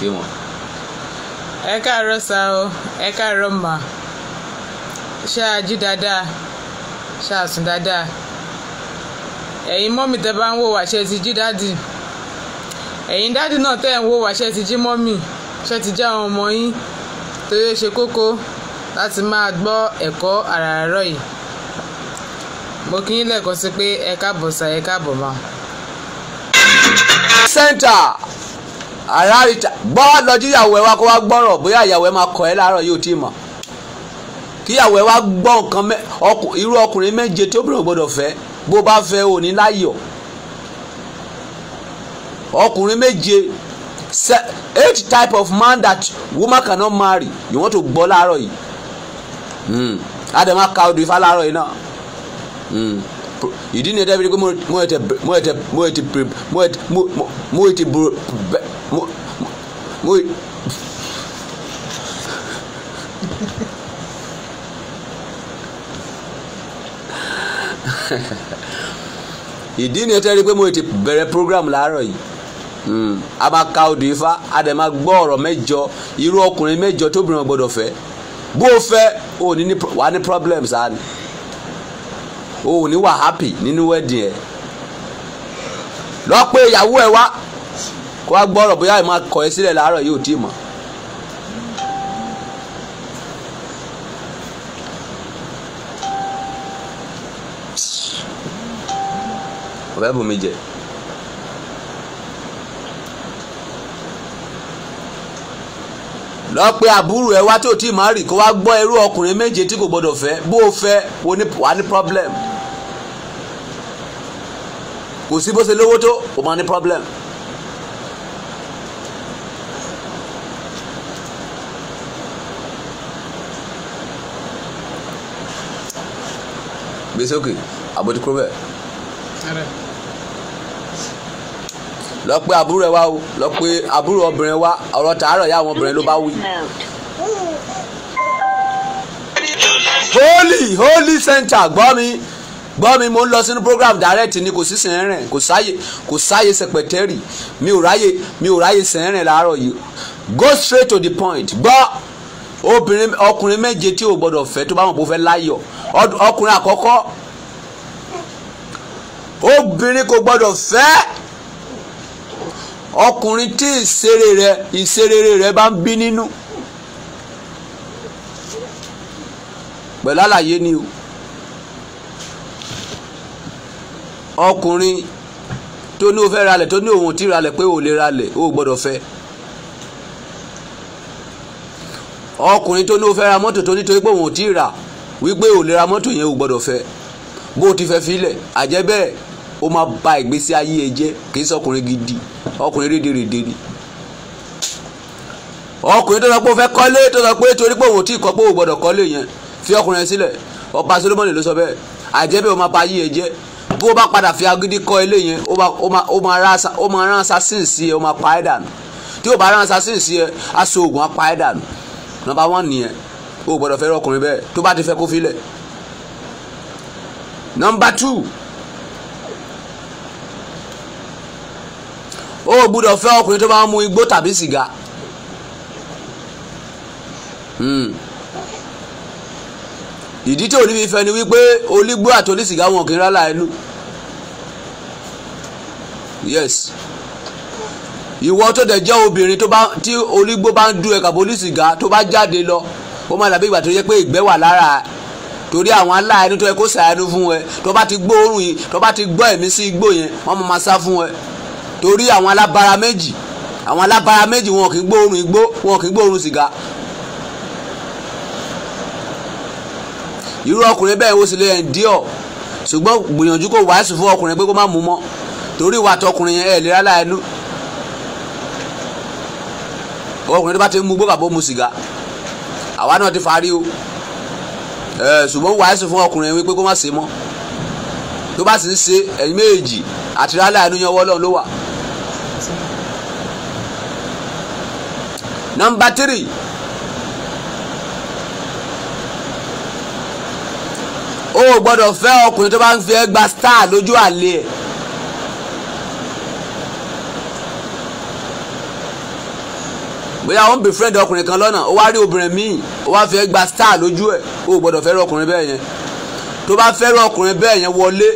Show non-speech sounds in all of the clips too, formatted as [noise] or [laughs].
kí wọn. ẹ káàárọ̀ sá o ẹ káàárọ̀ mà ṣáà jí dáadáa ṣáà sùn dáadáa ẹ̀yin mọ́mì tẹ́ bá ń wò wá ti jí dáàdì ẹ̀yin dáàdì náà tẹ́ ń wò wá ti jí mọ́mì ṣe ti já àwọn ọmọ yín torí ó ṣe kókó láti máa gbọ́ ẹ̀kọ́ àràárọ̀ yìí mo kí yín lẹ́ẹ̀kan sí pé ẹ káàbọ̀ sá ẹ káàbọ̀ mà. center aláríta gbọ́ lọ́jọ́ ìyàwó ẹ wá kó wá gbọ́rọ̀ bóyá ìyàwó ẹ máa kọ̀ ẹ́ láàárọ̀ yóò tí ì mọ̀ kí ìyàwó ẹ wá gbọ́ nǹkan irú ọkùnrin méje tí obìnrin gbọ́dọ̀ fẹ́ bó bá fẹ́ ò láyọ̀ ọkùnrin méje eight type of man that woman cannot marry you want to gbọ́ láàárọ̀ yìí adama hmm, ka odò ifá láàárọ̀ yìí náà hmm, ìdí ni ẹ dábìrì pé mo ètè mo ètè mo ètè mo ètè mo mo [laughs] ìdí ni ẹtẹ́rí pé mo ti bẹ̀rẹ̀ program láàárọ̀ yìí hmm, a máa ka odò ifá a dẹ̀ máa gbọ́ ọ̀rọ̀ mẹ́jọ irú ọkùnrin mẹ́jọ tóbìnrin gbọ́dọ̀ fẹ́ bó o fẹ́ o ní wàá ní problems á ní o ní wà happy nínú wedding ẹ̀ lọ pé ìyàwó ẹ wá kó wá gbọ́rọ̀ bóyá ìmọ̀ akọ̀ ẹ sílẹ̀ láàárọ̀ yóò tí ì mọ̀. ọ̀fẹ́ bùnmi jẹ. lọ pé àbúrò ẹ wá tó tí màá rì kó wá gbọ́ irú ọkùnrin méje tí kò gbọdọ̀ fẹ́ bó o fẹ́ wà ní problem kò sí bó ṣe lówó tó o máa ní problem. gbèsè òkè àbójú kúrò bẹ́ẹ̀ lọ pé àbúrò ẹ wá o lọ pé àbúrò obìnrin wá ọ̀rọ̀ tààrọ̀ ya àwọn obìnrin ló bá wí. holy holy center gbọ́ mi gbọ́ mi mo ń lọ sínú program direct ni kò sí sẹ́rìn kò sáyè kò sáyè sẹpẹtẹ́rì mi ò ráyè mi ò ráyè sẹ́rìn láàárọ̀ yìí go straight to the point gbọ́ obìnrin ọkùnrin méje tí ò gbọ́dọ̀ fẹ́ tó bá wọn kò fẹ́ láyọ̀ ọkùnrin àkọ́kọ́ obìnrin kò gbọ́dọ̀ fẹ́ ọkùnrin tí ìserere rẹ ìserere rẹ bá ń bí nínú pẹ̀lú àlàyé ni o ọkùnrin tó ní o fẹ́ ralẹ̀ tó ní òun ò tí ralẹ̀ pé o ò lè ralẹ̀ o ò gbọ́dọ̀ fẹ́ ọkùnrin tó ní o fẹ́ ra mọ́tò tó nítorí pé òun ò tí ì rà wípé ò lè ra mọ́tò yẹn ò gbọ́dọ̀ fẹ́ bó o ti fẹ́ filẹ̀ àjẹ́ bẹ́ẹ̀ o máa ba ìgbésí ayé ẹ jẹ́ kì í sọkùnrin gidi ọkùnrin rédèrèdè ni ọkùnrin tó sọ pé o fẹ́ kọ́lé tó sọ pé torí pé òun ò tí ì kọ́ pé ò gbọ́dọ̀ kọ́lé yẹn fi ọkùnrin yẹn sílẹ̀ ọba Solomoni ló sọ bẹ́ẹ̀ àjẹ́ bẹ́ẹ̀ o máa ba ayé ẹ jẹ́ bó o bá padà fi agídí kọ́ ilé yẹn o máa rán assassin sí ẹ o máa pa ẹ́ dànù tí o bá rán assassin sí ẹ aṣọ oògùn apá ẹ̀ dànù nọ́mbà one nìyẹn o gbọ́dọ̀ fẹ́ ọkùnrin bẹ́ẹ̀ tó bá ti fẹ́ kó filẹ̀ nọ́mbà two o gbọ́dọ̀ fẹ́ ọkùnrin tó bá ń mu igbó tàbí sìgá hmm. ìdí tó níbi ìfẹ́ ni wípé onígbó àti onísìgá wọn kì í rálá ẹnu yes ìwọ tó dẹ̀ jẹ́ obìnrin tí onígbó bá ń dún ẹ̀ka polisi ga tó bá jáde lọ ó máa dàbí ìgbà tó yẹ pé ìgbẹ́ wà lára ẹ̀ torí àwọn aláàánú tó yẹ kó ṣàánú fún ẹ tó bá ti gbóòórùn yìí tó bá ti gbọ́ ẹ̀mí sí igbó yẹn wọ́n máa sá fún ẹ torí àwọn alábara méjì àwọn alábara méjì wọn kì í gbóòórùn igbó wọn kì í gbóòórùn sìgá irú ọkùnrin bẹ́ẹ̀ ó sì lè endure ṣùgbọ́n gbìyànjú kó wàásù fún ọkùnrin pé kó má mú mọ́ torí ìwà tọkùnrin yẹn ẹ̀ lè rálá ẹnu ọkùnrin tó bá ti mú gbó bàbá mu sìgá àwa náà ti farí o ṣùgbọ́n wàá sùn fún ọkùnrin wípé kó má ṣe mọ́ tó bá sì ń ṣe ẹ̀yìn méjì àti rálá inú yan wọ́lọ́ ló wà. nọmba tírì o gbọ́dọ̀ fẹ́ ọkùnrin tó bá ń fi ẹ gba star lójú àlè ẹ̀. bóyá ó ń befriend ọkùnrin kan lọ́nà ó wá rí obìnrin míì ó wá fẹ́ gba star lójú ẹ̀ ó gbọ́dọ̀ fẹ́ràn ọkùnrin bẹ́ẹ̀ yẹn tó bá fẹ́ràn ọkùnrin bẹ́ẹ̀ yẹn wọlé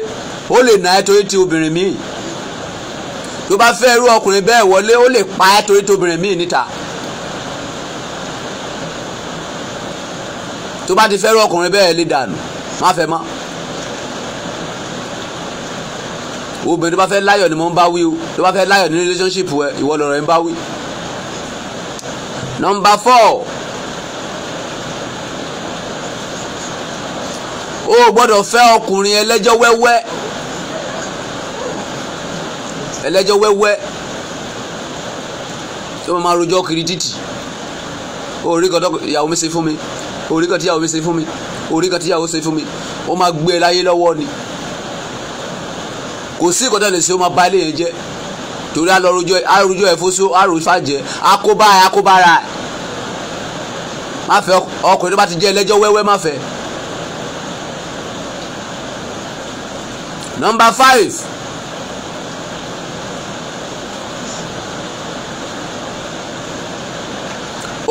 ó lè nà ẹ́ torí ti obìnrin míì tó bá fẹ́ irú ọkùnrin bẹ́ẹ̀ wọlé ó lè pa ẹ́ torí ti obìnrin míì níta tó bá ti fẹ́ràn ọkùnrin bẹ́ẹ̀ lè dànù má fẹ́ mọ́ obìnrin tó bá fẹ́ láyọ̀ ni mo ń bá wí o tó bá fẹ́ láyọ̀ ní relationship ẹ ìwọ lọ̀rọ̀ ẹ ń bá wí nọmba four o gbọ́dọ̀ fẹ́ ọkùnrin ẹlẹ́jọ́ wẹ́wẹ́ ẹlẹ́jọ́ wẹ́wẹ́ tí wọ́n máa rojọ́ kiri títì orí kan tíyàwó mi ṣe fún mi orí kan tíyàwó mi ṣe fún mi orí kan tíyàwó ṣe fún mi wọ́n máa gbé e láyé lọ́wọ́ ni kò sí ìkọ́tà lè ṣe wọ́n máa bà ilé yẹn jẹ́ torí alọ́rojọ́ arojọ́ ẹ̀ fóso arojọ́ akóbá ẹ̀ akóbá ara ẹ̀ má fẹ́ ọkùnrin tó bá ti jẹ́ ẹlẹ́jọ́ wẹ́wẹ́ má fẹ́. number five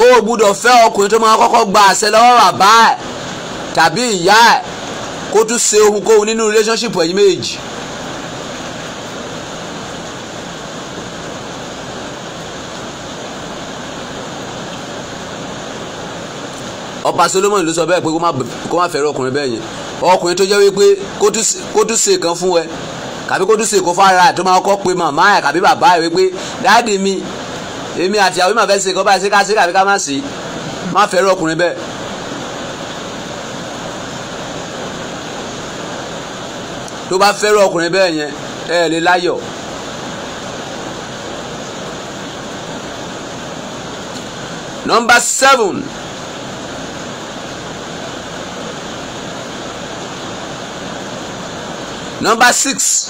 ó gbúdọ̀ fẹ́ ọkùnrin tó máa kọ́kọ́ gba àṣẹ lọ́wọ́ bàbá ẹ̀ tàbí ìyá ẹ̀ kó tún ṣe ohunkóhun nínú relationship ẹ̀yin méjì. ọba Solomon ló sọ bẹ́ẹ̀ pé kó má fẹ́rẹ̀ ọkùnrin bẹ́ẹ̀ yẹn ọkùnrin tó jẹ́ wípé kó tún ṣe kan fún ẹ kàbí kó tún ṣe kó fara ẹ tó máa kọ́ pé màmá ẹ kàbí bàbá ẹ wípé dáàdì mi èmi àti àwọn ìmọ̀fẹ́ ṣe kan báyìí ṣe ká ṣe kàbí ká má ṣe má fẹ́rẹ̀ ọkùnrin bẹ́ẹ̀. tó bá fẹ́rẹ̀ ọkùnrin bẹ́ẹ̀ yẹn ẹ lè láyọ̀ number seven. nọmba six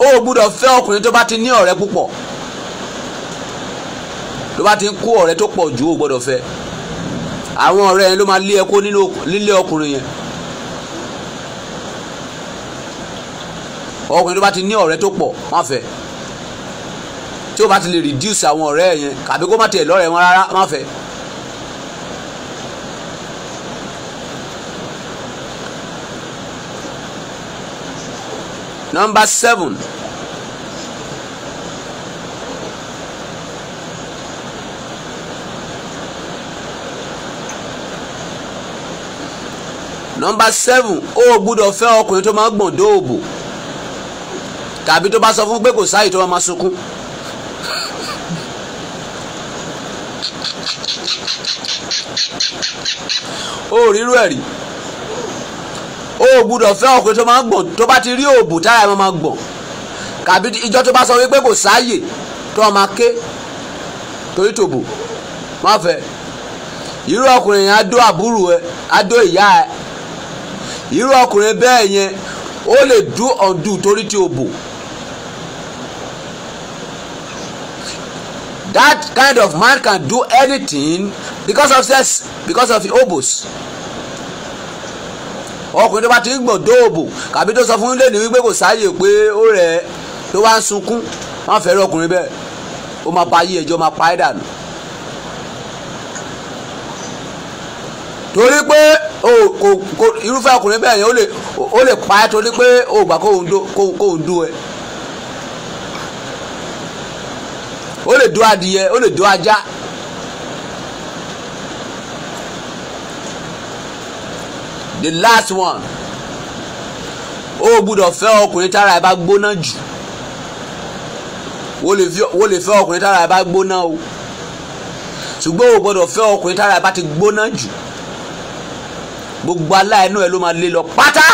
o gbúdọ̀ fẹ́ ọkùnrin tó bá ti ní ọ̀rẹ́ púpọ̀ tó bá ti ń kó ọ̀rẹ́ tó pọ̀ jù o gbọ́dọ̀ fẹ́ àwọn ọ̀rẹ́ yẹn ló máa lé ẹ kó nínú lílé ọkùnrin yẹn ọkùnrin tó bá ti ní ọ̀rẹ́ tó pọ̀ má fẹ́ tí o bá ti lè reduce àwọn ọ̀rẹ́ yẹn kàbí kó má tiẹ̀ lọ́rẹ̀ẹ́ wọn rárá má fẹ́. number seven. Number seven ó oh, gbúdọ̀ fẹ́ ọkùnrin tó máa gbọ̀n dóòbò tàbí tó bá sọ fún pé kò sáàyè tó máa sunkún. ó rírú ẹ̀rí o fẹ́ ọkùnrin tó máa ń gbọ̀n tó bá ti rí oògùn tára ẹ̀ máa gbọ̀n kàbí ìjọ tó bá sọ wípé kò sáàyè tó ọmọ ké torí tòbò má fẹ́ irú ọkùnrin yẹn á àbúrò ẹ á ìyá ẹ irú ọkùnrin bẹ́ẹ̀ yẹn ó lè dú ọ̀dù torí ti òbò that kind of man can do anything because of sex because of obos. ọkùnrin tó bá ti ń gbọ̀n dóòbò kàbí tó sọ fún lẹ́nu wípé kò sáàyè pé ó rẹ̀ tó bá ń sunkún má fẹ́rẹ̀ ọkùnrin bẹ́ẹ̀ ó máa pa yí ẹjọ́ máa pa ẹ́ dànù. torí pé irúfẹ́ ọkùnrin bẹ́ẹ̀ yẹn ó lè pa ẹ́ torí pé ó gbà kóun ó the last one ó gbúdọ̀ fẹ́ ọkùnrin tára ẹ̀ bá gbóná jù wo lè fẹ́ ọkùnrin tára ẹ̀ bá gbóná o ṣùgbọ́n o gbọ́dọ̀ fẹ́ ọkùnrin tára ẹ̀ bá ti gbóná jù gbogbo aláìnú ẹ ló máa lé lọ pátá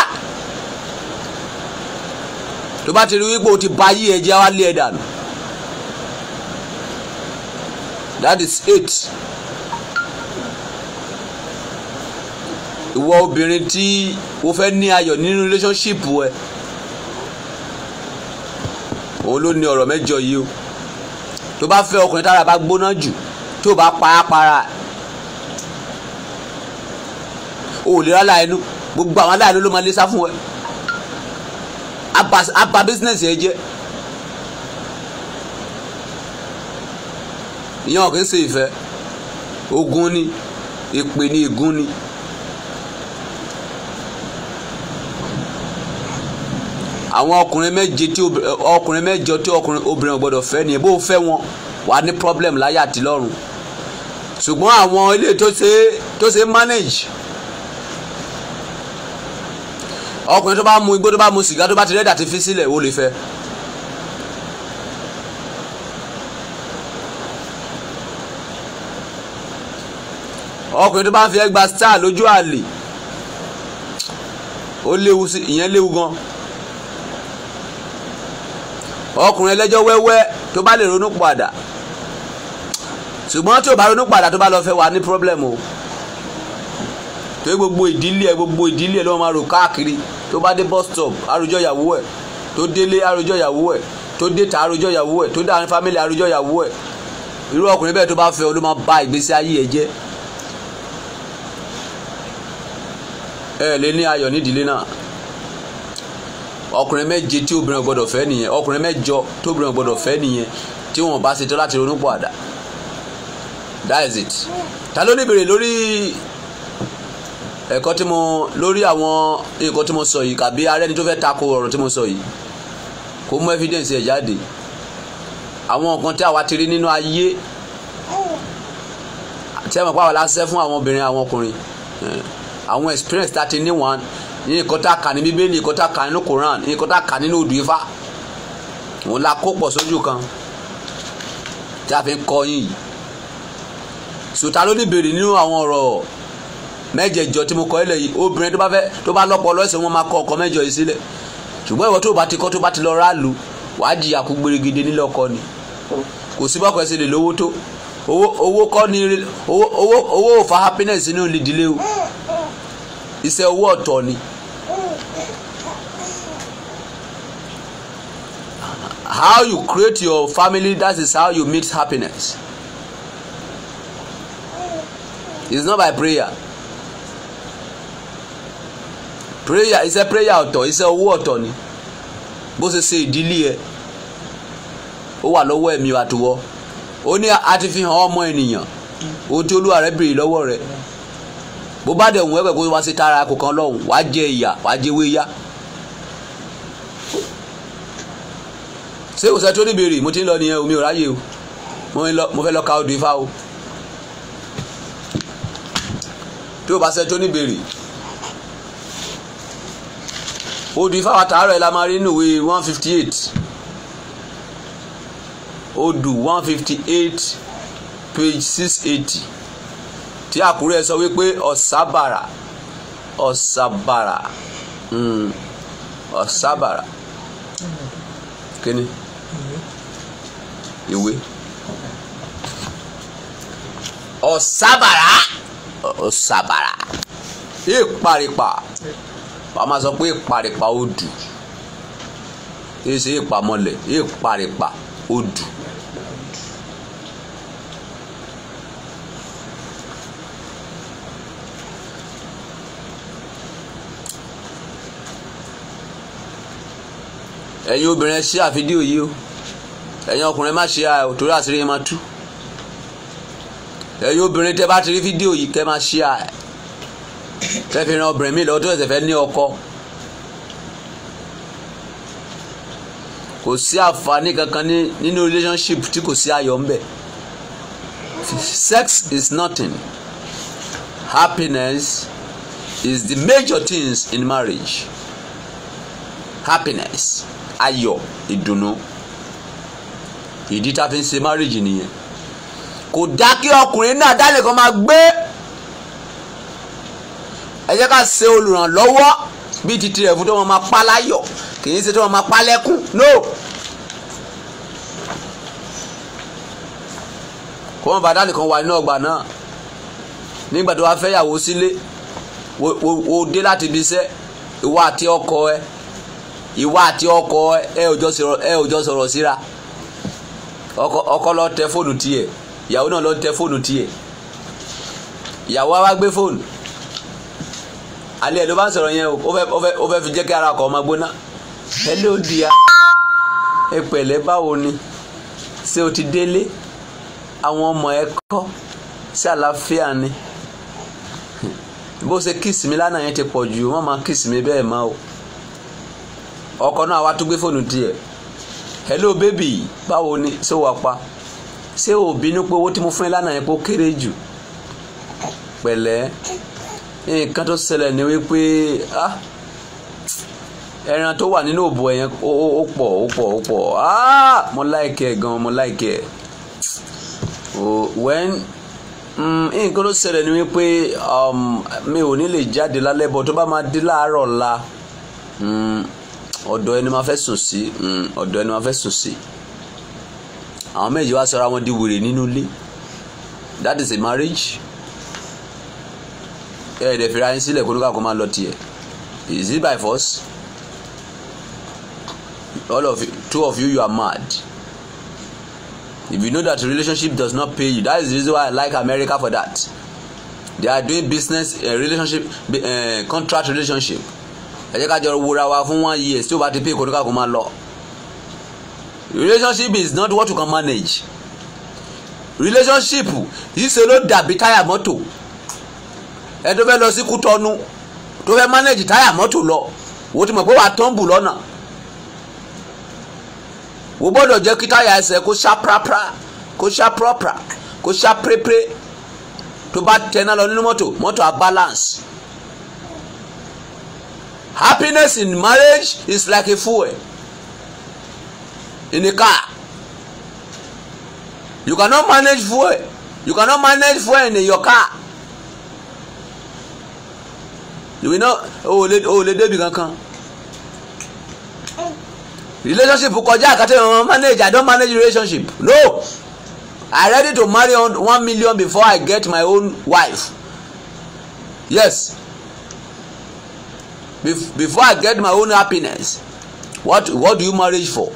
tó bá ti rí wípé o ti ba yí ẹ jẹ́ wá lé ẹ dànù that is it. ìwọ obìnrin tí o fẹ́ ní ayọ̀ nínú relationship ẹ òun ló ní ọ̀rọ̀ mẹ́jọ yìí o tó bá fẹ́ ọkùnrin tára bá gbóná jù tó bá pa á para o ò lè rà láàánú gbogbo àwọn aláàánú ló máa lé sá fún ẹ àbá bísínẹ́sì ẹ jẹ́ ìyẹn ò kì í ṣe ìfẹ́ ogun ni èpè ni ègún ni. àwọn ọkùnrin méje tí eh, ọkùnrin mẹ́jọ tí ọkùnrin obìnrin gbọ́dọ̀ fẹ́ ni bó fẹ́ wọn wàá ní problem láyé àti lọ́run ṣùgbọ́n àwọn ilé tó ṣe tó ṣe manage ọkùnrin tó bá mu igbó tó bá mu sìgá tó bá ti rẹ́dà ti fi sílẹ̀ ó lè fẹ́. ọkùnrin tó bá ń fi ẹgbàá star lójú àlè ó léwu sí ìyẹn léwu gan-an ọkùnrin ẹlẹ́jọ́ wẹ́wẹ́ tó bá lè ronú padà ṣùgbọ́n tí ò bá ronú padà tó bá lọ fẹ́ wà ní problem o tó yẹ gbogbo ìdílé ẹ gbogbo ìdílé ẹ ló máa rò káàkiri tó bá dé bus stop àròjọ ìyàwó ẹ tó délé àròjọ ìyàwó ẹ tó déta àròjọ ìyàwó ẹ tó dáhùn fámìlì àròjọ ìyàwó ẹ irú ọkùnrin bẹ́ẹ̀ tó bá fẹ́ ọ ló máa bà ìgbésí ayé ẹ jẹ́ ẹ lè ní ayọ̀ nídìílé náà ọkùnrin méje tí obìnrin gbọ́dọ̀ fẹ́ nìyẹn ọkùnrin mẹ́jọ tí obìnrin gbọ́dọ̀ fẹ́ nìyẹn tí wọ́n bá ṣetán láti ronú pọ̀ àdá that is it ta ló ní ìbéèrè lórí ẹ̀kọ́ tí mo lórí àwọn nǹkan tí mo sọ yìí kàbí ara ẹni tó fẹ́ tako ọ̀rọ̀ tí mo sọ yìí kó mú evidence ẹ̀ jáde àwọn nǹkan tí àwa ti rí nínú ayé tí ẹ mọ̀ pé àwa la ṣe fún àwọn obìnrin àwọn ọkùnrin eh, àwọn experience tá a ti ní wọn ní nǹkan tá a kà ní bíbélì nǹkan tá a kà nínú koran ní nǹkan tá a kà nínú odù ifá òun la kó pọ̀ sójú kan tí a fi ń kọ́ yín yìí sùtà ló ní bèrè nínú àwọn ọ̀rọ̀ mẹ́jẹ̀jọ tí mo kọ́ ilẹ̀ yìí obìnrin tó bá fẹ́ tó bá lọ́pọ̀ lọ́sẹ̀ wọn máa kọ́ ọkọ mẹ́jọ yìí sílẹ̀ ṣùgbọ́n ìwọ tó bá ti kọ́ tó bá ti lọ ráàlú wàá jìyà kú gbèrègede nílé ọkọ ni kò sí bọ́ọ̀kọ́ ẹsẹ̀ lè lówó tó owó kọ́ ni owó ò fa happiness nínú ìdílé o iṣẹ́ owó ọ̀tọ̀ ni. how you create your family that is how you meet happiness it's not by prayer prayer is a prayer ọ̀tọ̀ iṣẹ́ owó ọ̀tọ̀ ni bó ṣe ṣe ìdílé ẹ ó wà lọ́wọ́ ẹ̀mí àtiwọ́ ó ní àti fi hàn ọmọ ènìyàn ohun tí olúwa rẹ béèrè lọ́wọ́ rẹ bó bá dẹ̀ wọ́n ẹ̀pẹ̀ kó wá sí tara kò kan lọ́hùn wá jẹ ìyà wá jẹ wéyà. ṣé kò sẹ́ tó ní ìbéèrè mo ti ń lọ nìyẹn o mi ò ráyè o mo fẹ́ lọ ka odò ifá o tí o bá sẹ́ tó ní odò ifá wa tààrọ̀ ẹ̀ la máa rí nínú one fifty eight odù one fifty eight page six eighty tí àkúrẹ́ sọ wípé ọ̀sàbàrà ọ̀sàbàrà hmm, ọ̀sàbàrà kíni. Mm ewé ọ̀sàbàrà ọ̀sàbàrà ìparipà wàá máa sọ pé ìparipà odù kìí ṣe ìpamọ́lẹ̀ ìparipà odù. ẹ̀yin obìnrin ẹ ṣí àfidíò yìí o ẹ̀yin ọkùnrin má ṣe òtòrí àṣírí ẹ máa tú ẹ̀yin obìnrin tẹ bá ti rí fídíò yìí kẹ́ máa ṣe ẹ̀ tẹ́ fi ran obìnrin mi lọ tó ẹ̀sẹ̀ fẹ́ ní ọkọ kò sí àǹfààní kankan nínú relationship tí kò sí ayọ̀ ńbẹ̀ sex is nothing happiness is the major things in marriage happiness ayọ̀ ìdùnnú. E ìdí tá a fi ń ṣe márìjì nìyẹn kò dá kí ọkùnrin náà dálé kan máa gbé ẹ jẹ́ ká ṣe olùrànlọ́wọ́ bíi titi rẹ̀ fún tó wọn máa pa láyọ̀ kì í ṣe tó wọn máa pa lẹ́kùn no kó wọn bá dálé kan wà nínú ọgbà náà nígbà tó wàá fẹ́yàwó sílé wo dé láti ibi iṣẹ́ ìwọ àti ọkọ ẹ ìwọ àti ọkọ ẹ ẹ ò sọ̀rọ̀ síra ọkọ lọ tẹ fóònù tiẹ̀ ìyàwó náà lọ tẹ fóònù tiẹ̀ ìyàwó wa gbé fóònù alẹ́ ẹ̀ ló bá ń sọ̀rọ̀ yẹn ó fẹ́ fi jẹ́ kí ara ọkọ̀ ọmọ gbóná hello dear ẹ pẹ̀lẹ́ báwo ni ṣé o ti délé àwọn ọmọ ẹ kọ́ sí àlàáfíà ni bó ṣe kíìsì mi lánàá yẹn ti pọ̀ jù wọ́n máa kíìsì mi bẹ́ẹ̀ máa o ọkọ náà wá tún gbé fóònù tiẹ̀ hello baby báwo ni ṣé wàá pa ṣé ò bínú pé owó tí mo fún ẹ lánàá yẹn kó kéré jù pẹ̀lẹ́ nǹkan tó ṣẹlẹ̀ ni wípé ah ẹran tó wà nínú òbò ẹ̀yẹn ó pọ̀ ó pọ̀ ó pọ̀ ah mo láìkẹ́ gan mo láìkẹ́ oh, when mm, nǹkan tó ṣẹlẹ̀ ni wípé um, mi ò ní lè jáde lálẹ́ bọ̀ tó bá máa di láàárọ̀ la. Mm, ọ̀dọ̀ ẹni máa fẹ́ sùn sí mm, ọ̀dọ̀ ẹni máa fẹ́ sùn sí àwọn méjì wá sọra wọn di wèrè nínú ilé that is a marriage ẹ ẹ̀dẹ̀ fìrà yín sílẹ̀ kónú káàkó máa lọ tiẹ̀ is it by force all of you two of you you are mad if you know that relationship does not pay you that is the reason why I like America for that they are doing business uh, relationship uh, contract relationship ẹ jẹ́ ká jọ wúra wa fún one year tí ó bá ti pé kóníkà kó máa lọ relationship is not what you can manage relationship yìí ṣe ló dàbí táyà mọ́tò ẹ tó fẹ́ lọ sí Kútọ́nù tó fẹ́ manage táyà mọ́tò lọ wo ti mọ̀ pé wàá tán bù lọ́nà wo gbọ́dọ̀ jẹ́ kí táyà ẹsẹ̀ kó ṣá prapra kó ṣá propra kó ṣá prepre tó bá tẹ̀ náà lọ nínú mọ́tò mọ́tò á balance happiness in marriage is like a fuel in a car you cannot manage fuel you cannot manage fuel in your car you will not oh, le o le débi kankan relationship kọjá àkàtà ìwọ̀n manage i don manage relationship no i ready to marry one million before i get my own wife yes Bef before I get my own happiness what what do you marriage for?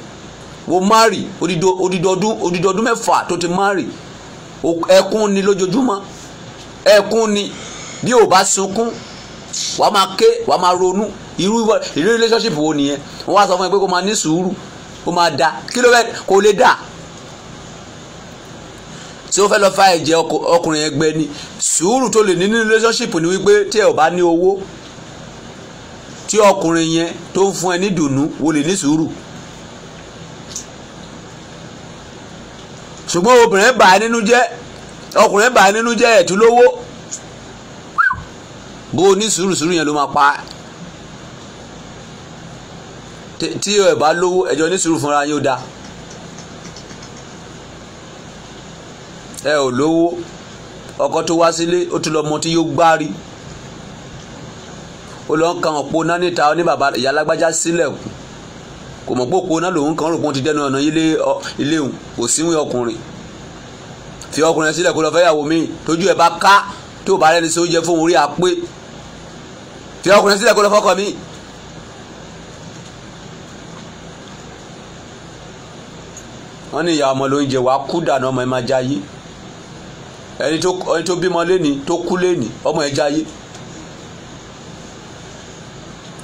wo marry odidọdún odidọdún mẹ́fà tó ti marry ẹkún ni lójoojúmọ́ ẹkún ni bí o bá sunkún wà á máa ké wà á ronú irú irú relationship wo nìyẹn wọ́n wá sọ fún ẹ pé kó máa ní sùúrù kó máa da kí ló fẹ́ kó lè dà tí ó fẹ́ lọ fa ẹ̀jẹ̀ ọkùnrin ẹgbẹ́ ni sùúrù tó lè ní ní relationship ni wípé tí ẹ ò bá ní owó tí ọkùnrin yẹn tó ń fún ẹ ní dùnú wò lè ní sùúrù ṣùgbọ́n obìnrin bà á nínú jẹ́ ọkùnrin bà á nínú jẹ́ ẹ̀tú lówó bó o ní sùúrù sùúrù yẹn ló máa pa tí ẹ bá lówó ẹjọ ní sùúrù fúnra yín ó ẹ ò lówó ọkọ tó wá sílé ó tún lọ mọ tí yóò gbárí olùwọ́nkan òpó náà níta ní bàbá ìyá alágbájá sílẹ̀ kò mọ̀ pé òpó náà lòun kan rò pé òun ti dẹnu ọ̀nà ilé òun kò síwìn ọkùnrin fi ọkùnrin sílẹ̀ kó lọ fẹ́ yàwó míì tójú ẹ̀ bá ká tó bá rẹ́ni sí oúnjẹ fún orí àpé fi ọkùnrin sílẹ̀ kó lọ fọ́kọ míì. wọ́n ní ìyá ọmọ ló ń jẹ wàá kú dànù ọmọ ẹ̀ máa jayé ẹni tó bímọ léni tó kú léni ọmọ ẹ̀ jayé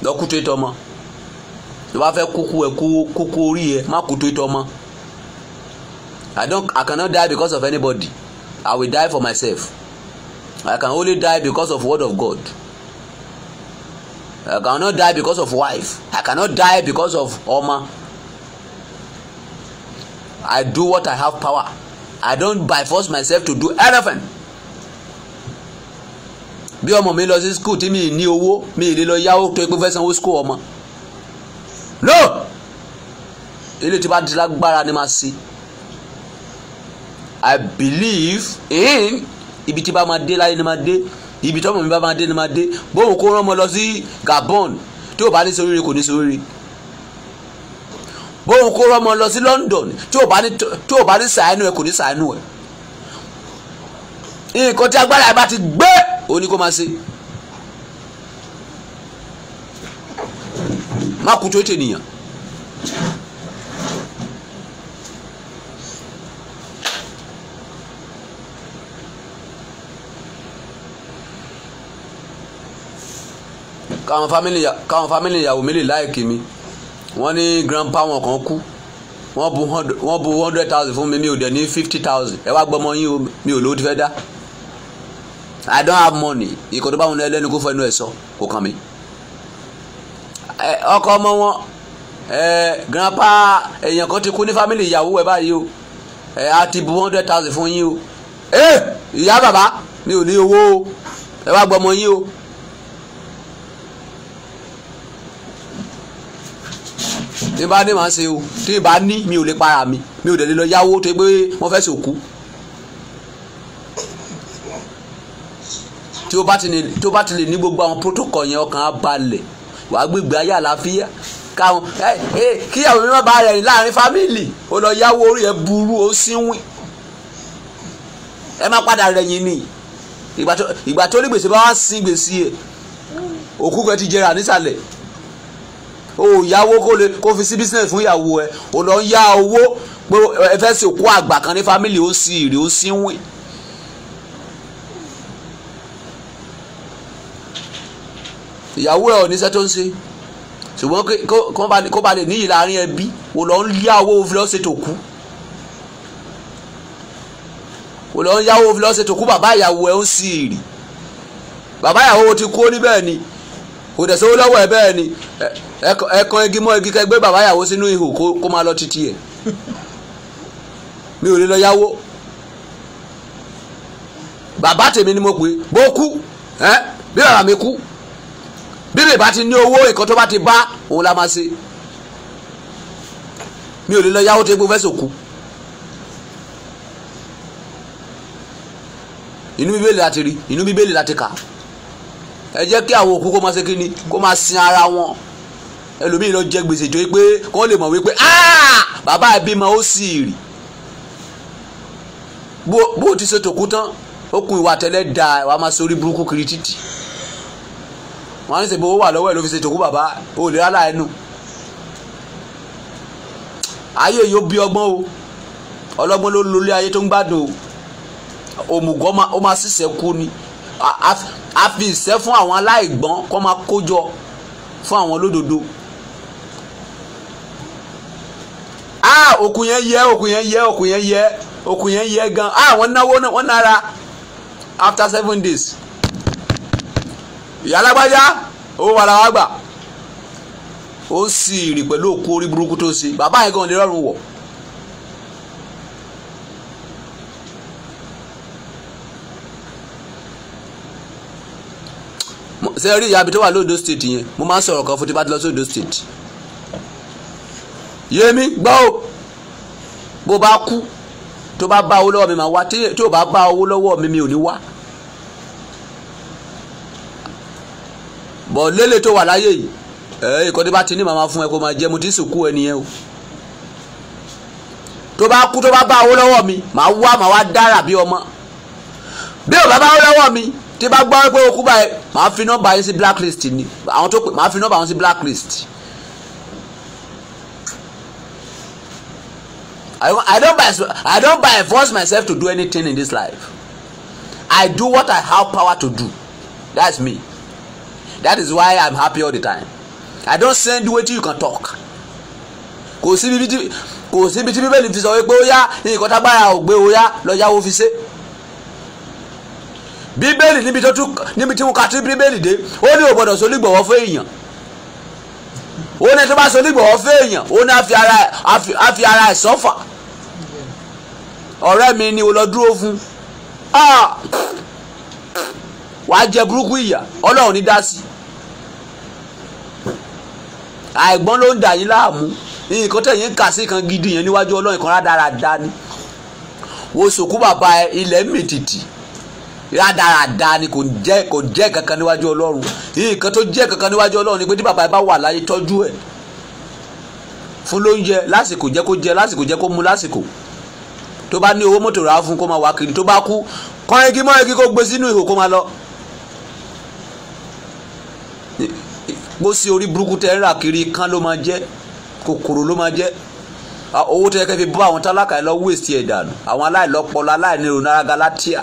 lọ́kùtò ìtọ́mọ tó bá fẹ́ kókó ẹ̀ kókó orí ẹ̀ má kótó ìtọ́mọ I don't I cannot die because of anybody I will die for myself I can only die because of word of God. I cannot die because of wife. I cannot die because of ọmọ. I do what I have power. I don't by force myself to do anything bí ọmọ mi lọ sí skul tí mi ní owó mi lè lọ yáwó tó pé fẹ́ sanwó skul ọmọ no ilé tí bá di lágbára ni máa ṣe i believe in ibi tí bá máa dé láyé ni máa dé ibi tọ́mọ mi bá máa dé ni máa dé bóun kó rán ọmọ lọ sí Gabon tí ò bá ní ṣoríire kò ní ṣoríire bóun kó rán ọmọ lọ sí London tí ò bá ní ṣàánú ẹ kò ní ṣàánú ẹ nǹkan tí agbára ẹ bá ti gbé. O ní kó máa ṣe má kú tó tènìyàn. káwọn family káwọn family ìyàwó mi lè láìkì mi wọ́n ní grandpa wọn kan kú wọ́n bu one hundred thousand fún mi mi ò dẹ̀ ní fifty thousand ẹ wá gbọ́mọ yín o mi ò lówó ti fẹ́ dá. I don't have money ìkọ̀ tó bá wọn lẹ́nu kó fẹ́nu ẹ̀ sọ kò kàn mí. ọkọ ọmọ wọn grandpa èèyàn kan ti kú ní family ìyàwó ẹ báyìí o a ti bu one hundred thousand fún yín o ìyá bàbá mi ò ní owó o ẹ wá gbọmọ yín o. tí n bá ní màá ṣe o tí n bá ní mi ò lè para mi mi ò dẹ̀ lè lọ yáwó tó pé wọ́n fẹ́ sòkú. So tí o bá ti ní tí o bá ti lè ní gbogbo àwọn protocol yẹn ọkàn á balẹ̀ wàá gbégbé ayé àlàáfíyà káwọn ẹ ẹ kíyàwó mi má bàa rẹ̀ rìn láàrin fámìlì ó lọ yáwó orí ẹ burú ó síwìn ẹ má padà rẹ̀yìn ni ìgbà tó ní gbèsè bá wá sí gbèsè ẹ òkú kan ti jẹrà nísàlẹ̀ o yáwó kó lè kó fi sí bísíǹnẹ̀sì fún ìyàwó ẹ o lọ yá owó pé ẹ fẹ́ sìnkú àgbà kan ní fámìlì ó sì rè ó síwìn. ìyàwó ẹ̀ ò níṣẹ́ tó ń ṣe ṣùgbọ́n kó ba lè níyì láàrin ẹbí o lọ ń yáwó òfin lọ́sẹ̀ tó kú o lọ ń yáwó òfin lọ́sẹ̀ tó kú bàbá ìyàwó ẹ̀ ń sì rì bàbá ìyàwó ti kú ní bẹ́ẹ̀ ni kò dẹ̀ sówó lọ́wọ́ ẹ̀ bẹ́ẹ̀ ni ẹ̀kan igi mọ́ igi kẹgbẹ́ bàbá ìyàwó sínú ihò kó máa lọ títí ẹ̀ mi ò lè lọ yáwó bàbá tèmi ni mo pè bó kú bí bàbá mi kú bíbí bá ti ní owó nǹkan tó bá ti bá òun la máa ṣe mi ò lè lọ yáwó tó gbó fẹ́ sòkú. inú bíbélì láti rí inú bíbélì láti kà ẹ jẹ́ kí àwọn òkú kó máa ṣe kí ni kó máa sin ara wọn ẹlòmíì lọ jẹ gbèsè jọ pé kó lè mọ̀ wípé ah! bàbá ìbímọ ó sì rì bó o ti ṣètò kú tán ó kun ìwà tẹ́lẹ̀ da ìwà máa ṣe burúkú kiri títì wọn ní sèpò owó wà lọ́wọ́ ẹ̀ ló fi ṣe tòkú bàbá olè rálá ẹnu ayé yóò bí ọgbọ́n o ọlọ́gbọ́n ló lólé ayé tó ń gbádùn o òmùgọ̀ ó máa ṣiṣẹ́ kú ni a fi ìṣẹ́ fún àwọn aláìgbọ́n kó máa kójọ fún àwọn olódodo a òkun yẹn yẹ òkun yẹn yẹ òkun yẹn yẹ òkun yẹn yẹ gan a wọ́n náwó wọ́n nára after seven days ìyá alágbájá owó wa la wá gbà ó sì rì pẹ̀lú òkú orí burúkú tó ṣe bàbá yẹn gan lè rọrùn wọ̀. ṣe rí ìyá ibi tó wà lóòdó state yẹn mo máa ń sọ̀rọ̀ kan fún tí bá ti lọ sóòdó state yémi gbọ́ o bó bá kú tó bá bá owó lọ́wọ́ mi máa wá tí ò bá bá owó lọ́wọ́ mi mi ò ní wá. bọ̀ lélẹ̀ tó wà láyé yìí ẹ ìkọ́dé bá ti ní màmá fún ẹ kó máa jẹ mo ti sìnkú ẹ nìyẹn o tó bá kú tó bá bá owó lọ́wọ́ mi màá wá màá wá dára bí ọmọ bí ò bá owó lọ́wọ́ mi tí bá gbọ́ pé okú báyìí màá fi nọ́mbà yín sí blacklist ni àwọn tó pè màá fi nọ́mbà wọn sí blacklist. I, I don't I don't by force myself to do anything in this life. I do what I have power to do. That's me that is why i'm happy all the time i don send wetin you can talk kò síbi bí kò síbi tí bíbélì ti sọ wípé ó yá nǹkan tá a bá yà ò gbé ó yá lọ́yàwó fi ṣe bíbélì níbi tó tún níbi tí wọn ka tún bíbélì dé ó ní ògbọ́dọ̀ solígbọ̀wọ́ fún èèyàn ó ní tó bá solígbọ̀wọ́ fún èèyàn ó ní àfi ara ẹ̀ sọ́fà ọ̀rẹ́ mi ni o lọ dúró fún ah! wàá jẹ burúkú ìyà ọlọ́run ní dá sí i àìgbọ́n ló ń dà yín láàmú nǹkan tẹ̀yìn ń kà sí kan gidi yẹn níwájú ọlọ́run kan rádaràda ni wo sòkú bàbá ilẹ̀ mìtìtì rádaràda ni kò jẹ́ kò jẹ́ kankan níwájú ọlọ́run nǹkan tó jẹ́ kankan níwájú ọlọ́run ni pé tí bàbá ẹ bá wà láyé tọ́jú ẹ̀ fún lóúnjẹ lásìkò jẹ́ kó jẹ lásìkò jẹ́ kó mu lásìkò tó bá ní owó mọ́tò rà á fún kó máa wá kiri tó bá kú kọ́ igi mọ́ igi kó gbé sínú ìhò kó máa lọ gbósì orí burúkú tẹ́ ń rà kiri kán ló máa jẹ́ kòkòrò ló máa jẹ́ owó tẹ́ kẹ́ fi bọ́ àwọn tálákà ẹ̀ lọ wéèsì ẹ̀ dànù àwọn aláìlọ́pọlọ aláìní ronaraga látíà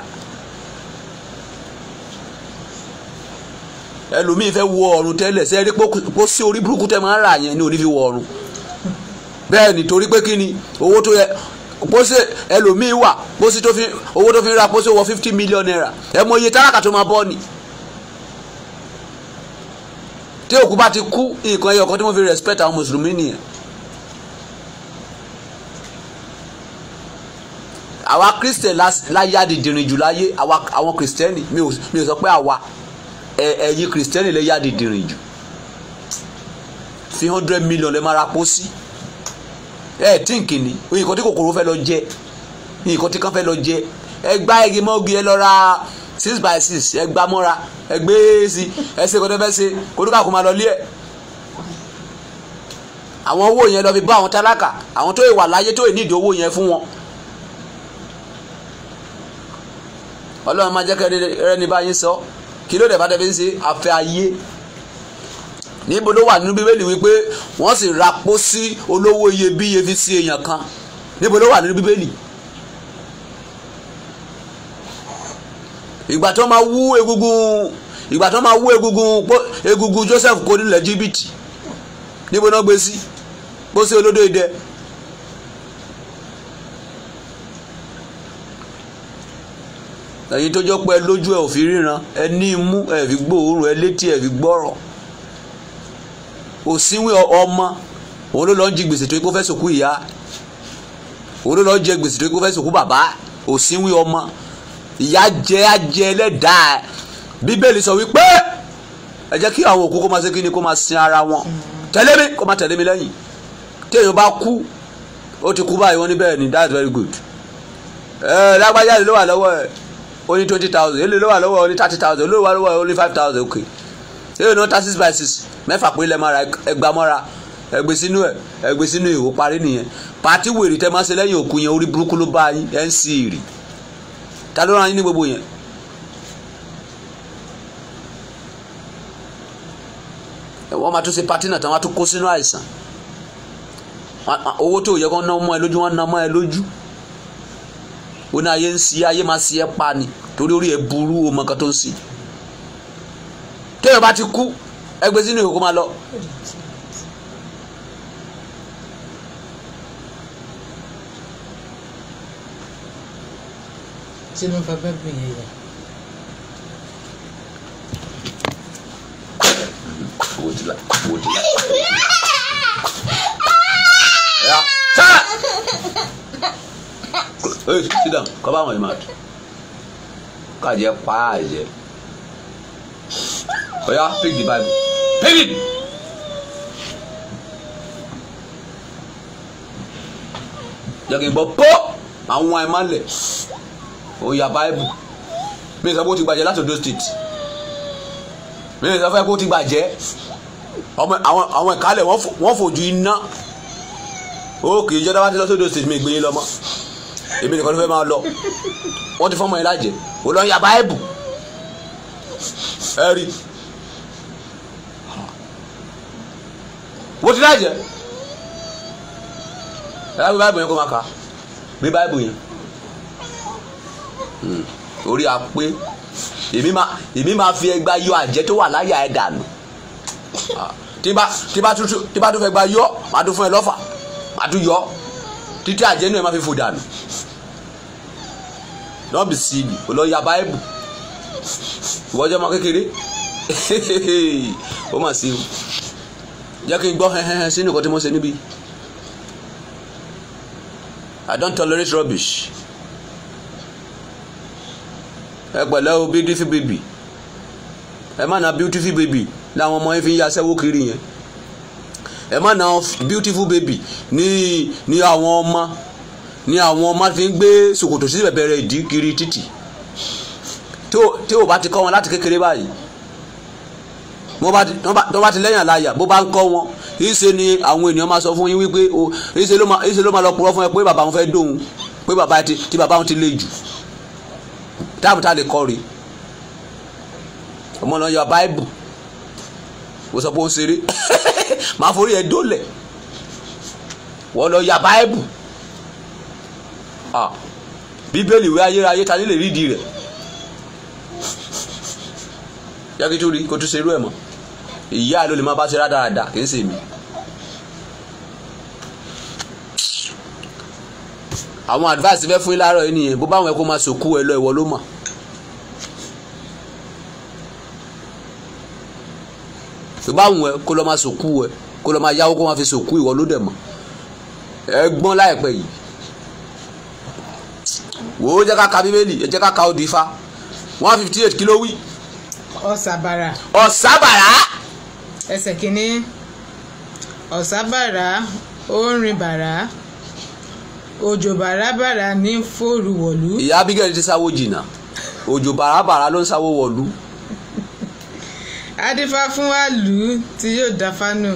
ẹlòmíì fẹ́ wọ ọ̀run tẹ́lẹ̀ sẹ́ẹ̀rí pósí orí burúkú tẹ́ máa ń rà yẹn ní òní wọ ọ̀run bẹ́ẹ̀ ni torí pé kí ni owó tó yẹ pósí ẹlòmíì wà pósí tó fi owó tó fi ra pósí wọ fifty million naira ẹ mọ iye tálákà tó máa bọ́ ni tí òkú bá ti kú nǹkan ẹyọ kan tí wọ́n fi respect àwọn mùsùlùmí nìyẹn. àwa christian láyé àdìdìrìn jù láyé àwọn christian mi ò sọ pé àwa ẹ̀yin christian lè yá àdìdìrìn jù fi hundred million lè máa ra pósí ẹ tí nkì ni nǹkan tí kòkòrò fẹ́ lọ jẹ nǹkan tí kan fẹ́ lọ jẹ ẹ gbá igi mọ́gi ẹ lọ six by six ẹ gbá mọ́ra ẹ gbé sí ẹ ṣe kọ́tẹ́ fẹ́ ṣe kó dúkà kó máa lọ lé ẹ̀. àwọn owó yẹn lọ fi bá àwọn tálákà àwọn tó ìwà láyé tó ìnídìí owó yẹn fún wọn. ọlọ́run máa jẹ́ kẹ́ rẹ́ ní báyìí sọ kí ló dé bá dẹ́bi ń ṣe afẹ́ ayé níbo ló wà nínú bíbélì wípé wọ́n sì rapó sí olówó iyebíye fi sí èèyàn kan níbo ló wà nínú bíbélì ìgbà tó máa wú egungun ìgbà tó máa wú egungun egungun Joseph kò nílẹ̀ jìbìtì níbo náà gbé sí pósí olódò ìdẹ. ẹ̀yin tó jọ pé lójú ẹ ò fi ríran ẹ ní imú ẹ fi gbóòórùn ẹ létí ẹ fi gbọ́rọ̀ òsínwé ọmọ òun ló lọ ń jí gbèsè tó yẹ kó fẹ́ sòkú ìyá òun ló lọ ń jẹ gbèsè tó yẹ kó fẹ́ sòkú bàbá òsínwé ọmọ ìyá jẹ ajẹ ẹlẹ́dàá bíbélì sọ wípé ẹ jẹ́ kí àwọn òkú kó máa ṣe kí ni kó máa sin ara wọn tẹ̀lé mi kó máa tẹ̀lé mi lẹ́yìn téèyàn bá kú ó ti kú báyìí wọ́n ní bẹ́ẹ̀ ni that's very good ẹ lágbájá ló wà lọ́wọ́ ẹ ó ní twenty thousand èlé ló wà lọ́wọ́ ó ní thirty thousand olówó wà lọ́wọ́ ó ní five thousand okay èlé náà thirty six by six mẹ́fà pé lẹ́ mara ẹgbà mọ́ra ẹgbẹ́ sínú ẹ ẹgbẹ́ sínú ìwò parí nìyẹn pàtí wèrè tẹ́ máa ṣe lẹ́yìn òkú yẹn orí burúkú ló bá yín ẹ̀ ń sí ìrì ta ló rán yín ní gbogbo yẹn wọ́n máa tún ṣe pati náà tán wọ́n á tún kó sínú àìsàn owó tó yẹ kó ná mọ́ ẹ lójú wọ́n ná mọ́ ẹ lójú ó ní ayé ń si ayé máa si ẹ pa ni torí orí ẹ burú o mọ nǹkan tó ń si téèyàn bá ti kú ẹgbẹ́ sínú ìhòòhò máa lọ. sínú fẹfẹ gbìn yẹn yẹn. Wòdìlà wòdìlà. Ya sára. Oye sit down kọ́ bá wọn yìí máa dùn. Káàjẹ́ pàá jẹ. Oya pick the bible. Pick it. jẹ́ kí n bọ́ pọ́ oyà báìbù mi ì sọ pé ó ti gbàjẹ́ láti Ondo state mi ì sọ pé ó ti gbàjẹ́ àwọn ìkálẹ̀ wọ́n fojú iná òkè ìjọba bá ti lọ sí Ondo state mi ìgbé yín lọ mọ́ èmi nìkan ló fẹ́ máa lọ wọ́n ti fọ́mọ yín lájẹ́ olóyà báìbù ẹ rí wọ́n ti lájẹ́ ẹ lábẹ́ báìbù yẹn kó máa kà á bí báìbù yẹn. Hmm. orí apé èmi máa èmi máa fi ẹgba yọ àjẹ tó wà láyà ẹ dànù ah. tí bá tún fẹ́ gba yọ máa tún fún ẹ lọ́fà máa tún yọ títí àjẹ inú ẹ máa fi fò dànù lọ́ọ̀bì sí i olóyà báyìí ìwọ́jọ́ ọmọ kékeré [laughs] ó mà sí o jẹ́ kí n gbọ́ hẹ́hẹ́hẹ́ sínú nǹkan tí mo ṣe níbí I don't tolerate rubbish ẹ pẹ̀lẹ́ o beautiful baby ẹ má na beautiful baby làwọn ọmọ yẹn fi ń ya aṣẹ́wó kiri yẹn ẹ má na beautiful baby ní ní àwọn ọmọ ní àwọn ọmọ fi ń gbé ṣòkòtò sí bẹ̀bẹ̀rẹ̀ ìdí kiri títì tí o bá ti kọ́ wọn láti kékeré báyìí wọ́n bá ti lẹ́yìn àlàyà bó bá ń kọ́ wọn ìṣe ni àwọn ènìyàn máa sọ fún yín wípé ìṣe ló máa lọ purọ́ fún ẹ pé bàbá wọn fẹ́ dóhun pé bàbá ti bàbá wọn ti le jù táàbù tá a lè kọ́ rèé ọmọ náà yọ báìbù wò sọ pé ó ń ṣeré [laughs] màá forí ẹ dólẹ̀ wọ́n lọ ya báìbù ah, bíbélì ìwé ayérayé ta ni lè rídìí rẹ̀ yàgì tó rí kó tún ṣe irú ẹ̀ mọ́ ìyá ló lè má bá ṣe rádaràda kì í ṣe mí. àwọn advice fẹ́ fún yín láàárọ̀ yìí nìyẹn bó báwọn ẹ kó máa sòkú ẹ lọ ìwọ ló mọ̀. ṣùgbọ́n àwọn ẹ kó lọ́ọ́ máa sòkú ẹ kó lọ́ọ́ máa yáwó kó máa fi sòkú ìwọ ló dẹ̀ mọ́ ẹ gbọ́n láìpẹ́ yìí wò ó jẹ́ ká ka bíbélì ẹ jẹ́ ká ka odi fa one fifty eight kí ló wí. ọ̀sàbàrà. ọ̀sàbàrà. ẹsẹ̀ kìíní ọ̀sàbàrà ó ń rin bàrà òjò bàràbàrà ní fòrùwọ̀lú. ìyá abigail ti sáwó jìnnà òjò bàràbàrà ló ń sáwó wọ̀lú. Adifa fún àlù tí yóò dáfá nù.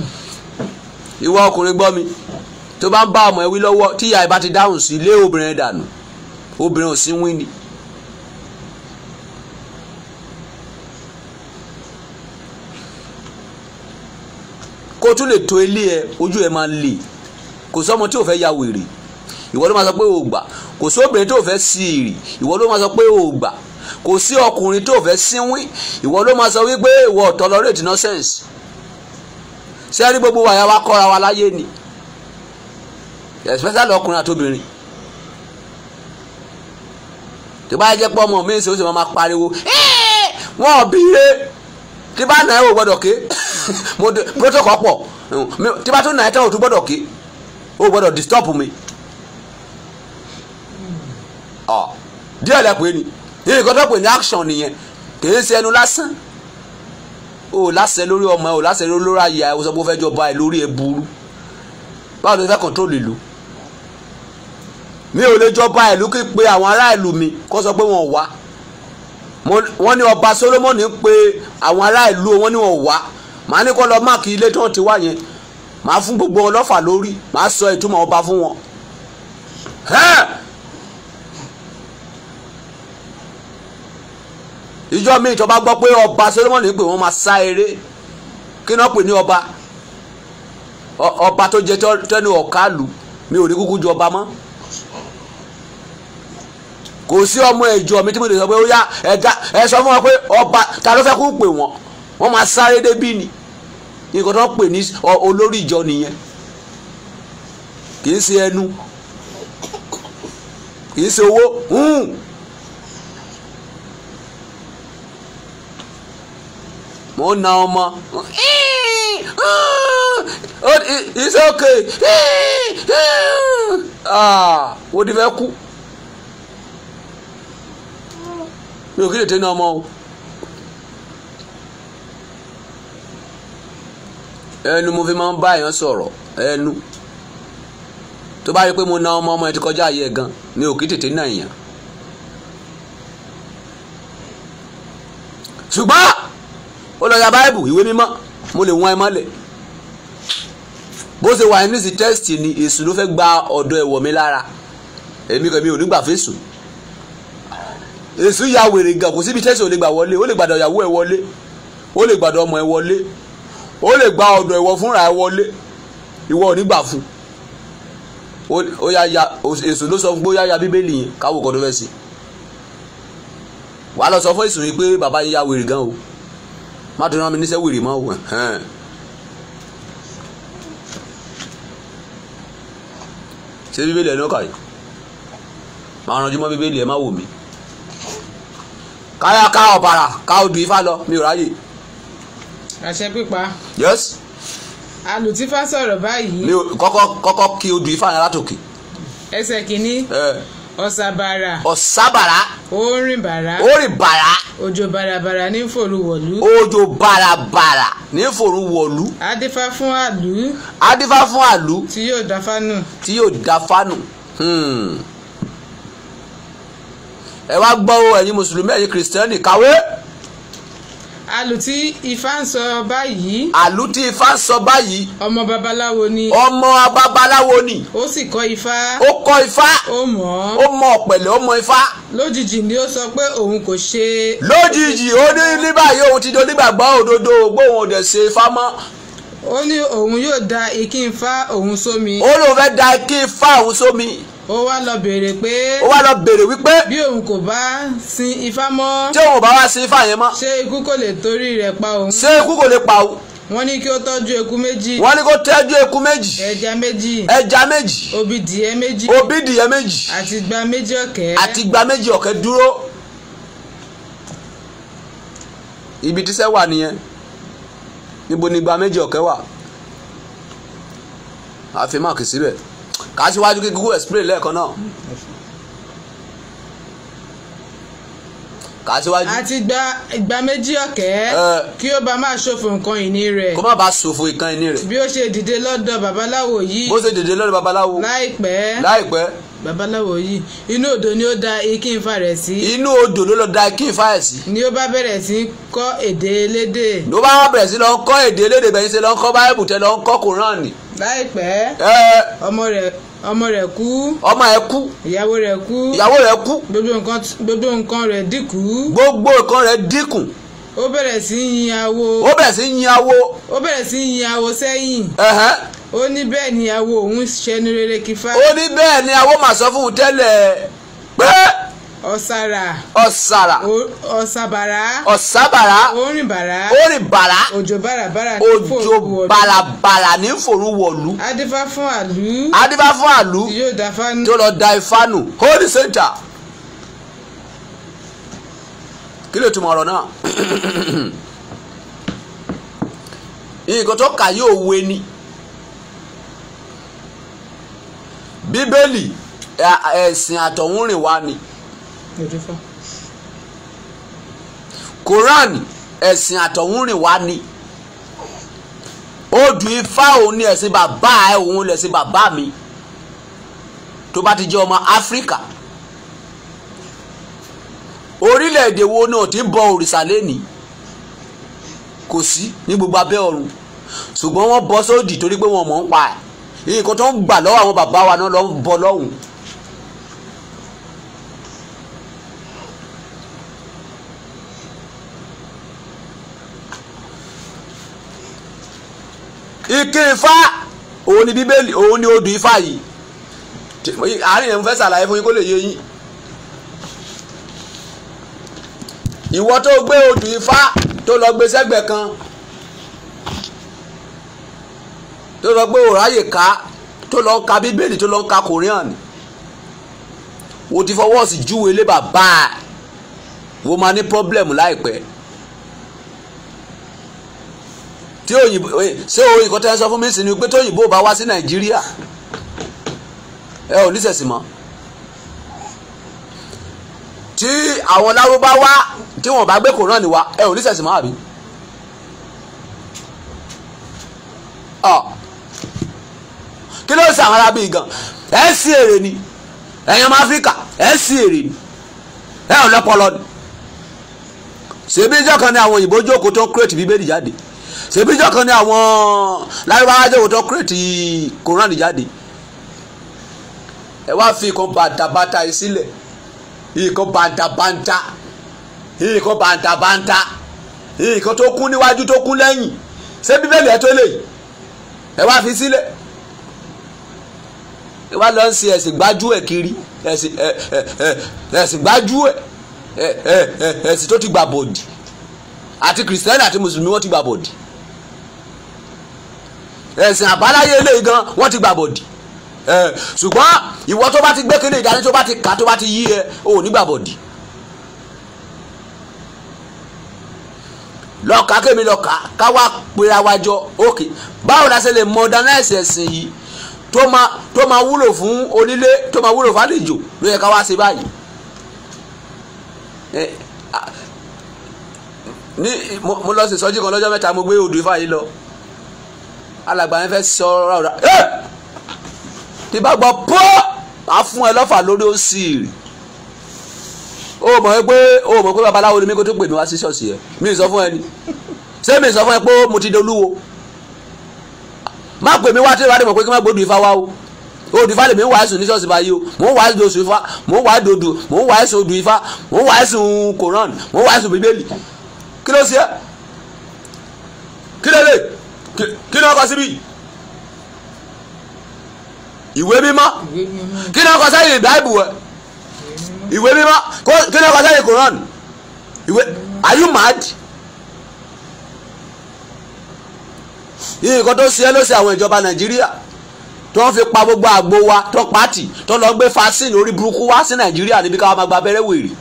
ìwọ ọkùnrin gbọ́ mi tó bá ń bá ọmọ ẹ wí lọ́wọ́ tí ìyá ẹ bá ti dáhùn sí ilé obìnrin dànù obìnrin ò sí wí ni. kó tún lè to ilé ẹ ojú ẹ máa ń le kò sọ́mọ tí ò fẹ́ ya wèrè ìwọ ló máa sọ pé o gbà kò sóbìnrin tó fẹ́ sí ìrì ìwọ ló máa sọ pé o gbà kò sí ọkùnrin tó fẹ́ sínwín ìwọ ló máa sọ wípé ìwọ tolerate nonsense sẹ́rí gbogbo wa ya wa kọ́ra wa láyé ni especially ọkùnrin àtobìnrin tó bá jẹ́ pé ọmọ mi ń ṣe ó sì máa pariwo wọn ò bí re tí bá nà ẹ́ ò gbọ́dọ̀ ké [laughs] protocol pọ̀ tí bá tún nà ẹ́ tán ò gbọ́dọ̀ ké ò gbọ́dọ̀ disturb mi díẹ̀ lẹ́kùn ẹni nǹkan tó pè ní action nìyẹn kìí ṣe ẹnu lásán o láṣẹ lórí ọmọ ẹ o láṣẹ lórí ayé ẹ o sọ pé o fẹ́ jọba ẹ lórí ẹ burú báwo ni o fẹ́ control ìlú mi ò lè jọba ìlú kí pe àwọn aráàlú mi kó sọ pé wọ́n wá wọ́n ní ọba Solomoni pé àwọn aráàlú wọn ní wọ́n wá màá ní kó lọ máàkì ilé tí wọ́n ti wá yẹn màá fún gbogbo wọn lọ́fà lórí màá sọ ìtumọ̀ ọba fún wọn. ìjọ mi ìjọba gbọ́ pé ọba Solomoni pé wọ́n máa sá eré kí náà pè ní ọba ọba tó jẹ tẹnu ọ̀kálù mi ò ní kúkú ju ọba mọ́ kò sí ọmọ ìjọ mi tí mo lè sọ pé ó yá ẹ̀dá ẹ sọ fún wọn pé ọba ta ló fẹ́ kó pè wọ́n wọ́n máa sáré débí ni nǹkan tó ń pè ní olórí ìjọ nìyẹn kì í ṣe ẹnu kì í ṣe owó. Mo ń na ọmọ it's okay wo ah, ni fẹ́ kú mi ò kí lè tẹ́ ní ọmọ o. ẹnu mo fi máa ń bá èèyàn sọ̀rọ̀ ẹnu tó bá rí pé mo na ọmọ ọmọ ẹ ti kọjá ayé ẹ gan mi ò kí tètè náà èèyàn ṣùgbọ́n ó lọ ya báìbù ìwé mímọ́ mo lè wọ́n ẹ mọ́lẹ̀ bó ṣe wà ní sí tẹ́sítì ni èṣù ló fẹ́ gba ọ̀dọ̀ ẹ̀wọ̀ mi lára èmi kò mi ò ní gbà fèsù èṣù ya wèrè gan kò síbi tẹ́sítì ò lè gbà wọlé ó lè gbàdọ̀ ìyàwó ẹ wọlé ó lè gbàdọ̀ ọmọ ẹ wọlé ó lè gba ọ̀dọ̀ ẹ̀wọ̀ fúnra ẹ wọlé ìwọ ò ní gbà fún ó yá ya èṣù ló sọ fún pé ó yá ya bíbélì yẹn káwọ́ kọ́ ló fẹ́ sí wàá lọ sọ fún èṣù yìí pé bàbá yẹn ya wèrè gan o má tó náà mi níṣẹ́ wèrè mọ́ o ṣé bíbélì ẹ̀ ní ọkà yìí máa ranjú mọ́ bíbélì ẹ̀ má wò mí káyà ká ọ̀bàrà ká odù ifá lọ mi ò ráyè. àṣẹ pípa. yes. alùtífá sọ̀rọ̀ báyìí. mi ò kọ́kọ́ kọ́kọ́ kí odù ifá yẹn látòkè. ẹsẹ̀ kìíní. ọ̀sàbàrà. ọ̀sàbàrà. orin bàrà. orin bàrà òjò bàràbàrà ní forúwọ̀lú. òjò bàràbàrà ní forúwọ̀lú. adífá fún àlú. adífá fún àlú. tí yóò da fánù. tí yóò da fánù. Hmm. ẹ wá gbọ́ ẹ̀yin mùsùlùmí ẹ̀yin kìrìsìtẹ́nì kàwé àlùtí ifá ń sọ báyìí. àlùtí ifá ń sọ báyìí. ọmọ babaláwo ni. ọmọ babaláwo ni. ó sì kọ́ ifá. ó kọ́ ifá. ó mọ̀ ọ́. ó mọ̀ ọ̀pẹ̀lẹ̀ ó mọ̀ ifá. lójijì ni ó sọ pé òun kò ṣe. lójijì ó ní ní báyìí òun ti donígbàgbọ́ òdodo gbóhùn òdẹ̀ ṣe ifá mọ́ ó ní òun yóò da ikin fá òun sómi. ó lóun fẹ́ da ikin fá òun sómi ó wá lọ béèrè pé. ó wá lọ béèrè wípé. bí òun kò bá sin ifá mọ́. tí òun bá wá sin ifá yẹn mọ́. ṣé ikú kò lè torí rẹ̀ pa òun. ṣé ikú kò lè pa òun wọ́n ní kí ó tọ́jú eku méjì. wọ́n ní kó tọ́jú eku méjì. ẹja méjì. ẹja méjì. obìdìyẹ méjì. obìdìyẹ méjì. àtìgbà méjì ọ̀kẹ́. àtìgbà méjì ọ̀kẹ́ dúró. ibi tíṣẹ́ wà nìyẹn níbo ni ìgbà méjì ọ̀kẹ́ wà àfi máàkì síbẹ̀. Kasi á síwájú kí google explain lẹ́ẹ̀kan náà. kà á síwájú. àti gba ìgbà méjì ọ̀kẹ́ kí ó bá máa ṣòfò nǹkan ìní rẹ̀. kó má bàa ṣòfò nǹkan ìní rẹ̀. bí ó ṣe dìde lọ́dọ̀ babaláwo yìí. bó ṣe dìde lọ́dọ̀ babaláwo. láìpẹ́. láìpẹ́ babaláwo yìí inú odò ni ó da ikínfà rẹ̀ sí. inú odò ló lọ da ikínfà rẹ̀ sí. ni ó bá bẹ̀rẹ̀ sí í kọ́ èdè elédè. ló bá bẹ̀rẹ̀ sí lọ ń kọ́ èdè elédè bẹ̀rẹ̀ sí lọ ń kọ́ báyìbù tẹ́ lọ ń kọ́ kùránì láìpẹ́ ọmọ rẹ̀ ọmọ rẹ̀ kú ọmọ ẹ̀ kú ìyàwó rẹ̀ kú ìyàwó rẹ̀ kú gbogbo nǹkan gbogbo nǹkan rẹ̀ dínkù gbogbo nǹkan rẹ̀ dínkù ó bẹ̀rẹ̀ sí í yin awo ó bẹ̀rẹ̀ sí í yin awo ó bẹ̀rẹ̀ sí í yin awo sẹ́yìn ó ní bẹ́ẹ̀ ni awo òun ṣẹnu rere kífá ó ní bẹ́ẹ̀ ni awo màá sọ fún un tẹ́lẹ̀ pé ọ̀sàrà ọ̀sàrà ọ̀sàbàrà ọ̀sàbàrà orìnbàrà orìnbàrà òjò bàràbàrà ní fòrúwọ̀lú òjò bàràbàrà ní fòrúwọ̀lú. adífá fún àlú adífá fún àlú yóò da fánù tó lọ da ifá holy center kí ló túmọ̀ ọ̀rọ̀ náà nǹkan [clears throat] tó kà yóò wé ni bíbélì ẹ̀sìn àtọ̀húnrìn wa ni. Quran ẹ̀sìn àtọ̀húnrìn wa ni odù ifá òun ni ẹ̀sìn bàbá ẹ̀ òun lẹ̀sìn bàbá mi tó bá ti jẹ́ ọmọ Áfíríkà orílẹ̀-èdè wo náà ti bọ òrìṣà lẹ́nìí kò sí ní gbogbo abẹ́ ọ̀run ṣùgbọ́n wọ́n bọ́ sódì torí pé wọ́n mọ̀ ń pa ẹ̀ nǹkan tó ń gbà lọ́wọ́ àwọn bàbá wa náà lọ́ ń lọ́hùn-ún. ike ifá òun ni bíbélì òun ni odù ifá yìí àárín yẹn mo fẹ́ ṣàlàyé fún yín kó lè yé yín ìwọ tó gbé odù ifá tó lọ gbé sẹ́gbẹ̀ kan tó lọ gbé òráyè ká tó lọ ka bíbélì tó lọ ka kòríàn wo ti fọwọ́ sí júwe lé bàbá wo máa ní pọ́blẹ́mù láìpẹ́. tí òyìnbó eh, ṣé o ìkọ́ tẹ́ ẹ sọ fún mi sí ni pé tóyìnbó bá wá sí nàìjíríà ẹ ò níṣẹ̀sì mọ́ tí àwọn lárúbáwá tí wọn bá gbé kò náà níwá ẹ ò níṣẹ̀sì mọ́ àbí. kí ló ń sọ àwọn arábí gan ẹ ń sí èrè ni ẹ̀yin ọmọ áfíríkà ẹ ń sí èrè ni ẹ ò ni ṣèbí ìjọ kan ní àwọn òyìnbó jókòó tó ń bíbélì jáde ṣèbíjọ́ kan ní àwọn lárúbáwá jẹ́wọ́ tó kírètì koran ẹ wá fi ìkan bàǹtàbàǹtà yìí sílẹ̀ ìkan bàǹtàbàǹtà ìkan bàǹtàbàǹtà ìkan tó kún níwájú tó kún lẹ́yìn ṣé bíbélì ẹ tó lè ẹ wá fi sílẹ̀ ẹ wá lọ ń ṣe ẹ̀sìn gbájú ẹ̀ kiri ẹ̀sìn ẹ̀sìn gbájú ẹ̀ ẹ̀sìn tó ti gbà bòdì àti kìrìsìtẹ́nì àti mùsùlùmí wọ́n ti gbà bòdì ẹ̀sìn àbáláyé eléyìí gan wọ́n ti gbàbọ̀dì ṣùgbọ́n ìwọ tó bá ti gbé kíní ìdání tó bá ti kà tó bá ti yí ẹ ò ní gbàbọ̀dì. lọ́ka kémi lọ́ka káwá pera wa jọ òkè báwo la ṣe lè modernize ẹ̀sìn yìí tó máa tó máa wúlò fún onílé tó máa wúlò fún àlejò ló yẹ káwá ṣe báyìí ní mo lọ sí sọ́jí kan lọ́jọ́ mẹ́ta mo gbé odò ifá yìí lọ alàgbà yẹn fẹ́ sọ ọ́ rà ẹ́ tí bá gbọ́ pọ́ á fún ẹ lọ́fà lórí ó sì rì o mọ̀ pé o mọ̀ pé babaláwo ni mi kó tó pè mí wá sí ṣọ́ọ̀ṣì ẹ̀ mi sọ fún ẹ ni ṣé mi sọ fún ẹ pé mo ti dolúwo má pè mí wá tí wàá dé mọ̀ pé kí n má gbódù ifá wá o odù ifá lèmi ń wàásù ní ṣọ́ọ̀ṣì báyìí o mò ń wàásù oṣù ifá mò ń wàásù odù mò ń wàásù odù ifá mò ń wàásù koran mò ń wàásù bíbélì kí ló ṣe kí ló lè kí ni wọ́n kọ síbí ìwé mímọ́ kí ni wọ́n kọ sẹ́yìn báìbù ẹ̀ ìwé mímọ́ kí ni wọ́n kọ sẹ́yìn koran ìwé are you mad nǹkan tó ṣe é ló ṣe àwọn ìjọba nàìjíríà tó ń fi pa gbogbo àgbo wa tó pàtì tó lọ gbé fasin orí burúkú wá sí nàìjíríà níbi káwọn máa gba abẹ́rẹ́ wèrè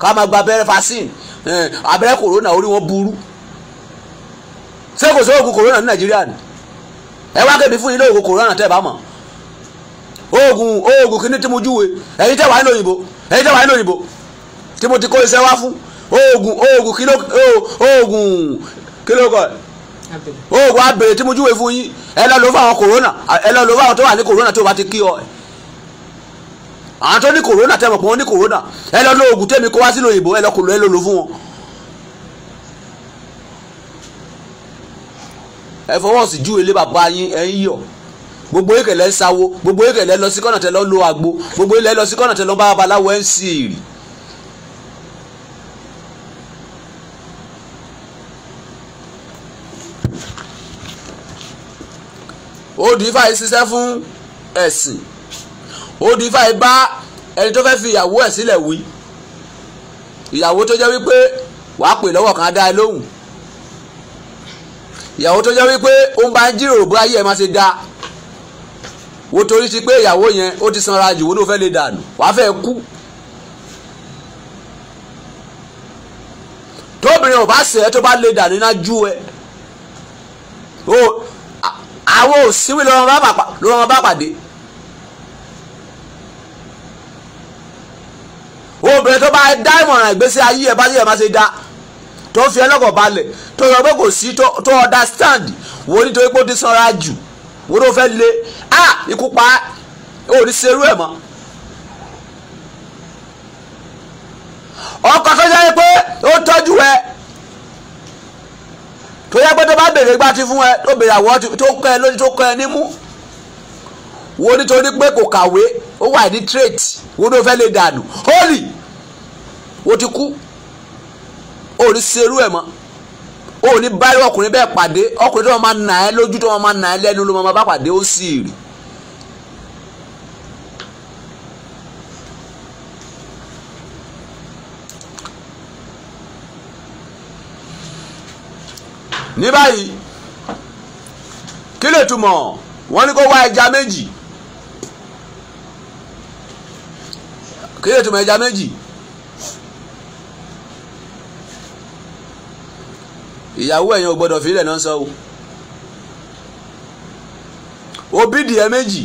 káwọn máa gba abẹ́rẹ́ fasin eh, abẹ́rẹ́ kòrónà orí wọn burú ṣé kò sí oògùn kòrónà ní nàìjíríà ni ẹ wá kébi fún yín lóògùn kòrónà tẹ́ ẹ bá mọ̀ oògùn oògùn kìíní tí mo júwe ẹ̀yin tẹ́ wà ní òyìnbó ẹ̀yin tẹ́ wà ní òyìnbó tí mo ti kó iṣẹ́ wá fún oògùn oògùn kìíní oògùn kìíní kọ́ oògùn abèrè tí mo júwe fún yín ẹ lọ lò fún àwọn kòrónà ẹ lọ lò fún àwọn tó wà ní kòrónà tí o bá ti kí ọ àwọn tó ní kòrónà tẹ́ mọ̀ pé wọ́n ní kòrónà ẹ lọ lo oògùn tẹ́mi kó wá sínú òyìnbó ẹ lọ kò lọ ẹ lọ lò fún wọn ẹ fọwọ́ sí ju ilé bàbá yín ẹ ń yọ̀ gbogbo ìkẹlẹ̀ ń sawo gbogbo ìkẹlẹ̀ lọ sí kọ́nà tẹ lọ lo àgbo gbogbo ilẹ̀ lọ sí kọ́nà tẹ lọ bá babaláwo ẹ̀ ń sì rì. odìfà yìí ṣiṣẹ́ fún ẹ̀sìn odìfà yìí bá ẹni tó fẹ́ fi ìyàwó ẹ̀ sílẹ̀ wí ìyàwó tó jẹ́ wípé wàá pè lọ́wọ́ kan dá ẹ lóhùn ìyàwó tó jẹ́ wípé ó ń bá ń jíròrò bó ayé ẹ̀ máa ṣe da wo torí ti pé ìyàwó yẹn ó ti sanra jù wọ́n ló fẹ́ lè dànù wàá fẹ́ kú. tóbìnrin ò bá sẹ́ tó bá lè dànù iná jú ẹ àwọn òsínwé lọ́wọ́ bá pàdé. obìnrin tó bá dá ìmọ̀ràn ìgbésí ayé ẹ̀ bá yẹ̀ máa ṣe da tó fi ẹlọ́kọ̀ balẹ̀ tó sọ pé kò sí tó understand wo nítorí pé ó ti sanra jù wo ló fẹ́ le ah ikú pa ó ní serú ẹ̀ mọ́. ọkọ tó yẹ pé ó tọ́jú ẹ tó yẹ pé tó bá bèrè gbá ti fún ẹ tó bèrè àwọ̀ tó kọ́ ẹ lójú tó kọ́ ẹ nímú wo nítorí pé kò kàwé ó wà ní trait wo ló fẹ́ lè dànù holy wo ti kú ò ní serú ẹ̀ mọ́ ò ní báyìí ọkùnrin bẹ́ẹ̀ pàdé ọkùnrin tó máa nà ẹ́ lójú tó máa nà ẹ́ lẹ́nu ló máa bá pàdé ó sì rì. ní báyìí kí lè túmọ̀ wọ́n ní kó wá ẹja méjì kí lè túmọ̀ ẹja méjì ìyàwó ẹ̀yin ò gbọ́dọ̀ fílẹ̀ náà sọ o òbí dìé méjì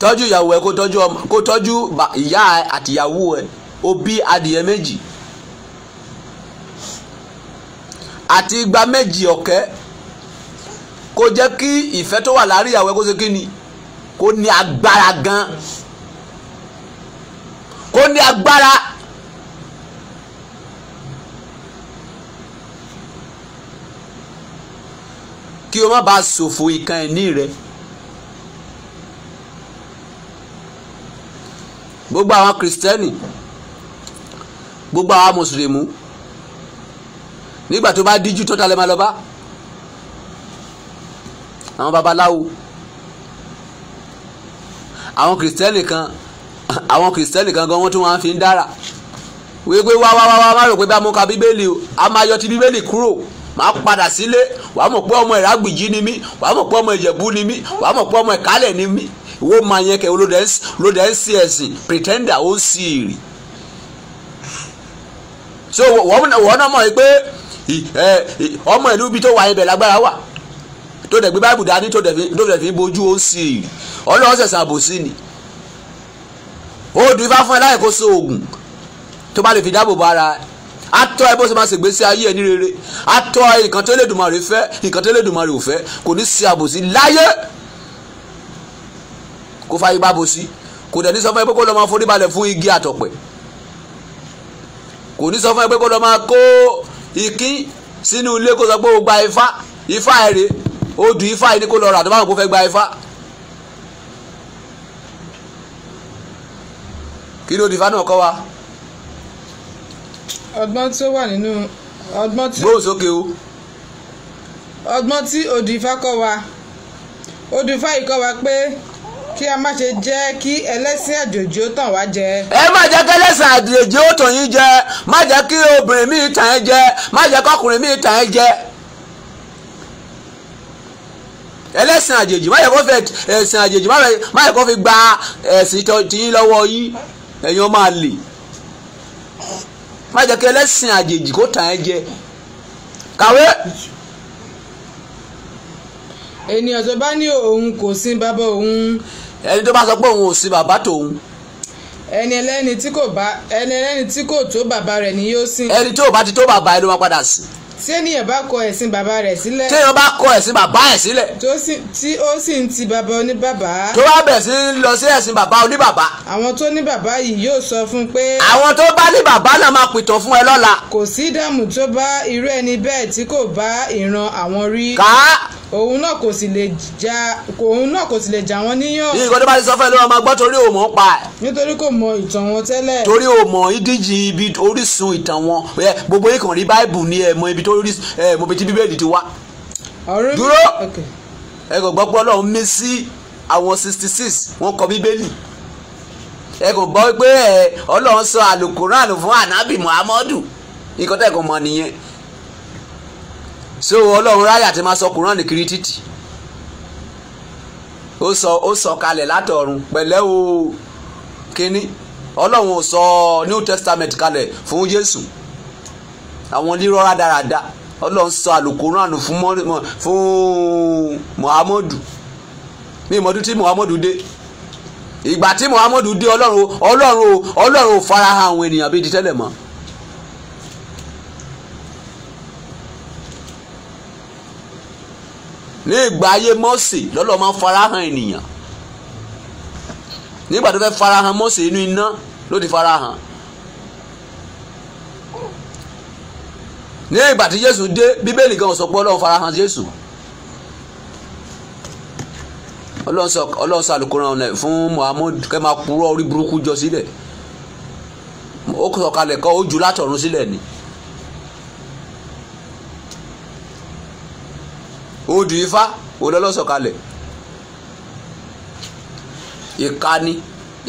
tọ́jú ìyàwó ẹ kó tọ́jú ọmọ kó tọ́jú ìyá àtìyàwó ẹ òbí adìẹ méjì àti igba méjì ọ̀kẹ́ kó jẹ́ kí ìfẹ́ tó wà láàrin ìyàwó ẹ kó ṣe kí ni kó ní agbára gan kó ní agbára. kí o má bàa ṣòfò ìkan ẹ̀ní rẹ. gbogbo àwọn kìrìsìtẹ́nì gbogbo àwọn mùsùlùmí nígbà tó bá díjú tó talẹ̀ máa lọ bá àwọn babaláwo àwọn kìrìsìtẹ́nì kan àwọn kìrìsìtẹ́nì kan gan wọ́n tún wá fi ń dára wípé wá wá wá má rò pé bá mú ka bíbélì o a máa yọ ti bíbélì kúrò màá padà sílé wàá mọ̀ pé ọmọ ìrágbìjí ni mí wàá mọ̀ pé ọmọ ìjẹ̀bú ni mí wàá mọ̀ pé ọmọ ìkálẹ̀ ni mí ìwọ máa yẹn kẹ́ ló dẹ̀ ń sí ẹ̀sìn pretender ó ń sí ìrì so wọ́n náà mọ̀ pé ọmọ ìlú ibi tó wà ibẹ̀ lágbára wà tó dẹ̀ gbé báìbù dání tó dẹ̀ fi bojú ó ń sí ìrì ọlọ́run ṣẹ̀ṣẹ̀ àbòsí ni ó dùn ifá fún ẹ láì kó so oògùn tó bá lè fi dáàbò bo ara ẹ atọ́ ẹ bó ṣe máa ṣègbè sí ayé ẹ ní rere atọ́ ẹ nǹkan tó Elédùmarè fẹ́ nǹkan tó Elédùmarè ò fẹ́ kò ní sí àbòsí láyé kó fàyè bá bòsí kò dẹ̀ ní sọ fún ẹ pé kó lọ máa forí balẹ̀ fún igi àtọ̀pẹ̀ kò ní sọ fún ẹ pé kó lọ máa kó ìkín sínú ilé kó sọ pé o gba ifá ifá ẹ rè o dùn ifá yìí ní kó lọ rà tó bá wọn kó fẹ́ gba ifá. kí ló di ifá náà kọ́ wa ọgbọ́n tí ó wà nínú ọgbọ́n tí. gbóhùn sókè o. ọgbọ́n tí odi ifá kọ́ wa odi ifá yìí kọ́ wa pé kí a má ṣe jẹ́ kí ẹlẹ́sìn àjòjì ó tàn wá jẹ. ẹ má jẹ́ kí ẹlẹ́sìn àjòjì ó tàn yín jẹ má jẹ́ kí obìnrin mi tàn ẹ́ jẹ má jẹ́ kọ́kùnrin mi tàn ẹ́ jẹ ẹlẹ́sìn àjèjì má yẹ kó fẹ́ ẹ̀sìn àjèjì má yẹ kó fi gba ẹ̀sìn tiyín lọ́wọ́ yín ẹ̀yin ó máa má jẹ́ kí ẹlẹ́sìn àjèjì kó tàn ẹ́ jẹ kàwé. ènìyàn tó bá ní òun kò sin bàbá òun. ẹni tó bá sọ pé òun ò sin bàbá tòun ẹni ẹlẹ́ni tí kò tó bàbá rẹ̀ ni yóò sìn. ẹni tó bá ti tó bàbá ẹni ló padà sìn tẹ́nìyàn bá kọ ẹ̀sìn bàbá rẹ̀ sílẹ̀. tẹ́nìyàn bá kọ ẹ̀sìn bàbá ẹ̀ sílẹ̀. tí ó sì ń ti bàbá oníbàbá. tó bá bẹ̀ sí lọ sí ẹ̀sìn bàbá oníbàbá. àwọn tó ní bàbá yìí yóò sọ fún pé. àwọn tó bá ní bàbá náà máa pìtàn fún ẹ lọ́la. kò sí ìdààmú tó bá irú ẹni bẹ́ẹ̀ tí kò bá ìran àwọn rí. kàá òun náà kò sì lè jà òun náà kò sì lè jà wọ́n níyàn. yìí kọ́ni bá ti sọ fẹ́ ló máa gbọ́ torí ò pa ẹ̀. nítorí kò mọ ìtàn wọn tẹ́lẹ̀. torí ò ìdíjì ibi orísun ìtàn wọn gbogbo ìkàn rí báìbù ni ẹ mọ ibi tó rí ẹ mọ ibi tí bíbélì ti wá. dúró ẹ kò gbọ́ pé ọlọ́run mí sí àwọn sixty six wọ́n kọ bíbélì ẹ kò gbọ́ pé ọlọ́run sọ àlùkùránù fún ànábì muhammadu ìkọ́tẹ̀kùn mọ nìyẹn so ọlọ́run ráyà ti máa sọ kúránì kiri títì ó sọ ó sọ kalẹ̀ látọ̀run pẹ̀lẹ́ o kínní ọlọ́run ò sọ new testament kalẹ̀ fún jésù àwọn onírọ́ rádaràda ọlọ́run sọ àlùkùránì fún muhammadu ní ìmọ̀dún tí muhammadu dé ìgbà tí muhammadu dé ọlọ́run ọlọ́run ọlọ́run ò farahàn àwọn ènìyàn bíi ti tẹ́lẹ̀ mọ́ ní ìgbà ayé Mósè lọ́lọ́ máa ń farahàn ènìyàn nígbà tó fẹ́ farahàn Mósè inú iná ló ti farahàn ní ìgbà tí Jésù dé bíbélì gan sọ pé Ọlọ́run farahàn Jésù Ọlọ́run sọ àlùkòrán ọ̀nà fún Muhammad kẹ́ máa purọ́ orí burúkú jọ sílẹ̀ ó sọ̀kalẹ̀ kọ́ ó jù látọ̀run sílẹ̀ ni. odù ifá olólọ́sọ̀kalẹ̀ ìka ni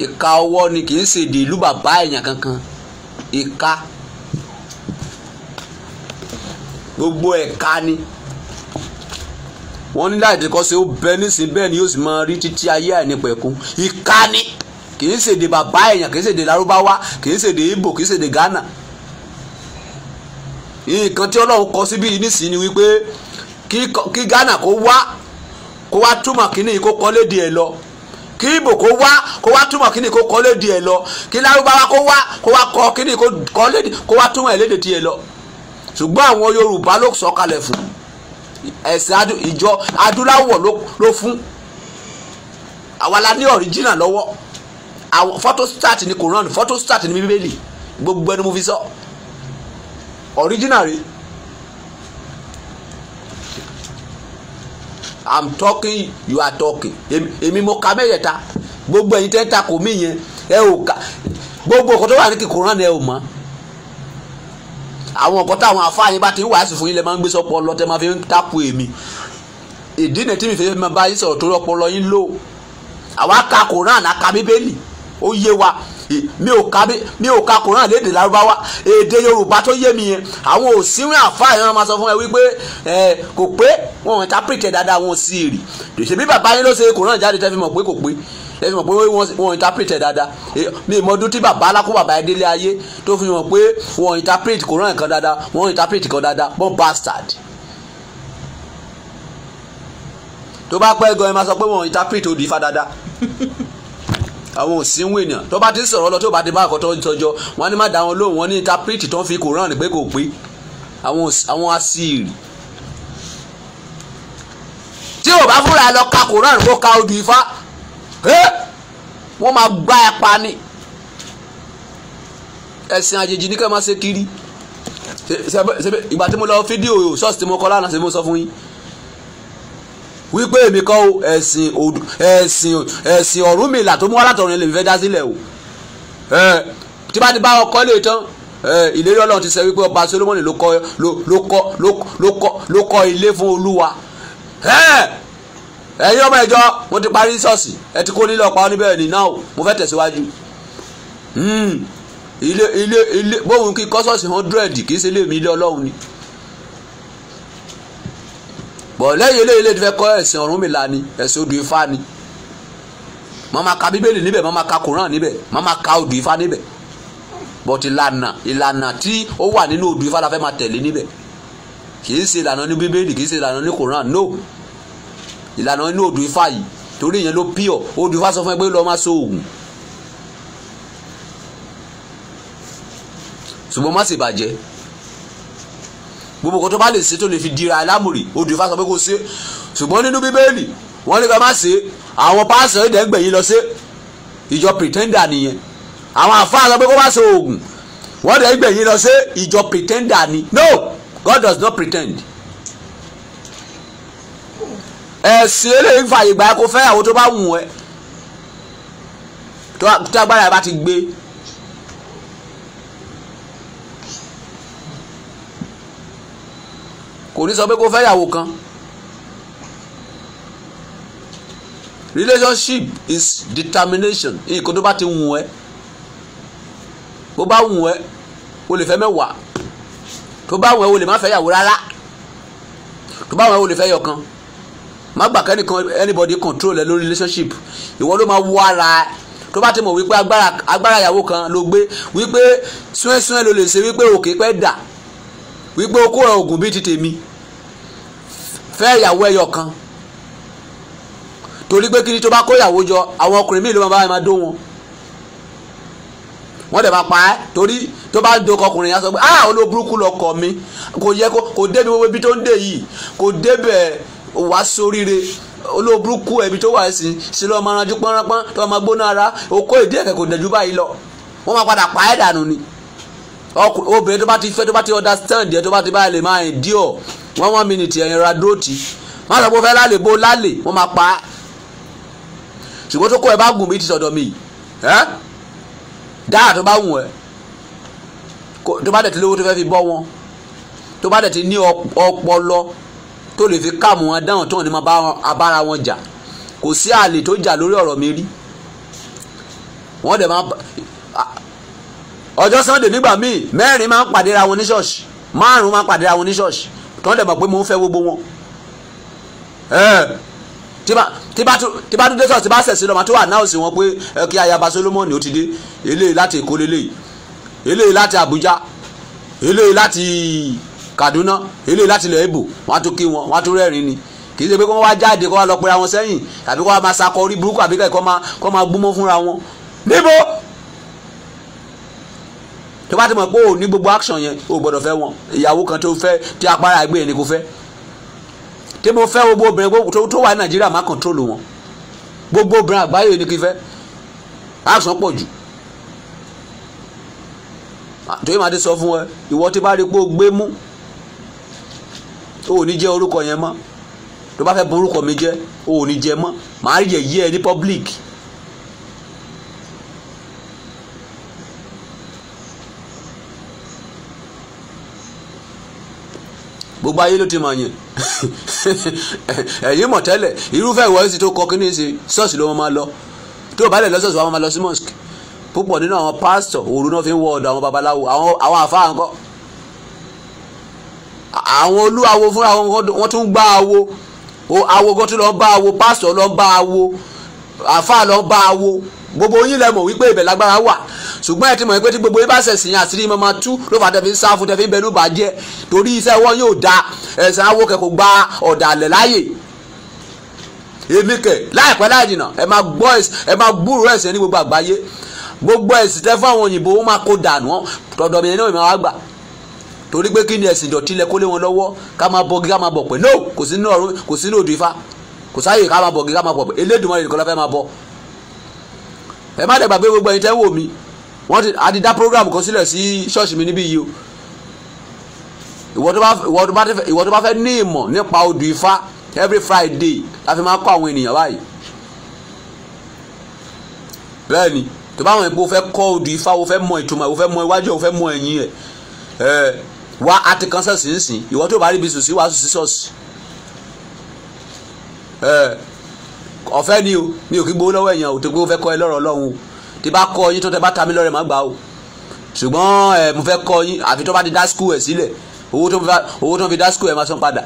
ìka ọwọ ni kì í ṣèdè ìlú bàbá èèyàn kankan ìka gbogbo ẹ̀ka ni wọ́n ní láti kọ́ sí ó bẹ nísìnyí bẹ́ẹ̀ ni yóò sì máa rí títí ayé àìnípẹ̀kun ìka ni kì í ṣèdè bàbá èèyàn kì í ṣèdè Lárúbáwá kì í ṣèdè ibo kì í ṣèdè Ghana nǹkan tí Ọlọ́run kọ síbí nísìnyí ni wípé kí Ghana kó wá kó wá túmọ̀ kíní kó kọ́ lédi ẹ̀ lọ kí Ìgbò kó wá kó wá túmọ̀ kíní kó kọ́ lédi ẹ̀ lọ kí Lárúbáwá kó wá kó wá kọ́ kíní kó kọ́ lédi kó wá túmọ̀ ẹ̀ lédi tiẹ̀ lọ ṣùgbọ́n àwọn Yorùbá ló sọ kalẹ̀ fún ẹ̀sìn ìjọ adúláwọ̀ ló fún àwa la ní ọ̀ríjìnà lọ́wọ́ àwọn photostat ni Quran photostat ni bíbélì gbogbo ẹni mo fi sọ ọ̀ríjìnà rèé i'm talking you are talking èmi mo ka mẹ́yẹ̀ta gbogbo ẹ̀yin tẹ́ ń takò mí yẹn ẹ ò ka gbogbo ọkọ̀ tó wà ní kìkùrán ni ẹ ò mọ̀ àwọn ọkọ̀ táwọn afá yín bá ti ń wàásù fún yín lẹ́ máa ń gbé sọ́pọ̀ ọlọ́tẹ́ máa fi ń takò èmi ìdí nìyẹn tí mi fi máa bá yín sọ̀rọ̀ tó rọ́pọ̀ lọ yín lò àwa ka kùrán àká bíbélì ó yé wa mi ò ka mi ò ka koran léde lárúbáwá èdè yorùbá tó yé mi yẹn àwọn òsínwìn àfáà yẹn máa sọ fún ẹ wípé ẹ kò pé wọn ò interpret dáadáa wọn sì rì ṣe bí bàbá yín ló ṣe koran jáde tẹ́ fi mọ̀ pé kò pé tẹ́ fi mọ̀ pé wọn ò interpret dáadáa mi ìmọ̀ ọdún tí bàbá alákó bàbá yẹn délé ayé tó fi mọ̀ pé wọn ò interpret koran kan dáadáa wọn ò interpret kan dáadáa bọ́n bastard. tó bá pẹ́ gan ẹ máa sọ pé wọn ò interpret òdì ifá dáadáa. [laughs] àwọn òsínwó ènìyàn tó bá ti ń sọ̀rọ̀ lọ tó bá ti bá àkọ́tọ́ ìtọ́jọ́ wọn ní má dá wọn lóhùn wọn ní interpret tó ń fi Quran pé kò pé àwọn asiri tí ò bá fúnra lọ ka Quran kó ka odù ifá wọ́n máa gbá ẹ pa ni ẹ̀sìn àjèjì ní ká máa ṣe kiri ìgbà tí mo lọ fídíò ṣọ́ọ̀ṣì tí mo kọ́ lánàá ṣe mo sọ fún yín wípé èmi kọ́ ẹ̀sìn ẹ̀sìn ẹ̀sìn Ọ̀rúnmìlà tó mú wá látọ̀run lèmi fẹ́ dá sílẹ̀ o tí bá ti bá ọkọ lè tán ìlérí Ọlọ́run ti ṣẹ wípé ọba Solomoni ló kọ́ ló kọ́ ilé fún Olúwa ẹ̀yin ọmọ ìjọ mo ti parí ṣọ́ọ̀ṣì ẹ ti kó nílé ọ̀pá oníbẹ̀rẹ̀ ní náà mo fẹ́ tẹ̀síwájú hmm, ilé ilé ilé bóun kí kọ́ ṣọ́ọ̀ṣì hundred kì í ṣe ilé mi ilé Ọlọ́run ni bọ̀ lẹ́yìn eléyìí lè ti fẹ́ kọ́ ẹ̀sìn Ọ̀rúnmìlà ni ẹ̀sìn odù Ifá ni màá máa ka bíbélì níbẹ̀ màá máa ka koran níbẹ̀ màá máa ka odù Ifá níbẹ̀ bọ̀t ìlànà ìlànà tí ó wà nínú odù Ifá la fẹ́ máa tẹ̀lé níbẹ̀ kì í ṣe ìlànà ní bíbélì kì í ṣe ìlànà ní koran no ìlànà inú odù Ifá yìí torí ìyẹn ló píọ̀ odù Ifá sọ fún ẹ pé lọ́ọ́ máa so oògùn ṣùgbọ́n má ṣèbàjẹ́ gbogbo nǹkan tó bá lè ṣe tó lè fi dira alámùrè odò Ifá sọ pé kó ṣe ṣùgbọ́n nínú bíbélì wọ́n ní ká má ṣe àwọn pásítọ̀ ìdẹ́gbẹ̀yìn lọ ṣe ìjọ pretender nìyẹn àwọn àfáà sọ pé kó má ṣe oògùn wọ́n dẹ̀ gbẹ̀yìn lọ ṣe ìjọ pretender ni no God does not pretend ẹ̀sìn eléyìí fàyè gbà kó fẹ́ àwọn tó bá wù ẹ́ tó agbára ẹ̀ bá ti gbé kò ní sọ pé kó fẹ́yàwó kan relationship is determination nǹkan tó bá ti wù ẹ́ bó bá wù ẹ́ o lè fẹ́ mẹ́wàá tó bá wù ẹ́ o lè má fẹ́yàwó rárá tó bá wù ẹ́ o lè fẹ́ yọkan má gbà kẹ́nìkan anybody control ẹ lórí relationship ìwọ ló máa wú ara ẹ tó bá ti mọ̀ wípé agbára agbára ìyàwó kan ló gbé wípé súnẹ́súnẹ́ ló lè ṣe wípé òkè pẹ́ dà wípé o kóra oògùn bíi ti tèmi fẹ́ ìyàwó ẹyọ kan torí pé kí ni tó bá kó ìyàwó jọ àwọn ọkùnrin míì ló máa bá máa dó wọn wọ́n dẹ̀ máa pa á torí tó bá do ọkùnrin yẹn sọ pé ah olóburúkú lọkọ mi kò yẹ kò débi gbogbo ibi tó ń dé yìí kò débẹ̀ wá sóríire olóburúkú ẹbí tó wà sí sí lọ́ọ́ máa ranjú pọ́nrán tó máa gbóná ara okó ìdí ẹ̀kẹ́ kò dẹ̀jú báyìí lọ wọ́n máa padà pa á dànù ni obìnrin tó bá ti fẹ́ tó bá ti understand ẹ tó bá ti bá lè máa endure one one minute ẹ̀yìn ra dúró tì má sọ pé ó fẹ́ lálẹ́ bó lálẹ́ wọ́n máa pa á ṣùgbọ́n tó kó ẹ bá gùn mí ti sọ̀dọ̀ mi ẹ́ dáa tó bá wù ẹ́ tó bá dẹ̀ ti lówó tó fẹ́ fi bọ́ wọn tó bá dẹ̀ ti ní ọpọlọ tó lè fi káàmù wọn dáhùn tó wọn ní máa bára wọn jà kò sí àlè tó jà lórí ọ̀rọ̀ mi rí wọ́n dẹ̀ máa ọjọ́ sunday nígbà míì mẹ́rin máa ń pàdé ra wọn ní ṣọ́ọ̀ṣì márùn máa ń pàdé ra wọn ní ṣọ́ọ̀ṣì kí wọ́n dẹ̀ mọ̀ pé mo ń fẹ́ gbogbo wọn. tí bá tún dé ṣọ́ọ̀ṣì tí bá ṣẹ̀ṣin lọ́mọ tó wà náà sí wọn pé kí ayaba solomon ó ti dé eléyìí láti èkó lélẹ́yìí eléyìí láti abuja eléyìí láti kaduna eléyìí láti ilẹ̀ ibo wọ́n á tún kí wọn wọ́n á tún rẹ́rìn ni kì í ṣe pé kí wọ́n wá jáde kó wá lọ pera wọn sẹ́yìn àbí kó wá máa sakọ orí burúkú àbí kó máa gbúmọ́ fúnra wọn níbo tó bá ti mọ̀ pé o ní gbogbo action yẹn o gbọ́dọ̀ fẹ́ wọn ìyàwó kan tó fẹ́ tí apára ẹgbẹ́ yẹn ni kò fẹ́ tí mo fẹ́ gbogbo obìnrin tó wà ní nàìjíríà má control wọn gbogbo obìnrin àgbáyé ni kì fẹ́ action pọ̀ jù ah, tóyí máa ti sọ fún ẹ ìwọ tí bá rí pé o gbé mú o ò ní jẹ́ orúkọ yẹn mọ́ tó bá fẹ́ borúkọ mi jẹ́ o ò ní jẹ́ mọ́ màá rí yẹ̀ yí ẹ ní public. gbogbo ayé ló ti mọ̀ yín [laughs] ẹ̀yin mọ̀ tẹ́lẹ̀ irúfẹ́ ìwọ́sí tó kọ kíní ṣe ṣọ́ọ̀ṣì ló máa lọ tó bá lè lọ ṣọ́ọ̀ṣì wa máa lọ sí mosque púpọ̀ nínú àwọn pásítọ̀ òru náà fi ń wọ ọ̀dọ̀ àwọn babaláwo àwọn àfáà ńkọ́ àwọn olúwawo fúnra wọn tún gbá awo awo gan tún lọ bá awo pásítọ̀ lọ bá awo àfáà lọ bá awo gbogbo yín lẹ mọ̀ wípé ibẹ̀ lágbára wà ṣùgbọ́n ẹ ti mọ̀ pé tí gbogbo yín bá ṣẹ̀sìn yín àṣírí mọ́mọ́ tú ló fà tẹ̀fí sá fún tẹ̀fí bẹnu bàjẹ́ torí iṣẹ́ wọn yóò da ẹ̀sìn awo kẹ̀ kò gba ọ̀dàlẹ̀ láàyè èmi kẹ̀ láìpẹ́ láì ẹ máa gbọ́ ẹ máa gbúrò ẹ̀sìn ní gbogbo àgbáyé gbogbo ẹ̀sìn tẹ́ fún àwọn òyìnbó wọn máa kó dànù tọ̀dọ̀ mi náà máa gbà torí pé kí ni ẹ̀sìn ìdọ̀tí lẹ kó lé wọn lọ́wọ́ ká máa bọ́gi ká máa bọ̀ pẹ̀ no kò sí ní òdu ifá kò sáyè ká máa bọ̀gi ká máa bọ̀ pẹ̀ Elédùmarè nìkan fẹ́ máa bọ̀ ẹ má dẹ̀gbàgbé gbogbo ẹ̀yin tẹ́ ń wò mí wọ́n ti a ti dá program kan sílẹ̀ sí ṣọ́ọ̀ṣì mi níbí yìí o ìwọ tó bá fẹ́ ní ìmọ̀ nípa odù ifá every Friday la fi máa kọ́ àwọn ènìyàn báyìí bẹ́ẹ̀ ni tó bá wọn pé o fẹ́ kọ́ odù ifá o fẹ́ mọ ìtumọ̀ o fẹ́ mọ iwájú o fẹ́ mọ ẹ̀yìn ẹ̀ ẹ̀ wá a ti kan ṣọ́ọ̀ṣì ń sìn ìwọ tó bá rí ibi sùn sí wàá sí ṣọ́ọ̀ṣì ọ̀fẹ́ ni o mi ò kí gbowó lọ́wọ́ èèyàn o tó pé mo fẹ́ kọ́ ẹ lọ́rọ̀ Ọlọ́run o tí bá kọ́ yín tó tẹ bá ta mí lọ́rẹ̀ má gbà o ṣùgbọ́n ẹ mo fẹ́ kọ́ yín àfi tó bá ti dá skul ẹ̀ sílẹ̀ owó tó fi dá skul ẹ̀ máa san padà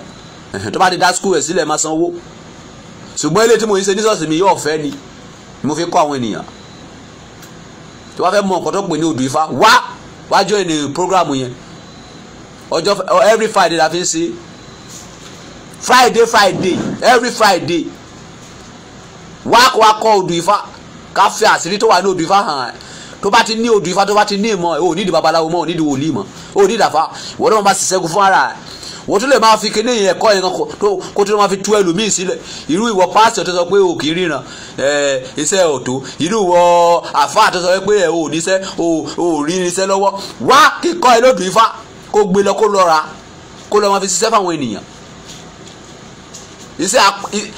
tó bá ti dá skul ẹ̀ sílẹ̀ máa san owó ṣùgbọ́n ilé tí mo ń ṣe nísọ̀sì mi yóò fẹ́ ni mo fi kọ́ àwọn ènìyàn tó bá fẹ́ mọ nǹkan tó pè ní odù ifá wá wá jọ ìní program yẹn ọjọ́ every Friday la fi ń ṣe Friday Friday every Friday wá kó wa kọ́ odù ifá ká fi àṣírí tó wà ní odù ifá hàn ẹ́ tó bá ti ní odù ifá tó bá ti ní ìmọ̀ ẹ̀ ò nídìí babaláwo mọ́ ò nídìí wòlíì mọ́ ò nídìí àfa wọ́n náà máa ṣiṣẹ́gun fún ara ẹ̀ wọ́n tún lè máa fi kíní yẹn kọ́ yẹn kó tó máa fi tú ẹlòmíì sílẹ̀ irú ìwọ pásítọ̀ tó sọ pé o kì í ríran iṣẹ́ ọ̀tọ̀ irú ìwọ àfáà tó sọ pé o ò níṣẹ́ o ò rí iṣẹ́ lọ́wọ́ wá kíkọ́ ẹ lódù ifá kó gbé lọ kó lọ́ra kó lọ́ máa fi ṣiṣẹ́ fáwọn ènìyàn iṣẹ́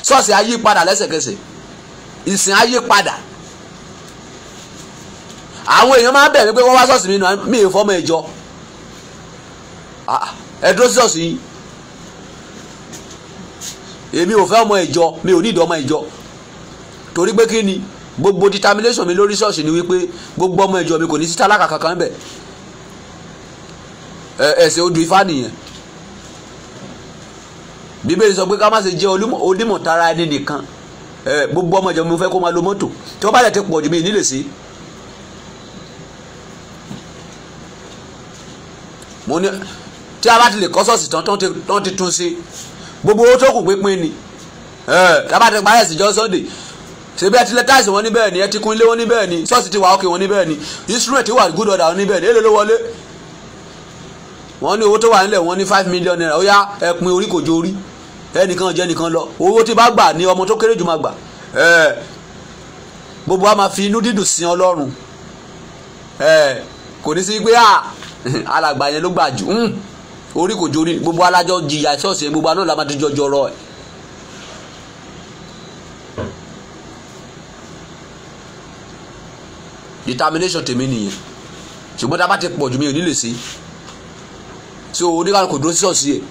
ṣọ́ọ̀ṣì ayé padà lẹ́sẹ̀kẹsẹ̀ ìsìn á yí padà àwọn èèyàn máa ń bẹ̀ mí pé wọ́n wá ṣọ́ọ̀ṣì mi nù mí ì fọ́mọ ìjọ ah, ẹ dúró sí ṣọ́ọ̀ṣì yín èmi ò fẹ́ ọmọ ìjọ mi ò nídìí ọmọ ìjọ torí pé kí ni gbogbo determination mi lórí ṣọ́ọ̀ṣì ni wípé gbogbo ọmọ ìjọ mi kò ní sí tálákà kankan bẹ̀ ẹ̀sìn odù ifá nìyẹn bíbélì sọ pé ká má ṣe jẹ́ onímọ̀tara ẹni nìkan gbogbo ọmọ ìjọba mi fẹ́ kó máa lo mọ́tò tí wọ́n bá dẹ̀ ti pọ̀ jù mí nílé sí. mo ní tí a bá ti lè kọ́ sọ́ọ̀sì tán tán ti tún sí gbogbo owó tó kù pínpín ni tí a bá ti parí ẹ̀sìn jọ sunday ṣebí ẹ ti lẹ táìsì wọn ní bẹ́ẹ̀ ni ẹ ti kún ilé wọn ní bẹ́ẹ̀ ni sọ́ọ̀sì ti wà ókè wọn ní bẹ́ẹ̀ ni instrument ti wà good order wọn ní bẹ́ẹ̀ ni èlé ló wọlé wọ́n ní owó tó wà nílẹ̀ wọ́n ní five million naira ó yá ẹ pín orí kò jó orí ẹnìkan jẹ́ nìkan lọ owó tí bá gbà ni ọmọ tó kéré jù máa gbà gbogbo wa máa fi inú dídùn sin ọlọ́run kò ní sí pé alàgbà yẹn ló gbà jù orí kò jórí gbogbo alájọ jìyà ṣọ́ọ̀ṣì yẹn gbogbo aná la máa ti jọjọ rọ ẹ̀. determination tèmi nìyẹn ṣùgbọ́n tá a bá ti pọ̀ jù mí ò ní lè ṣe tí oníkàlùkù dúró sí ṣọ́ọ̀ṣì yẹn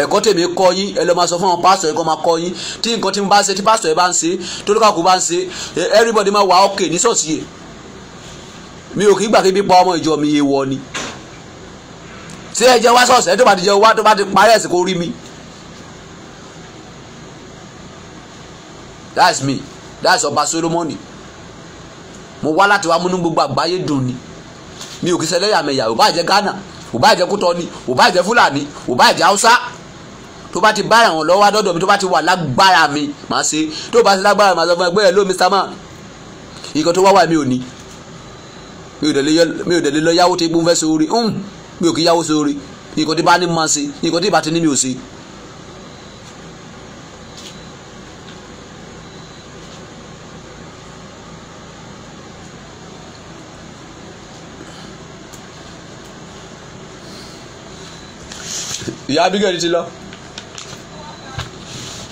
ẹ̀kọ́ tèmi kọ́ yín ẹ lọ́ máa sọ fún àwọn pásítọ̀ yẹn kọ́ máa kọ́ yín tí nǹkan tí mo bá ń ṣe tí pásítọ̀ yẹn bá ń ṣe tólúkàkú bá ń ṣe everybody máa wà ókè ní ṣọ́ọ̀ṣì yẹn mi ò kí gbà kí pípa ọmọ ìjọ mi yé wọ ni ṣé ẹ jẹ́ wá ṣọ́ọ̀ṣì tó bá ti jẹ́ wá tó bá ti parí ẹ̀sìn kó rí mi that's me that's ọba Solomoni mo wá láti wá múnú gbogbo àgbáyé dùn ni mi ò kí ṣẹlẹ́yàmẹ̀yà ò bá jẹ́ Ghana ò bá jẹ́ kútọ́ ni ò bá jẹ́ fúlàní ò bá jẹ́ haúsá tó bá ti bára wọn lọ́wọ́ adọ́dọ̀ mi tó bá ti wà lágbára mi màá ṣe tó bá ti lágbára màá sọ fún ẹgbẹ́ ẹ ló Mr. Man ìkan tó wá wà mí ò ní mi ò dẹ̀ lé lọ yáwó tí mo fẹ́ sóore mi ò kí yáwó sóore ìkan tí bá ní máa ṣe ìkan tí bá ti ní mi ò ṣe. ìyá Abigail ti lọ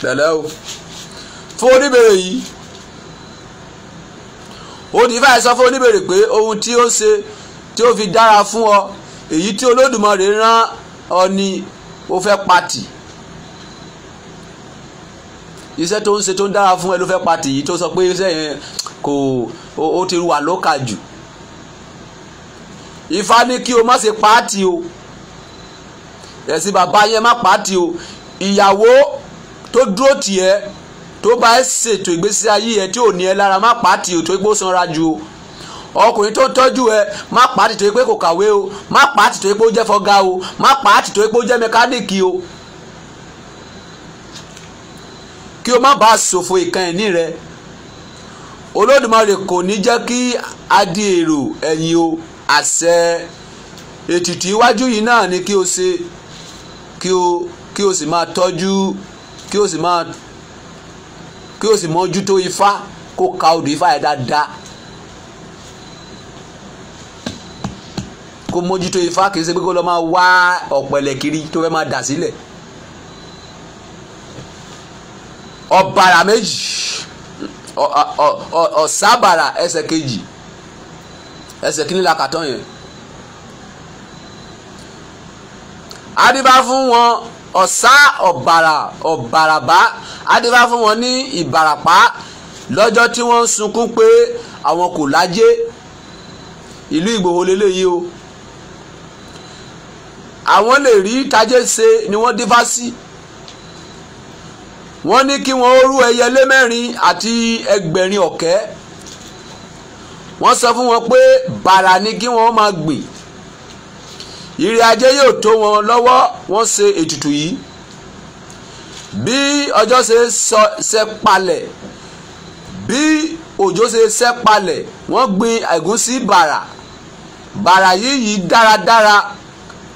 pẹ̀lẹ́ o fún oníbèrè yìí ó ti fẹ́ sọ fún oníbèrè pé ohun tí ó ṣe tí ó fi dára fún ọ èyí tí Olódùmarè rán ọ ni ó fẹ́ pati iṣẹ́ tó ń ṣe tó ń dára fún ẹ ló fẹ́ pati yìí tó sọ pé iṣẹ́ yẹn kò ó ti wà lókà jù Ifá kí o má ṣe pati o ẹ̀sìn bàbá yẹn má pàtì o ìyàwó tó dúró tiẹ̀ tó bá ẹ ṣètò ìgbésí ayé ẹ tí ò ní ẹ lára má pàtì o tó gbó sanra ju o ọkùnrin tó ń tọ́jú ẹ má pàtì tó yẹ pé kò kàwé o má pàtì tó yẹ pé ó jẹ́ fọ́gá o má pàtì tó yẹ pé ó jẹ́ mẹkáníìkì o kí o má bàa ṣòfò ìkan ìní rẹ olódùmarè kò ní jẹ́ kí a di èrò ẹ̀yìn o àṣẹ ètùtù iwájú yìí náà ni kí o ṣe kí o kí o sì máa tọ́jú kí o sì máa kí o sì mójútó ifá kó ka odù ifá yẹn dáadáa kó mójútó ifá kì í ṣe pé kó lọ máa wá ọ̀pẹ̀lẹ̀ kiri tó fẹ́ máa dà sílẹ̀ ọ̀bàrà méjì ọ̀sábàrà ẹsẹ̀ kejì ẹsẹ̀ kìíní la kàtọ́ yẹn. adébá fún wọn ọ̀sá ọ̀bàrà ọ̀bàràbá adébá fún wọn ní ìbàràpá lọ́jọ́ tí wọ́n ń sunkún pé àwọn kò lájẹ́ ìlú ìgbòho lélẹ́yìí o àwọn lè rí tajé ṣe ni wọ́n dífá sí wọ́n ní kí wọ́n rú ẹyẹlé mẹ́rin àti ẹgbẹ̀rin ọ̀kẹ́ wọ́n sọ fún wọn pé bàrà ni kí wọ́n máa gbìn ire ajé yóò tó wọn lọ́wọ́ wọ́n ṣe ètùtù yìí bí ọjọ́ ṣe ṣe palẹ̀ bí òjò ṣe ṣe palẹ̀ wọ́n gbin ẹ̀gúsí bàrà bàrà yìí yìí dáradára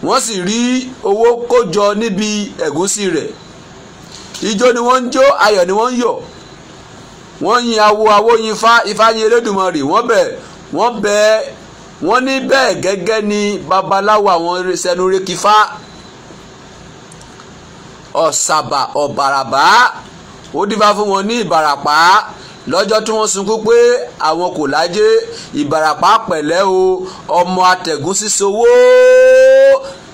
wọ́n sì rí owó kó níbi ẹ̀gúsí rẹ̀ ijó ni wọ́n ń jó ayọ̀ ni wọ́n ń yọ̀ wọ́n yin awo awo yin ifá ifá yin Elédùmarè wọ́n bẹ̀ wọ́n bẹ̀ wọ́n ní bẹ́ẹ̀ gẹ́gẹ́ ni babaláwo àwọn sẹnurékifá ọ̀sàbà ọ̀bàràbà ó dífá fún wọn ní ìbàràpá lọ́jọ́ tí wọ́n sunkún pé àwọn kò lájẹ́ ìbàràpá pẹ̀lẹ́ o ọmọ atẹ̀gùn sísowó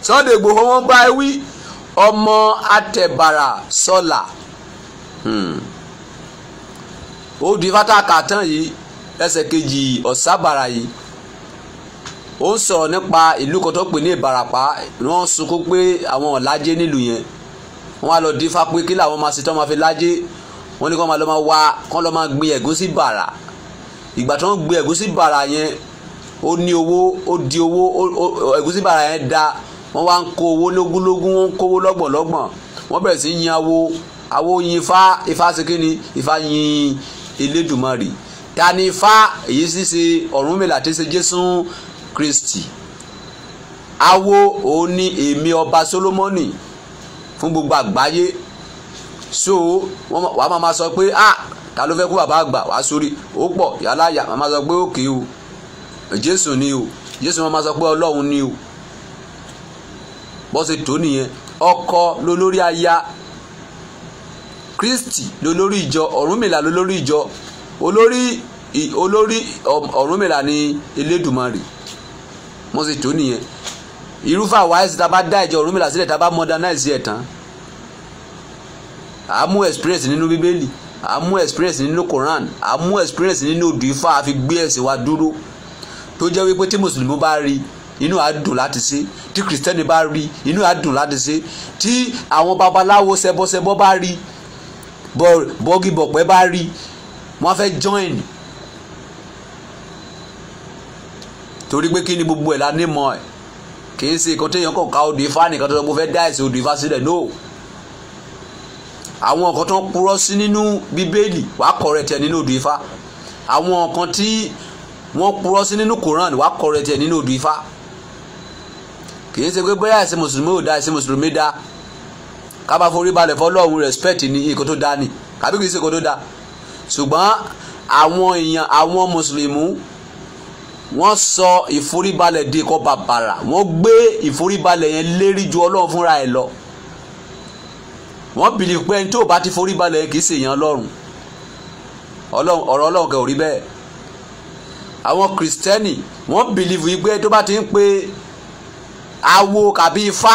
Sunday Igboho wọn bá wí ọmọ atẹ̀bàrà sọlà hmm. ó dífá tá a kà tán yìí ẹsẹ̀ kejì ọ̀sàbàrà yìí ó ń sọ̀rọ̀ nípa ìlú kan tó pè ní Ìbàràpá wọ́n sunkún pé àwọn ọ̀làjẹ́ nílùú yẹn wọ́n á lọ dín fápé kí làwọn máa ṣe tó máa fi lájẹ́ wọ́n ní kó máa lọ máa wá kó lọ máa gbin ẹ̀gúsí bàrà ìgbà tó ń gbin ẹ̀gúsí bàrà yẹn ó ní owó ó di owó ẹ̀gúsí bàrà yẹn da wọ́n wá ń kó owó lógúnlógún wọ́n ń kówó lọ́gbọ̀nlọ́gbọ̀n wọ́n bẹ̀rẹ̀ sí yin awo awo yin ifá ifá ṣe kíni ifá yin Elédùmarè ta ni ifá èyí sì ṣe Ọ̀rúnmìlà tí ṣe Jésù kristi awo òun ni èmi ọba solomoni fún gbogbo àgbáyé so wàá máa sọ pé a ah, ta ló fẹ́ kú bàbá àgbà wàá sórí ó pọ̀ yàrá yà máa sọ pé òkè o jésù ni o jésù máa sọ pé ọlọ́run ni o bó ṣe tó nìyẹn ọkọ lolórí aya kristi lolórí ìjọ ọ̀rúnmìlà lolórí ìjọ olórí olórí ọ̀rúnmìlà ni elédùmarè mo sì tó nìyẹn irúfẹ́ àwáyèsí tá a bá dá ìjọ Ọ̀rúnmìlà sílẹ̀ tá a bá modernize ẹ̀ tán à á mú experience nínú bíbélì à á mú experience nínú Quran à á mú experience nínú odù ifá àfi gbé ẹ̀sìn wa dúró tó jẹ́ wípé tí mùsùlùmí bá rí inú á dùn láti ṣe tí kìrìsìtẹ́nì bá rí inú á dùn láti ṣe tí àwọn babaláwo ṣẹbọṣẹbọ bá rí bọ́gìbọ̀pẹ́ bá rí wọ́n fẹ́ join torí pé kí ni gbogbo ẹ̀ la nímọ̀ ẹ̀ kì í ṣe nǹkan téèyàn kàn ká odò ifá nìkan tó sọ pé ó fẹ́ dá ẹ̀sìn odò ifá sílẹ̀ no àwọn nǹkan tó ń purọ́ sí nínú bíbélì wàá correct ẹ̀ nínú odò ifá àwọn nǹkan tí wọ́n purọ́ sí nínú koran wàá correct ẹ̀ nínú odò ifá kì í ṣe pé bóyá ẹ̀sìn mùsùlùmí ò da ẹ̀sìn mùsùlùmí da ká bá forí balẹ̀ fọlọ́run respect ní nǹkan tó da ni kàbí kì í ṣe nǹkan tó da ṣùgbọ́n àwọn èèyàn àwọn mùsùlùmí wọ́n sọ ìforíbalẹ̀ di kọ́ bàbàrà wọ́n gbé ìforíbalẹ̀ yẹn lérí ju ọlọ́run fúnra ẹ̀ lọ wọ́n bìlì pé ẹni tó bá ti foríbalẹ̀ yẹn kì í ṣèyàn ọlọ́run ọ̀rọ̀ ọlọ́run kẹ́ ò rí bẹ́ẹ̀ àwọn kìrìsìtẹ́nì wọ́n bìlìfù wípé tó bá ti ń pe awo kàbí ifá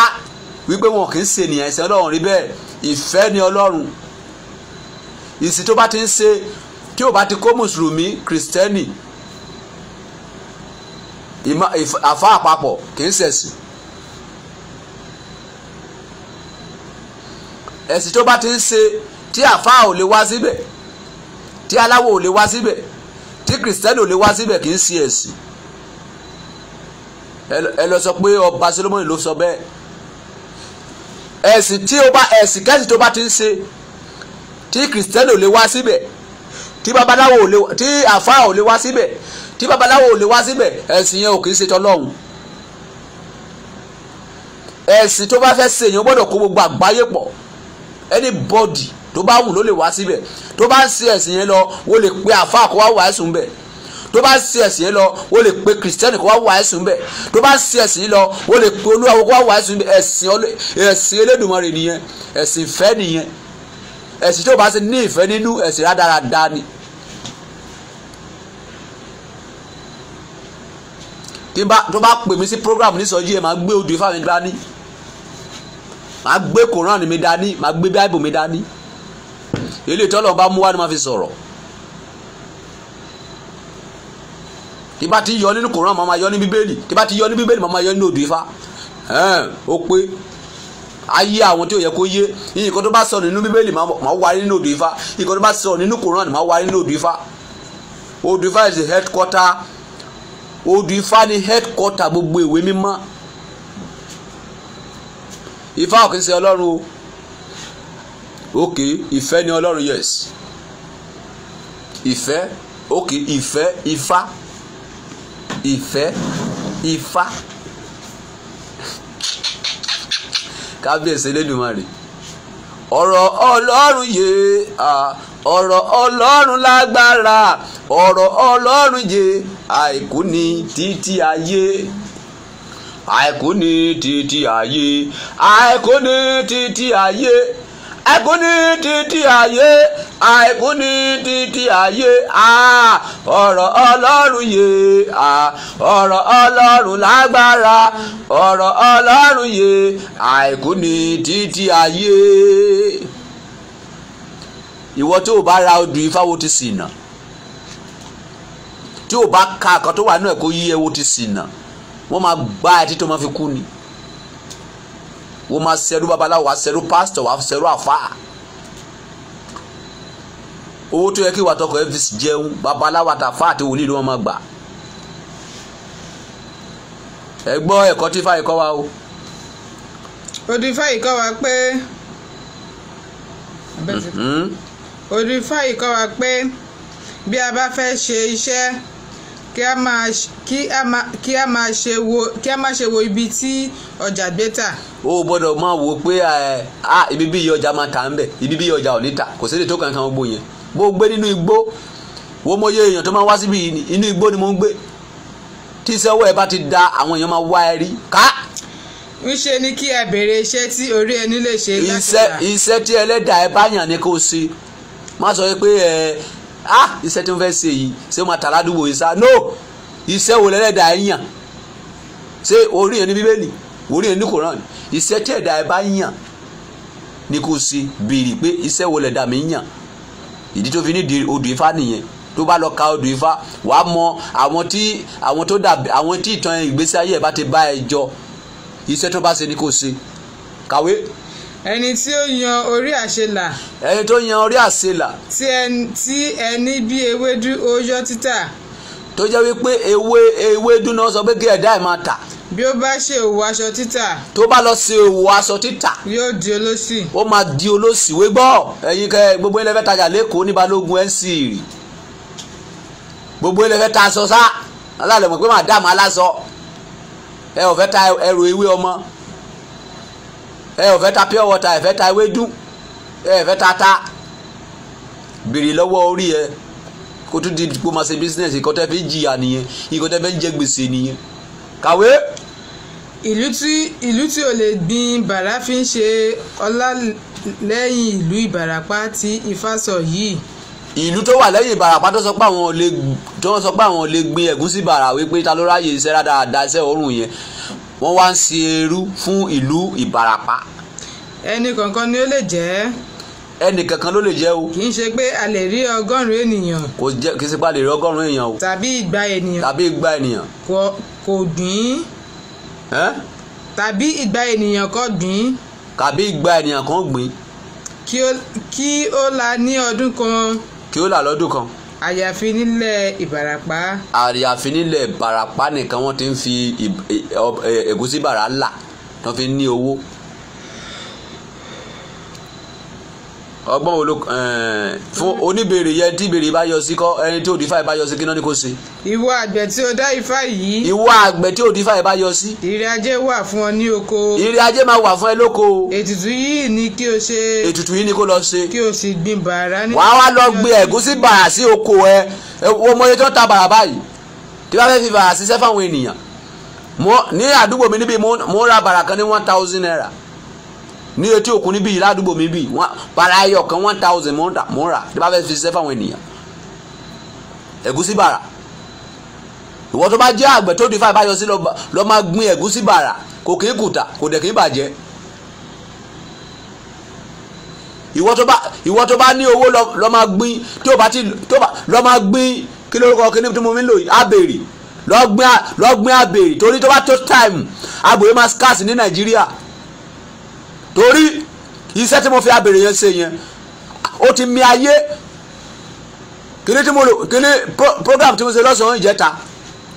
wípé wọn kì í ṣe ènìyàn ẹ̀sìn ọlọ́run rí bẹ́ẹ̀ ìfẹ́ ni ọlọ́run ìsìn tó bá ti ń ṣe tí ò bá ti kó mùsùlùmí kìrìsìtẹ́nì àfa àpapọ̀ kì í ṣẹ̀sìn ẹ̀sìn tó bá ti ń ṣe tí àfa ò lè wá síbẹ̀ tí aláwọ̀ ò lè wá síbẹ̀ tí kìrìsìtẹ́nì ò lè wá síbẹ̀ kì í ṣe ẹ̀sìn ẹ lọ sọ pé ọba Solomoni ló sọ bẹ́ẹ̀ ẹ̀sìn tí ó bá ẹ̀sìn kẹ́sìn tó bá ti ń ṣe tí kìrìsìtẹ́nì ò lè wá síbẹ̀ tí babaláwo ò lè wá tí àfa ò lè wá síbẹ̀ tí babaláwo ò lè wá síbẹ̀ ẹ̀sìn yẹn ò kì í ṣe tọ́lọ́hún ẹ̀sìn tó bá fẹ́ ṣe yẹn gbọ́dọ̀ kó gbogbo àgbáyé pọ̀ anybody tó bá wù ló lè wá síbẹ̀ tó bá ń ṣe ẹ̀sìn yẹn lọ wọ́n lè pe àfáà kó wá wàásù bẹ̀ tó bá ṣe ẹ̀sìn yẹn lọ wọ́n lè pe kìrìsìtẹ́nì kó wá wàásù bẹ̀ tó bá ṣe ẹ̀sìn yẹn lọ wọ́n lè pe olúwa kó wá wàásù bẹ̀ ẹ̀sìn Elédùmarè nìyẹn ẹ̀sìn ìfẹ́ nìyẹn ẹ̀sìn tó bá ṣe ní ìfẹ́ nínú ẹ̀sìn rádaràda ni. tí tó bá pè mí sí program nísọjí ẹ máa gbé odò ifá mi dání máa gbé koran mi dání máa gbé báìbù mi dání ilé ìtọ́lọ̀ bá mú wá ni máa fi sọ̀rọ̀ tí bá ti yọ nínú koran máa yọ ní bíbélì tí bá ti yọ ní bíbélì máa yọ nínú odò ifá ó pé ayé àwọn tí ò yẹ kó yé nǹkan tó bá sọ nínú bíbélì máa wárí nínú odò ifá nǹkan tó bá sọ nínú koran máa wárí nínú odò ifá odò ifá is the headquarter odù ifá ni headquarter gbogbo ìwé mímọ́ ifá ò kì í ṣe ọlọ́run o ok ìfẹ́ ni ọlọ́run yes ìfẹ́ ok ìfẹ́ ifá ìfẹ́ ifá kábíyèsí Elédùmarè ọ̀rọ̀ ọlọ́run yé a. Ah ọ̀rọ̀ ọlọ́run lágbára ọ̀rọ̀ ọlọ́run yé àìkú ní títí ayé àìkú ní títí ayé àìkú ní títí ayé àìkú ní títí ayé àìkú ní títí ayé ọ̀rọ̀ ọlọ́run yé ọ̀rọ̀ ọlọ́run lágbára ọ̀rọ̀ ọlọ́run yé àìkú ní títí ayé ìwọ tí o bá ra odù ifá wo ti ṣìnà tí o bá ka àkàn tó wà náà kó yí ẹ wo ti ṣìnà wọ́n máa gbá ẹ títí wọ́n máa fi kú ni wọ́n máa ṣẹrú babaláwo wá ṣẹrú pásítọ̀ wá ṣẹrú àfáà owó tó yẹ kí ìwà tọkọ elvis jẹun babaláwo àtàfáà àti wòlíì ni wọ́n máa gbà ẹ gbọ́ ẹ̀kọ́ tí fáyì kọ́ wa o. òdì fáyì kọ́ wa pé olùfàyè kọ́ wa pé bí a bá fẹ́ ṣe iṣẹ́ kí a máa ṣe wo kí a máa ṣe wo ibi tí ọjà gbé tà. o gbọ́dọ̀ máa wo pé a ibi bí iye ọjà máa tà ń bẹ ibi bí iye ọjà ò ní tà kò sí èdè tó kankan gbogbo yẹn bó gbé nínú igbó wo mọ iye èèyàn tó máa wá síbi inú igbó ni mo ń gbé tí sẹ́wọ́ ẹ bá ti da àwọn èèyàn máa wá ẹ rí ká. ń ṣe ni kí ẹ bèrè iṣẹ́ tí orí ẹni lè ṣe láti iṣẹ́ tí ẹlẹ́dàá ẹ bá yàn ni kó o má sọ pé ẹ ah iṣẹ́ tí mo fẹ́ ṣe yìí ṣé mo máa tà ládùúgbò yìí sá no iṣẹ́ wo lẹ́lẹ́dà ẹ̀ yàn ṣé orí yẹn ní bíbélì orí yẹn ní koran iṣẹ́ tí ẹ̀dá ẹ bá yàn ni kò sí béèrè pé iṣẹ́ wo lẹ́dà mi yàn ìdí tó fi ní odò ifá nìyẹn tó bá lọ ka odò ifá wà á mọ àwọn tí àwọn tó dàbí àwọn tí ìtàn ìgbésí ayé ẹ bá ti bá ẹ jọ iṣẹ́ tó bá ṣe ni kò ṣe kàwé ẹni tí ó yan orí àṣelà. ẹni tó yan orí àṣelà. tí ẹni tí ẹni bí ewédú ó yọ títà. tó jẹ́ wípé ewé ewédú náà sọ pé kí ẹ̀dá ẹ̀ máa tà bí ó bá ṣe òwò aṣọ títà. tó bá lọ ṣe òwò aṣọ títà. yóò di olóṣì. ó máa di olóṣì wé ẹ̀yin kẹ gbogbo ilẹ̀ fẹ́ tajà lẹ́kọ̀ọ́ ní balógun nc gbogbo ilẹ̀ fẹ́ ta aṣọ sá alálẹ̀ mọ̀ pé màá dá ẹ ò fẹ́ ta ẹrù ewé ọmọ ẹ ò fẹ́ ta pure water ẹ fẹ́ ta ewédú ẹ fẹ́ ta ta béèrè lọ́wọ́ orí ẹ kó tún di kó máa ṣe business ìkọ́ tẹ́ fi ń jìyà nìyẹn ìkọ́ tẹ́ fi ń jẹ gbèsè nìyẹn kàwé. ìlú tí ìlú tí olè gbin bàrà fi ń ṣe ọlá lẹ́yìn ìlú ìbàràpá tí ifá sọ yìí. ìlú tó wà lẹ́yìn ìbàràpá tó sọ pé àwọn olè tó sọ pé àwọn olè gbin ẹ̀gúsí bàrà wípé ta ló ráyè iṣẹ́ rádaràda iṣẹ́ òórùn yẹn wọ́n wá ń ṣe ẹrú fún ìlú Ìbàràpá. ẹnì kankan ni ó lè jẹ́. ẹnì kankan ló lè jẹ́ o. kì í ṣe pé a lè rí ọgọ́rùn-ún ènìyàn. kò jẹ́ kì í ṣe pé a lè rí ọgọ́rùn-ún ènìyàn o. tàbí igba ènìyàn. tàbí igba ènìyàn. kò kò dín. ẹ́. tàbí igba ènìyàn kò dín. tàbí igba ènìyàn kan gbìn. kí ó la ní ọdún kan. kí ó la lọ́dún kan àyàfi nílẹ̀ ìbàràpá. àyàfi nílẹ̀ ìbàràpá nìkan wọ́n ti ń fi ẹ̀gúsí bàrà là wọ́n fi ń ní owó. ọgbọ́n wo ló eh, fún oníbèrè yẹn tí ìbèrè bá yọ sí kọ́ ẹni tí òdìfà yìí bá yọ sí kí náà ni kò ṣe. ìwọ àgbẹ̀ tí o dá ifá yìí. ìwọ àgbẹ̀ tí òdìfà yìí bá yọ sí. ìrìn ajé wà fún ọ ní oko. ìrìn ajé máa wà fún ẹ lóko. ètùtù yìí ni kí o ṣe. ètùtù yìí ni kó lọ ṣe. kí o sì gbin bàrà ní. wàá wá lọ gbin ẹ̀gúsí bàrà sí oko ẹ wọ́n mọ iye tó ń ta bàrà báyìí tí wọ́n fẹ́ fi bàrà ṣiṣẹ́ fáwọn mo ra bàrà one thousand naira ní etí òkun níbí yìí ládùúgbò mi bí wọn bàrà ayọ̀ kan one thousand mò ń rà mò ń rà tí bá fẹ́ fi ṣiṣẹ́ fáwọn ènìyàn ẹ̀gúsí bàrà ìwọ tó bá jẹ́ àgbẹ̀ tó di fáì bá yọ sí lọ máa gbin ẹ̀gúsí bàrà kò kì í kùtà kò dẹ̀ kì í bàjẹ́ ìwọ tó bá ní owó lọ máa gbin tó bá ti tó bá lọ máa gbin kí lórúkọ kí ní tí mo fi ń lò yìí àbèrè lọ gbin àbèrè torí tó bá tó táìmù àbòyé máa scarce ní Nàìjíríà torí iṣẹ́ tí mo fi abèrè yẹn ṣe yẹn ó ti mi ayé kíní tí mo lò kíní program tí mo ṣe lọ́sàn-án ìjẹta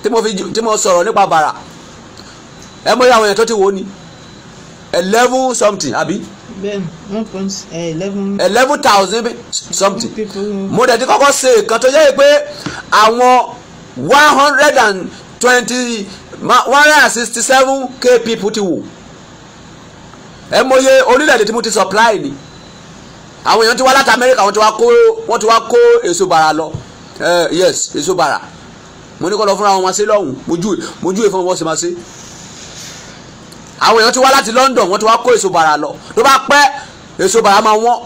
tí mo fi tí mo sọ̀rọ̀ nípa bàrà ẹ mọ àwọn èèyàn tó ti wò ó ni eleven something àbí. bẹ́ẹ̀ni one point eh, eleven. eleven thousand something mo dẹ̀ ti kọ́kọ́ ṣe nǹkan tó yẹ pé àwọn one hundred and twenty one hundred and sixty seven k people ti wò ẹ mọye orílẹ̀-èdè tí mo ti supply ni àwọn èèyàn ti wá láti Amẹ́ríkà wọ́n ti wá kó wọ́n ti wá kó èso bàrà lọ yes èso bàrà mo ní kọ́ lọ fúnra wọn máa ṣe lọ́hùn mo júwe fún wọn ṣe máa ṣe àwọn èèyàn ti wá láti London wọ́n ti wá kó èso bàrà lọ tó bá pẹ́ èso bàrà máa wọ́n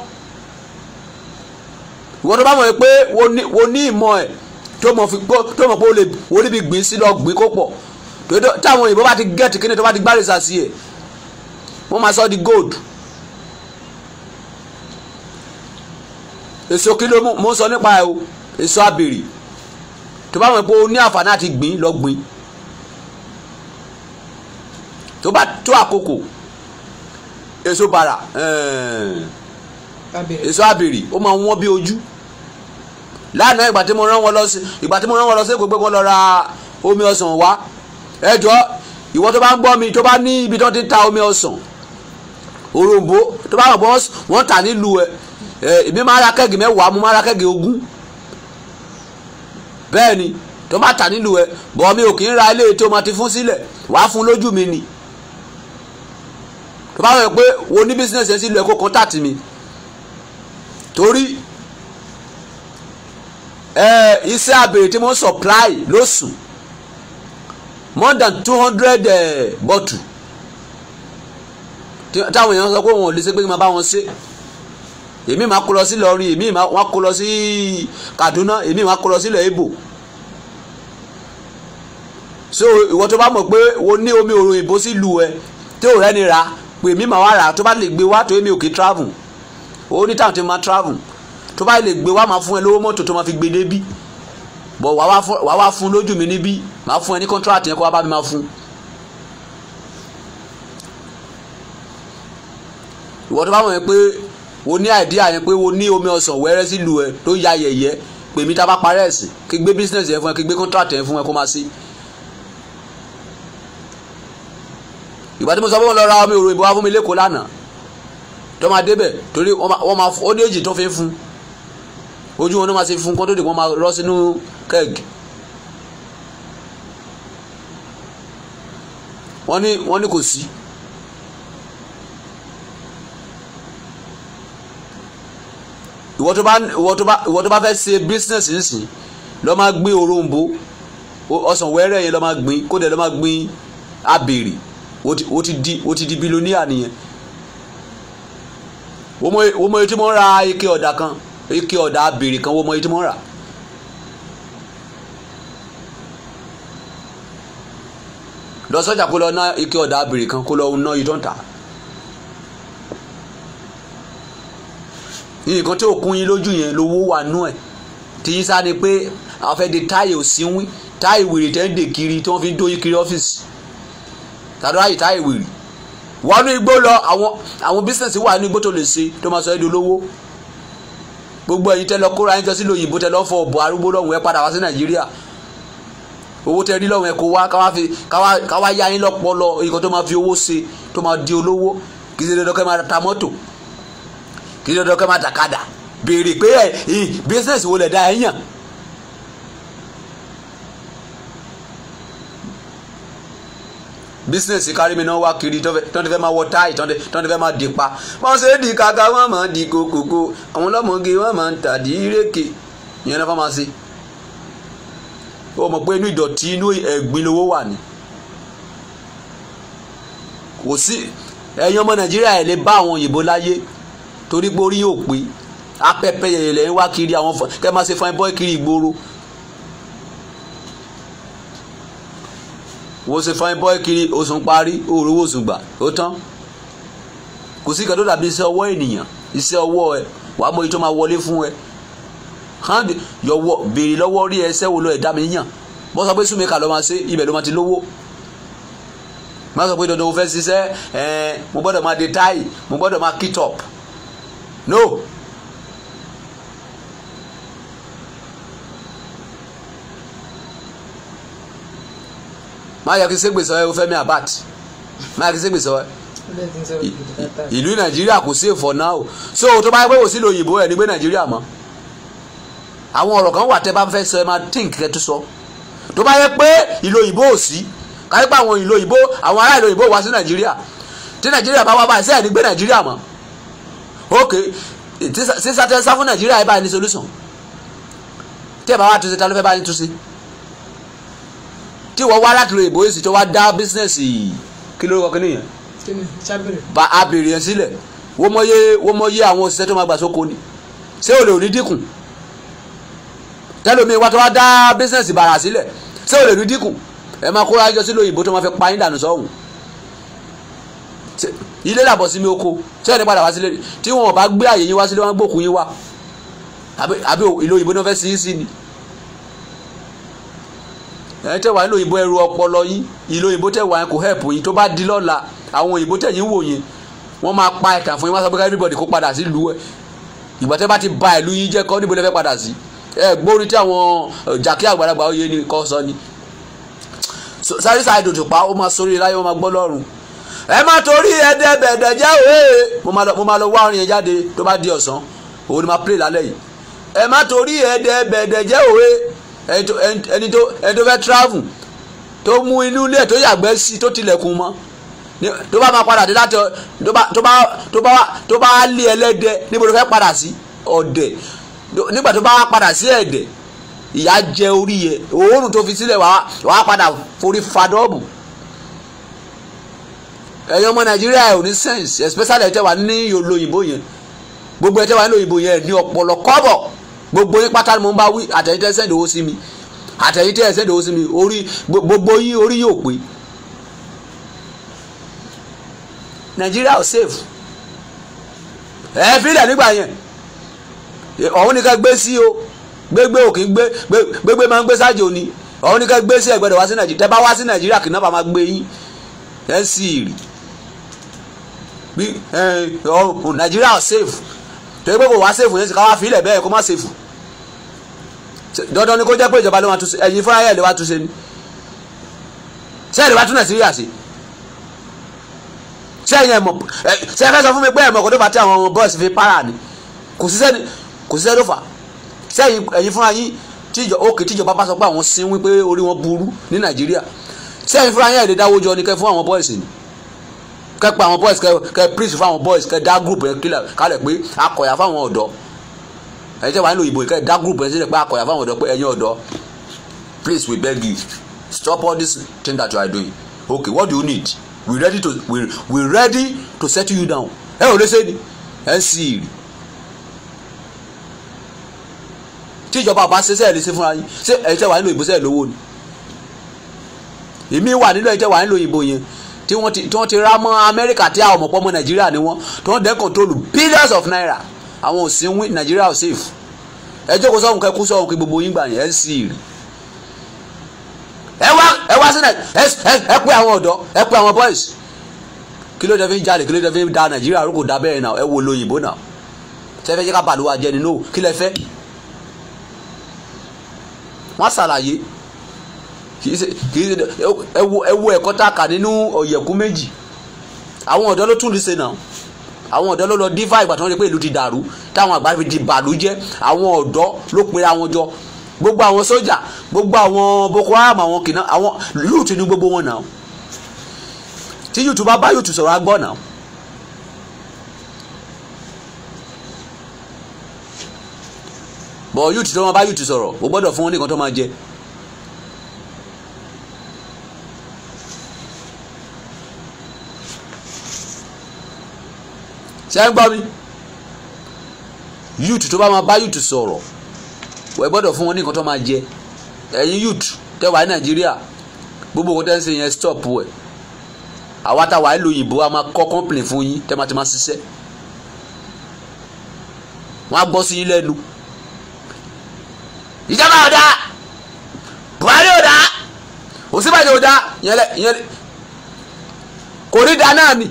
ìwọ tó bá mọ̀ pé wo ní ìmọ̀ ẹ̀ tó mọ̀ pé wo níbi gbìn sí lọ gbìn kó pọ̀ táwọn òyìnbó bá ti gẹ́ẹ̀tì kíni tó bá ti gbárèsà sí ẹ̀ wọ́n máa sọ di gold èso kí ló mú sọ nípa ẹ o èso abèrè tó bá mọ̀ pé o ní àǹfààní àti gbìn lọ gbìn tó bá tó àkókò èso bàrà eh, èso abèrè ó máa wọ́n bí ojú lánàá ìgbà tí mo rán wọn lọ sí ìgbà tí mo rán wọn lọ sí èkó pé lọ ra omi ọsàn wá ẹ jọ ìwọ tó bá ń gbọ́ mi tó bá ní ibi tó ti ń ta omi ọsàn òrombo tó bá wọ̀ bọ́ wọ́n tà nílùú ẹ̀ èmi máa ra kẹ́gì mẹ́wàá mo máa ra kẹ́gì ogún bẹ́ẹ̀ ni tó bá tà nílùú ẹ̀ bọ́ mi ò kì í ra ilé tí o máa ti fún sílẹ̀ wàá fún lójú mi ni tó bá wọ̀ pé wo ní bísíǹsì ẹ̀ sílùú ẹ̀ kó contact mi torí iṣẹ́ abèrè tí mo ń supply lóṣù more than two hundred eh, bottle táwọn èèyàn sọ pé wọn ò lè ṣe pé kí n máa bá wọn ṣe èmi máa kó lọ sí lọrin èmi máa kó lọ sí Kaduna èmi máa kó lọ sílẹ̀ Ìbò so ìwọ tó bá mọ̀ pé o ní omi òròyìnbó sí lu ẹ tí ò rẹ́ni ra pé èmi máa wá rà tó bá lè gbé wá tó èmi ò kì í travel ó ní táwọn tí máa travel tó bá lè gbé wá máa fún ẹ lówó mọ́tò tó máa fi gbé débí bọ̀ wá wá fún lójú mi níbí máa fún ẹ ní kọ́ńtrátì yẹn kó wá bá mi máa fún ìwọ tó bá mọ̀ yẹn pé wo ní àìdíà yẹn pé wo ní omi ọsàn wẹ́rẹ́ sílùú ẹ tó ya yẹ̀yẹ́ pèmí tá a bá parẹ́ ẹ̀sìn kí gbé bísínẹ̀sì yẹn fún ẹ kí gbé kọ́ńtàtì yẹn fún ẹ kó máa sí. ìgbà tí mo sọ pé wọ́n lọ ra omi òrò ìbò wá fún mi lẹ́kọ̀ọ́ lánàá tó máa débẹ̀ torí wọ́n máa ó ní èjì tó fi ń fún ojú wọn ló máa ṣe fún kó tó wọ́n máa rọ́ sínú kẹ́ẹ̀gì. wọ́n ní wọ́n ní kò sí ìwọ tó bá ìwọ tó bá ìwọ tó bá fẹ́ ṣe business nsìn lọ́ máa gbin òronbó ọsàn wẹ́rẹ́ yẹn lọ́ máa gbin kódà lọ́ máa gbin abèrè ó ti di ó ti di bilioníà nìyẹn wọ́n mọ etí mọ́ ra ike ọ̀dà kan ike ọ̀dà abèrè kan wọ́n mọ etí mọ́ ra. lọ sọ́jà kó lọ ná ike ọ̀dà abèrè kan kó lọ ná idán tà á. nǹkan tí òkun yín lójú yẹn lówó wà nú ẹ̀ tí yín sáré pé àfẹ́dé táyì òsínwín táyì wèrè tẹ́ ń dè kiri tí wọ́n fi ń dóyún kiri ọ́fíìsì tàdó àyè táyì wèrè wọnú igbó lọ àwọn àwọn bísíǹsì wà ní igbó tó lè ṣe tó máa sọ ẹ́ di olówó gbogbo ẹ̀yin tẹ́ lọ kóra yín jọ sí lóyìnbó tẹ́ lọ fọ ọ̀bọ̀ arúgbó lọ́hùn ẹ padà wá sí nàìjíríà owó tẹ́ rí lọ́hùn ẹ kó wá káwá yá yín lọ́pọ̀ lọ nǹkan tó máa fi owó ṣe tó máa di olówó kì ṣe dandan kẹ́ máa ta mọ́tò kí ló dọ́kẹ́ má takada béèrè pé ẹ bísíǹsì wo lẹ̀ dá ẹ yàn. bísíǹsì kárí mi náà wá kiri tán ti fẹ́ máa wọ táì tán ti fẹ́ máa dìpa wọ́n ṣe é di kàkà wọ́n máa di kòkòkò àwọn ọlọ́mọge wọ́n máa ń tà dí ìrèké ìyẹn náà fọ́nmá sí ó mọ̀ pé inú ìdọ̀tí inú ẹ̀gbin lowó wà ní kò sí ẹ̀yin ọmọ Nàìjíríà ẹ̀ lè bá àwọn òyìnbó láyé torí pé orí yóò pé apẹpẹ yẹlẹ ń wá kiri àwọn kẹ máa ṣe fine boy kiri ìgboro wọ́n ṣe fine boy kiri oṣù parí òòrùn owó oṣù gbà ó tán kò sí ìkàdó dàbí iṣẹ́ ọwọ́ ènìyàn iṣẹ́ ọwọ́ ẹ wàá mọ ìjọ máa wọlé fún ẹ hand yọwọ béèrè lọ́wọ́ rí ẹsẹ̀ wo lọ ẹ̀dá mi yàn wọ́n sọ pé súnmẹ́ka lọ́ máa ṣe ibẹ̀ ló máa ti lówó wọ́n sọ pé dandan mo fẹ́ ṣiṣẹ́ ẹ̀ mo gbọ́dọ̀ máa de táì mo gbọ́dọ̀ máa kítọ̀pù no máa yẹ kí ségbèsọ ẹ o Fẹ́mi Abat máa yẹ kí ségbèsọ ẹ ìlú Nàìjíríà kò sí èfọ náà o so tó bá yẹ pé kò sí lóyìnbó ẹ ní gbé Nàìjíríà mọ́ àwọn ọ̀rọ̀ kan wà tẹ́ bá fẹ́ sọ ẹ máa tí nǹkan tó sọ tó bá yẹ pé ìlú òyìnbó ò sí káyọ̀ pé àwọn ìlú òyìnbó àwọn ará ìlú òyìnbó wá sí Nàìjíríà tí Nàìjíríà bá wá báyìí sẹ́yìn ní gbé Nàìjíríà mọ́ ok ṣé sátẹ́sá fún nàìjíríà yìí báyìí ní solution tí ẹ̀ bá wà túnṣe ta ló fẹ́ báyìí túnṣe tí wọ́n wá láti lo ìbò èsì tó wá dá bísínẹ́sì kí ló wọ́n kíní yẹn bá a bèrè yẹn sílẹ̀ wọ́n mọ̀ yé wọ́n mọ̀ yé àwọn òṣìṣẹ́ tó máa gbà sóko ni ṣé olè ò ní dínkù tẹ́lómi wá tó wá dá bísínẹ́sì bàrà sílẹ̀ ṣé olè ò ní dínkù ẹ máa kóra jọ sílò ìbò tó máa fi pa yín dànù sọ́hùn ilé làbọ̀ sí mi oko tí wọ́n ti padà wá sílé tí wọ́n bá gbé àyè yín wá sílé wọ́n gbòkú yín wá àbí ìlú òyìnbó náà fẹ́ sí sí ni ẹ̀yin tẹ́ wà nílò òyìnbó ẹrù ọpọlọ yín ìlú òyìnbó tẹ́ wà yín kò help yín tó bá di lọ́la àwọn òyìnbó tẹ́ yín wò yín wọ́n máa pa ẹ̀tàn fún yín wọ́n sọ pé everybody kó padà sí ìlú ẹ̀ ìgbà tẹ́ bá ti ba ìlú yín jẹ́ kọ́ níbo lẹ fẹ́ padà sí ẹ ni kọ́ sọ ni sáré sáré dòdò pa ó máa sórí ẹ má torí ẹdẹ bẹ̀dẹ̀ jẹ́ òye mo máa lọ wá orin yẹn jáde tó bá di ọ̀sán òun ni máa play lálẹ́ yìí ẹ má torí ẹdẹ bẹ̀dẹ̀ jẹ́ òye ẹni tó ẹni tó fẹ́ travel tó mú inú ilé tó yàgbẹ́ sí tó tilẹ̀kùn mọ́ tó bá máa padà dé láti tó bá tó bá tó bá lé ẹlẹ́dẹ níbo ló fẹ́ padà sí ọ̀dẹ̀ nígbà tó bá padà sí ẹ̀dẹ̀ ìyá jẹ orí yẹ òórùn tó fi sílẹ̀ wàá padà forí fadọ́ọ̀bù ẹ̀yin ọmọ nàìjíríà ò ní sense especially ẹ̀ tẹ́ wà ní olóyìnbó yẹn gbogbo ẹ̀ tẹ́ wà ní olóyìnbó yẹn ní ọpọlọ kọ́bọ̀ gbogbo yín pátá ni mo ń bá wí àtẹ̀yìn tẹ́ sẹ́ndì owó sí mi àtẹ̀yìn tẹ́ sẹ́ndì owó sí mi orí gbogbo yín orí yóò pé nàìjíríà ò save ẹ̀ fílẹ̀ nígbà yẹn ọ̀hún nìkan gbé sí o gbégbé òkè gbé gbégbé máa ń gbé sájò ni ọ̀hún nìkan gbé sí ẹ̀gbẹ́dọ̀ wá sí nàìjíríà tẹ́ bá wá sí nàìjíríà kì náà bá máa gbé yín ẹ̀ sì rí nàìjíríà safe torí pé kò wá safe yẹn ká wá filẹ̀ bẹ́ẹ̀ kó má safe dandan ni kó jẹ́ pé ìjọba ló máa tún ṣe ẹ̀yin fúnra yẹn lè wá tún ṣe ni ṣé ẹ̀ lè wá tún nàìjíríà ṣe ṣé ẹ̀yin ẹ̀ mọ̀ ṣé ẹ fẹ́ sọ fún mi pé ẹ̀ mọ̀ kó tó fà tí àwọn bọ́ọ̀sì fi para ni kò síṣẹ́ ni kò síṣẹ́ ló fà ṣé ẹ̀yin fúnra yín tíjọ òkè tíjọba bá sọ pé àwọn sin wípé orí wọn burú ní nàìjíríà ṣé ẹ̀yin fúnra yẹn lè dáwó jọ ni kẹ́ fún àwọn bọ́ọ̀sì ni kẹ́ pa àwọn boys kẹ́ preach fáwọn boys kẹ́ dá group yẹn kílẹ̀ kálẹ̀ pé akọ̀yà fáwọn ọ̀dọ́ ẹ̀yin tẹ́ wàá nílò ìbò kẹ́ dá group yẹn sílẹ̀ pé akọ̀yà fáwọn ọ̀dọ́ pé ẹ̀yin ọ̀dọ́ please we beg you stop all this thing that you are doing okay what do you need we ready to we we ready to settle you down ẹ ò lè ṣe ni ẹ ń sì rí tí ìjọba àbá ṣe sẹ́ẹ̀ lè ṣe fúnra yín ṣé ẹ̀yin tẹ́ wàá nílò ìbò sẹ́ẹ̀ lówó ni èmi wà nílò ẹ̀yin tẹ́ wàá nílò ìbò yẹn tí wọ́n ti tí wọ́n ti rá mọ́ amẹ́ríkà tí àwọn ọmọpọ̀ ọmọ nàìjíríà ni wọ́n tí wọ́n dẹ́ kọ̀ntólù billions of naira àwọn ò sí win nàìjíríà ò safe ẹ jókòó sọ́hùn kẹ́kú sọ́hùn kí gbogbo yín gbà yẹn ẹ sì rí ẹ wá ẹ wá sí ẹ pé àwọn ọ̀dọ́ ẹ pé àwọn boys kí ló dé fi ń jalè kí ló dé fi ń da nàìjíríà rúkò da bẹ́ẹ̀ náà ẹ wo lóyìnbó náà tẹ́fẹ́ jẹ́ ká bàlúwà jẹ́ nínú kí lẹ fẹ́ wọ́n ṣàlàyé kì í ṣe kì í ṣe ẹ wo ẹ̀kọ́ tá a kà nínú ọ̀yẹ̀kú méjì àwọn ọ̀dọ́ ló tún lè ṣe náà àwọn ọ̀dọ́ ló lọ dífá ìgbà tí wọ́n rí pé ìlú ti dàrú táwọn àgbà fi di bàlújẹ́ àwọn ọ̀dọ́ ló pe àwọn jọ gbogbo àwọn sójà gbogbo àwọn boko haram àwọn kìnnà àwọn yúùtù ní gbogbo wọn náà tí yúùtù bá bá yúùtù sọ̀rọ̀ agbọ́ náà. bọ̀ yúùtù tó wọn bá yúùtù sọ̀rọ̀ o gbọ́dọ̀ fún wọn nìkan tó máa jẹ ṣé ń gbọ́ mi youth tó bá máa bá youth sọ̀rọ̀ wẹ́ gbọ́dọ̀ fún wọn ní nǹkan tó máa jẹ ẹ̀yin youth tẹ́ wà ní nàìjíríà gbogbo owó tẹ́ ń ṣe yẹn stop wẹ̀ àwa tá wàá lo òyìnbó a máa kọ́ complain fún yín tẹ́ máa ti máa ṣiṣẹ́ wọ́n á gbọ́ sí yín lẹ́nu ìjọba ò dáa buhari ò dáa òsínbàjò ò dáa yẹn lẹ yẹn kò ní dáa náà ni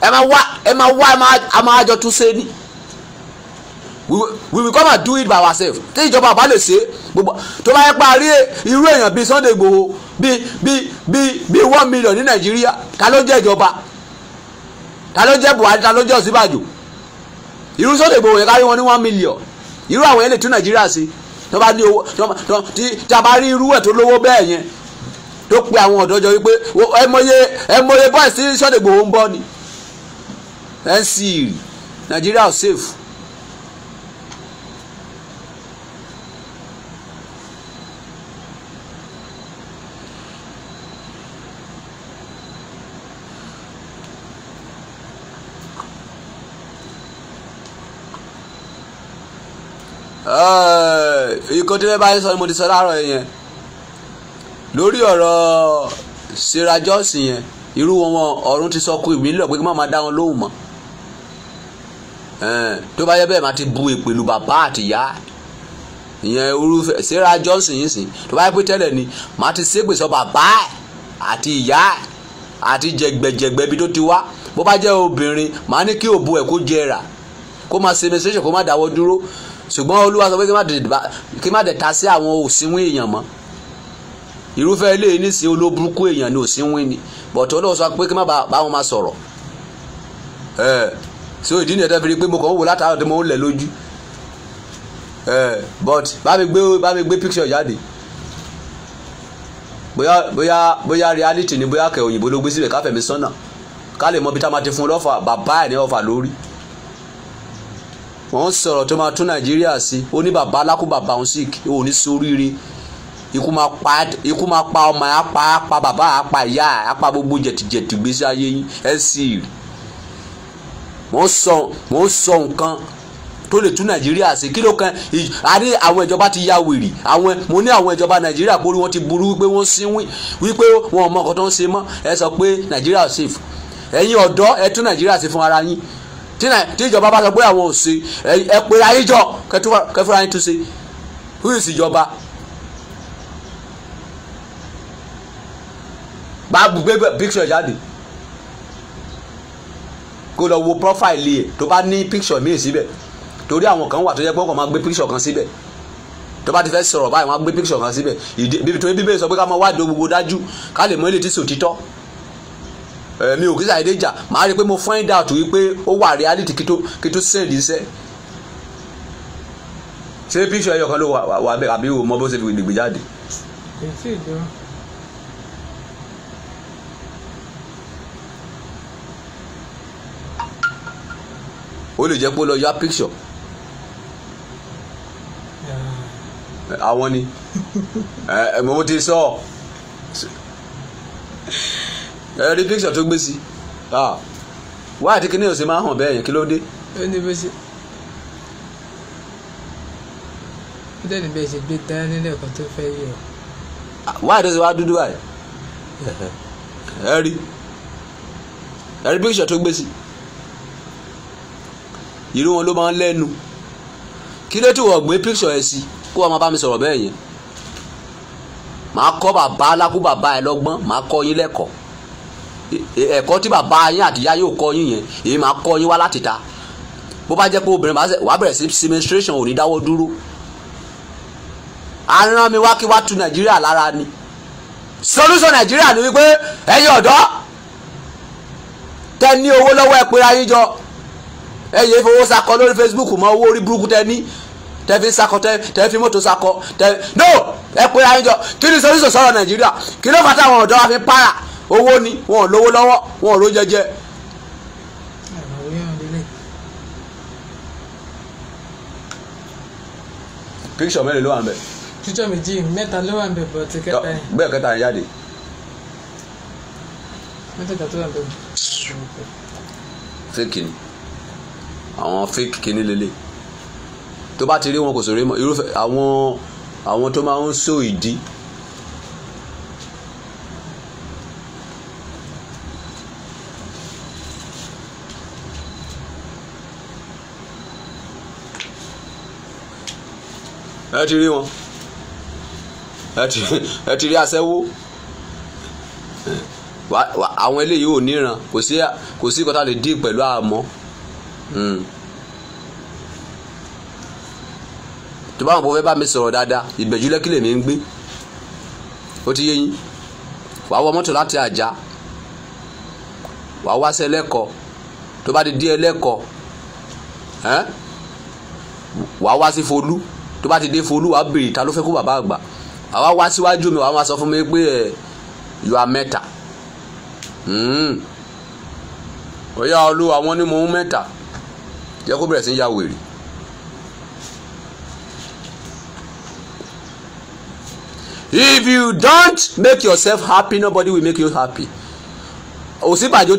ẹ máa wá ẹ máa wá ẹ máa jọ tún ṣe ni we will come and do it by ourselves tí ìjọba àbá lè ṣe gbogbo tó bá yẹ pa rí irú èèyàn bíi Sunday Igboho bíi bíi bíi bíi one million ní Nàìjíríà ta ló jẹ́ ìjọba ta ló jẹ́ Buhari ta ló jẹ́ Ọ̀ṣínbàjò irú Sunday Igboho yẹn kárí wọn ní one million irú àwọn yẹn lè tún Nàìjíríà ṣe tó bá ní owó tí a bá rí irú ẹ̀ tó lówó bẹ́ẹ̀ yẹn tó pe àwọn ọ̀dọ́jọ́ wípé ẹ mọye ẹ mọye bọ́ọ̀sì Sunday Igboho ń bọ́ ni ẹ̀sìn nàìjíríà ò safe. ikọ̀ eh, tí wọ́n bá ń sọ ni mo ti sọ láàárọ̀ yẹn lórí ọ̀rọ̀ Sarah Johnson yẹn irú wọn ọ̀run ti sọ kú ìbílẹ̀ pé kí wọ́n máa dá wọn lóhùn mọ́ tó bá yẹ bẹ́ẹ̀ máa ti bu ìpèlú bàbá àtìyá ìyẹn orúfẹ́ sarah johnson yìí sìn tó bá yẹ pé tẹ́lẹ̀ ni máa ti ṣépè sọ bàbá àti ìyá àti jẹgbẹjẹgbẹ ibi tó ti wá bó bá jẹ́ obìnrin màá ní kí òbu ẹ̀ kó jẹrà kó máa ṣe menstruation kó máa dáwọ́ dúró ṣùgbọ́n olúwa sọ pé kí má dẹ̀ta sí àwọn òsínwín èèyàn mọ́ irúfẹ́ ilé yìí ní sí olóburúkú èèyàn ní òsínwín ni bọ̀tọ́ lọ́wọ́ sọ pé kí má bá wọn máa sọ̀rọ̀ ẹ̀ẹ́ so ìdí nìyẹn tó fi rí pé mo kàn ń wò látàárọ̀ tí mo ń lẹ̀ lójú but bá mi gbé bá mi gbé picture jáde bóyá bóyá bóyá reality ni bóyá kẹ òyìnbó ló gbé síbẹ̀ káfẹ́ mi sọ́nà ká lè mọ bí tá a máa ti fún un lọ́fà bàbá ẹ̀ ní ọ̀fà lórí wọ́n sọ̀rọ̀ tó máa tún nàìjíríà sí ó ní bàbá alákó bàbá òun sì ò ní sóríire ikú máa pa ikú máa pa ọmọ ẹ̀ á pa á pa bàbá ẹ̀ á pa ìyá ẹ̀ á pa gbogbo jẹ̀tìjẹ̀tì gbèsè ayé yín ẹ̀ sì rí wọ́n sọ wọ́n sọ nǹkan tó lè tún nàìjíríà ṣe kí ló kan àní àwọn ìjọba ti ya wèrè àwọn mo ní àwọn ìjọba nàìjíríà borí wọn ti burú wípé wọ́n sínwín wípé wọn ò mọ ọkọ tó ń ṣe mọ́ ẹ sọ pé nàìjíríà safe ẹ̀yin ọ̀dọ́ ẹ tún nàìjíríà ṣe fún ara yín tí ìjọba bá sọ pé àwọn ò ṣe ẹ pé ayé jọ kẹfúra yín tún ṣe who is ìjọba bá gbé picture jáde kó lọ wo profile yẹ tó bá ní picture míì síbẹ̀ torí àwọn kan wà tó yẹ pé ọkọ̀ máa gbé picture kan síbẹ̀ tó bá ti fẹ́ sọ̀rọ̀ báyìí wọ́n á gbé picture kan síbẹ̀ ìdí tó bíbélì sọ pé ká máa wádìí gbogbo dájú ká lè mọ ilé tí sò títọ́ mi ò kí sàdédé jà màá rí i pé mo find out wípé ó wà reality kí tó kí tó send iṣẹ́ ṣé picture ẹyọ kan ló wà wà bẹ́ẹ̀ àbí o mọ bó ṣe fi gbègbè jáde. kì í sì dùn. ó lè jẹ́ pé lọ yá picture àwọn ni [laughs] ẹ mọ̀ mo ti sọ ẹ rí picture tó gbé sí wá àti kíní ọ̀sẹ̀ máa hàn bẹ́ẹ̀ yẹn kí ló dé. ó ní bó ṣe ó dẹ̀ ní bẹ́ẹ̀ ṣe gbé tán nílẹ̀ kan tó fẹ́ yẹ. wá àti ọ̀sẹ̀ wá dúdú báyìí [laughs] ẹ rí ẹ rí picture tó gbé sí irú wọn ló máa ń lẹ́nu kí ló tí wọ́n gbé picture ẹ̀ sí kó wọn máa bá mi sọ̀rọ̀ bẹ́ẹ̀ yẹn màá kọ́ bàbá alákú bàbá ẹ lọ́gbọ́n màá kọ́ yín lẹ́kọ̀ọ́ ẹ̀kọ́ tí bàbá yín àtìyá yóò kọ́ yín yẹn èyí màá kọ́ yín wá láti ta bó bá jẹ́ pé obìnrin wàá bẹ̀rẹ̀ sí simistration ò ní dáwọ́ dúró aràn mi wá kí wá tu nàìjíríà lára ni solution nàìjíríà ni wípé ẹ̀yin ọ̀dọ́ tẹ ní owó lọ́wọ́ ẹ pera yín jọ ẹ yẹ fowó sakọ lórí Facebook mọ owó orí burúkú tẹ ní tẹ fi sakọ tẹ tẹ fi mọ́tò sakọ tẹ no ẹ pé ayé jọ kí ni sọ́yìn sọ̀rọ̀ Nàìjíríà kí ló fàtà àwọn ọ̀dọ́ wa fi para owó ni wọn ò lówó lọ́wọ́ wọn ò ló jẹjẹ. píṣọ mẹ́rin ló wà ń bẹ̀. píṣọ méjì mẹ́ta ló wà ń bẹ̀ bọ̀ ti kẹta yẹn. bẹ́ẹ̀ kẹta yẹn jáde. mẹ́tẹ̀ẹ̀ta tó wà ń bẹ̀. fẹ́ẹ̀kì ni àwọn fake kinní lélẹ̀ tó bá ti rí wọn kò sòrè mọ́ irúfẹ́ àwọn àwọn tó máa ń so ìdí ẹ ti rí wọn ẹ ti rí aṣẹ́wó àwọn eléyìí ò níran kò sí kò sí kọ́tà lè dín pẹ̀lú àmọ́. Mm. tó bá wọn bọ́ fẹ́ bá mi sọ̀rọ̀ dáadáa ìbẹ̀jú lẹ́kí lèmi ń gbé ó ti yé yín wàá wọ mọ́tò láti àjà wàá wá sí ẹlẹ́kọ̀ọ́ tó bá ti dé ẹlẹ́kọ̀ọ́ ẹ́n wàá wá sí folú tó bá ti dé folú wàá bèrè ta ló fẹ́ kó bàbá àgbà wàá wá síwájú mi wàá máa sọ fún mi pé ẹ yọ amẹ́ta hmm. ó yá olú àwọn onímọ̀ mẹ́ta. Mm jẹ́ kó bẹ̀rẹ̀ sí ya wèrè. if you don't make yourself happy nobody will make you happy òsínbàjò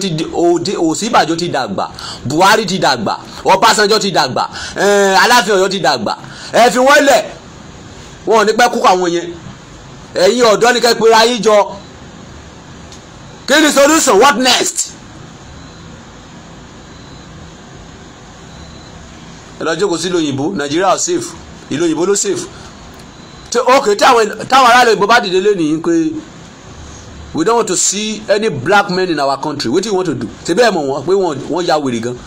ti òsínbàjò ti dàgbà buhari ti dàgbà ọbásanjọ́ ti dàgbà eh, aláàfin ọ̀yọ́ ti dàgbà ẹ fi wọ́n lẹ̀ wọn ò ní pẹ́ kúkọ àwọn yẹn ẹ̀yin ọ̀dọ́ ni kẹ́ pera yín jọ kí ni solution what next ẹ lọ jókòó sí ìlú òyìnbó nàìjíríà ò safe ìlú òyìnbó ló safe tó okay táwọn táwọn aráàlú ìbò bá dìde lónìí pé we don't want to see any black men in our country wetin you want to do ṣebí ẹ mọ̀ wọ́n pé wọ́n ya wèrè gan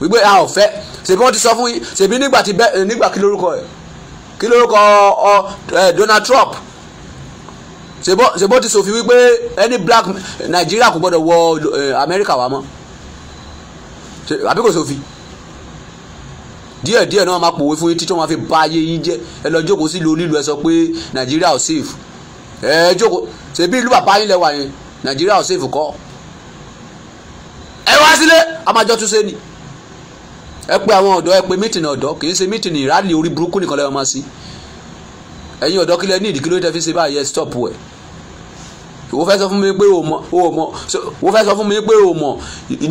wípé a ò fẹ́ ṣebí wọ́n ti sọ fún yín ṣebí nígbà tí bẹ nígbà kí lórúkọ ẹ kí lórúkọ ọ Donald Trump ṣebí wọ́n ti sòfin wípé any black Nigeria kò gbọ́dọ̀ wọ America wá mọ́ àbí kò sòfin díẹ̀ díẹ̀ náà máa pòwe fún yín títí wọ́n máa fi bà ayé yín jẹ́ ẹ lọ jókòó sí ìlú onílù ẹ sọ pé nàìjíríà ò safe ẹ jókòó ṣèbí ìlú bàbá yín lẹ́wà yẹn nàìjíríà ò safe kọ́ ẹ wá sílé a máa jọ túnṣe ni ẹ pé àwọn ọ̀dọ́ ẹ pé mítìnì ọ̀dọ́ kì í ṣe mítìnì ìrálì orí burúkú nìkan lẹ́wọ̀n máa sí ẹ̀yin ọ̀dọ́ kílẹ̀ ní ìdíkíló tẹ́ fi ṣe báyìí ẹ stop ẹ̀ wo fẹ́ sọ fún mi pé o mọ̀ o mọ̀ wo fẹ́ sọ fún mi pé o mọ̀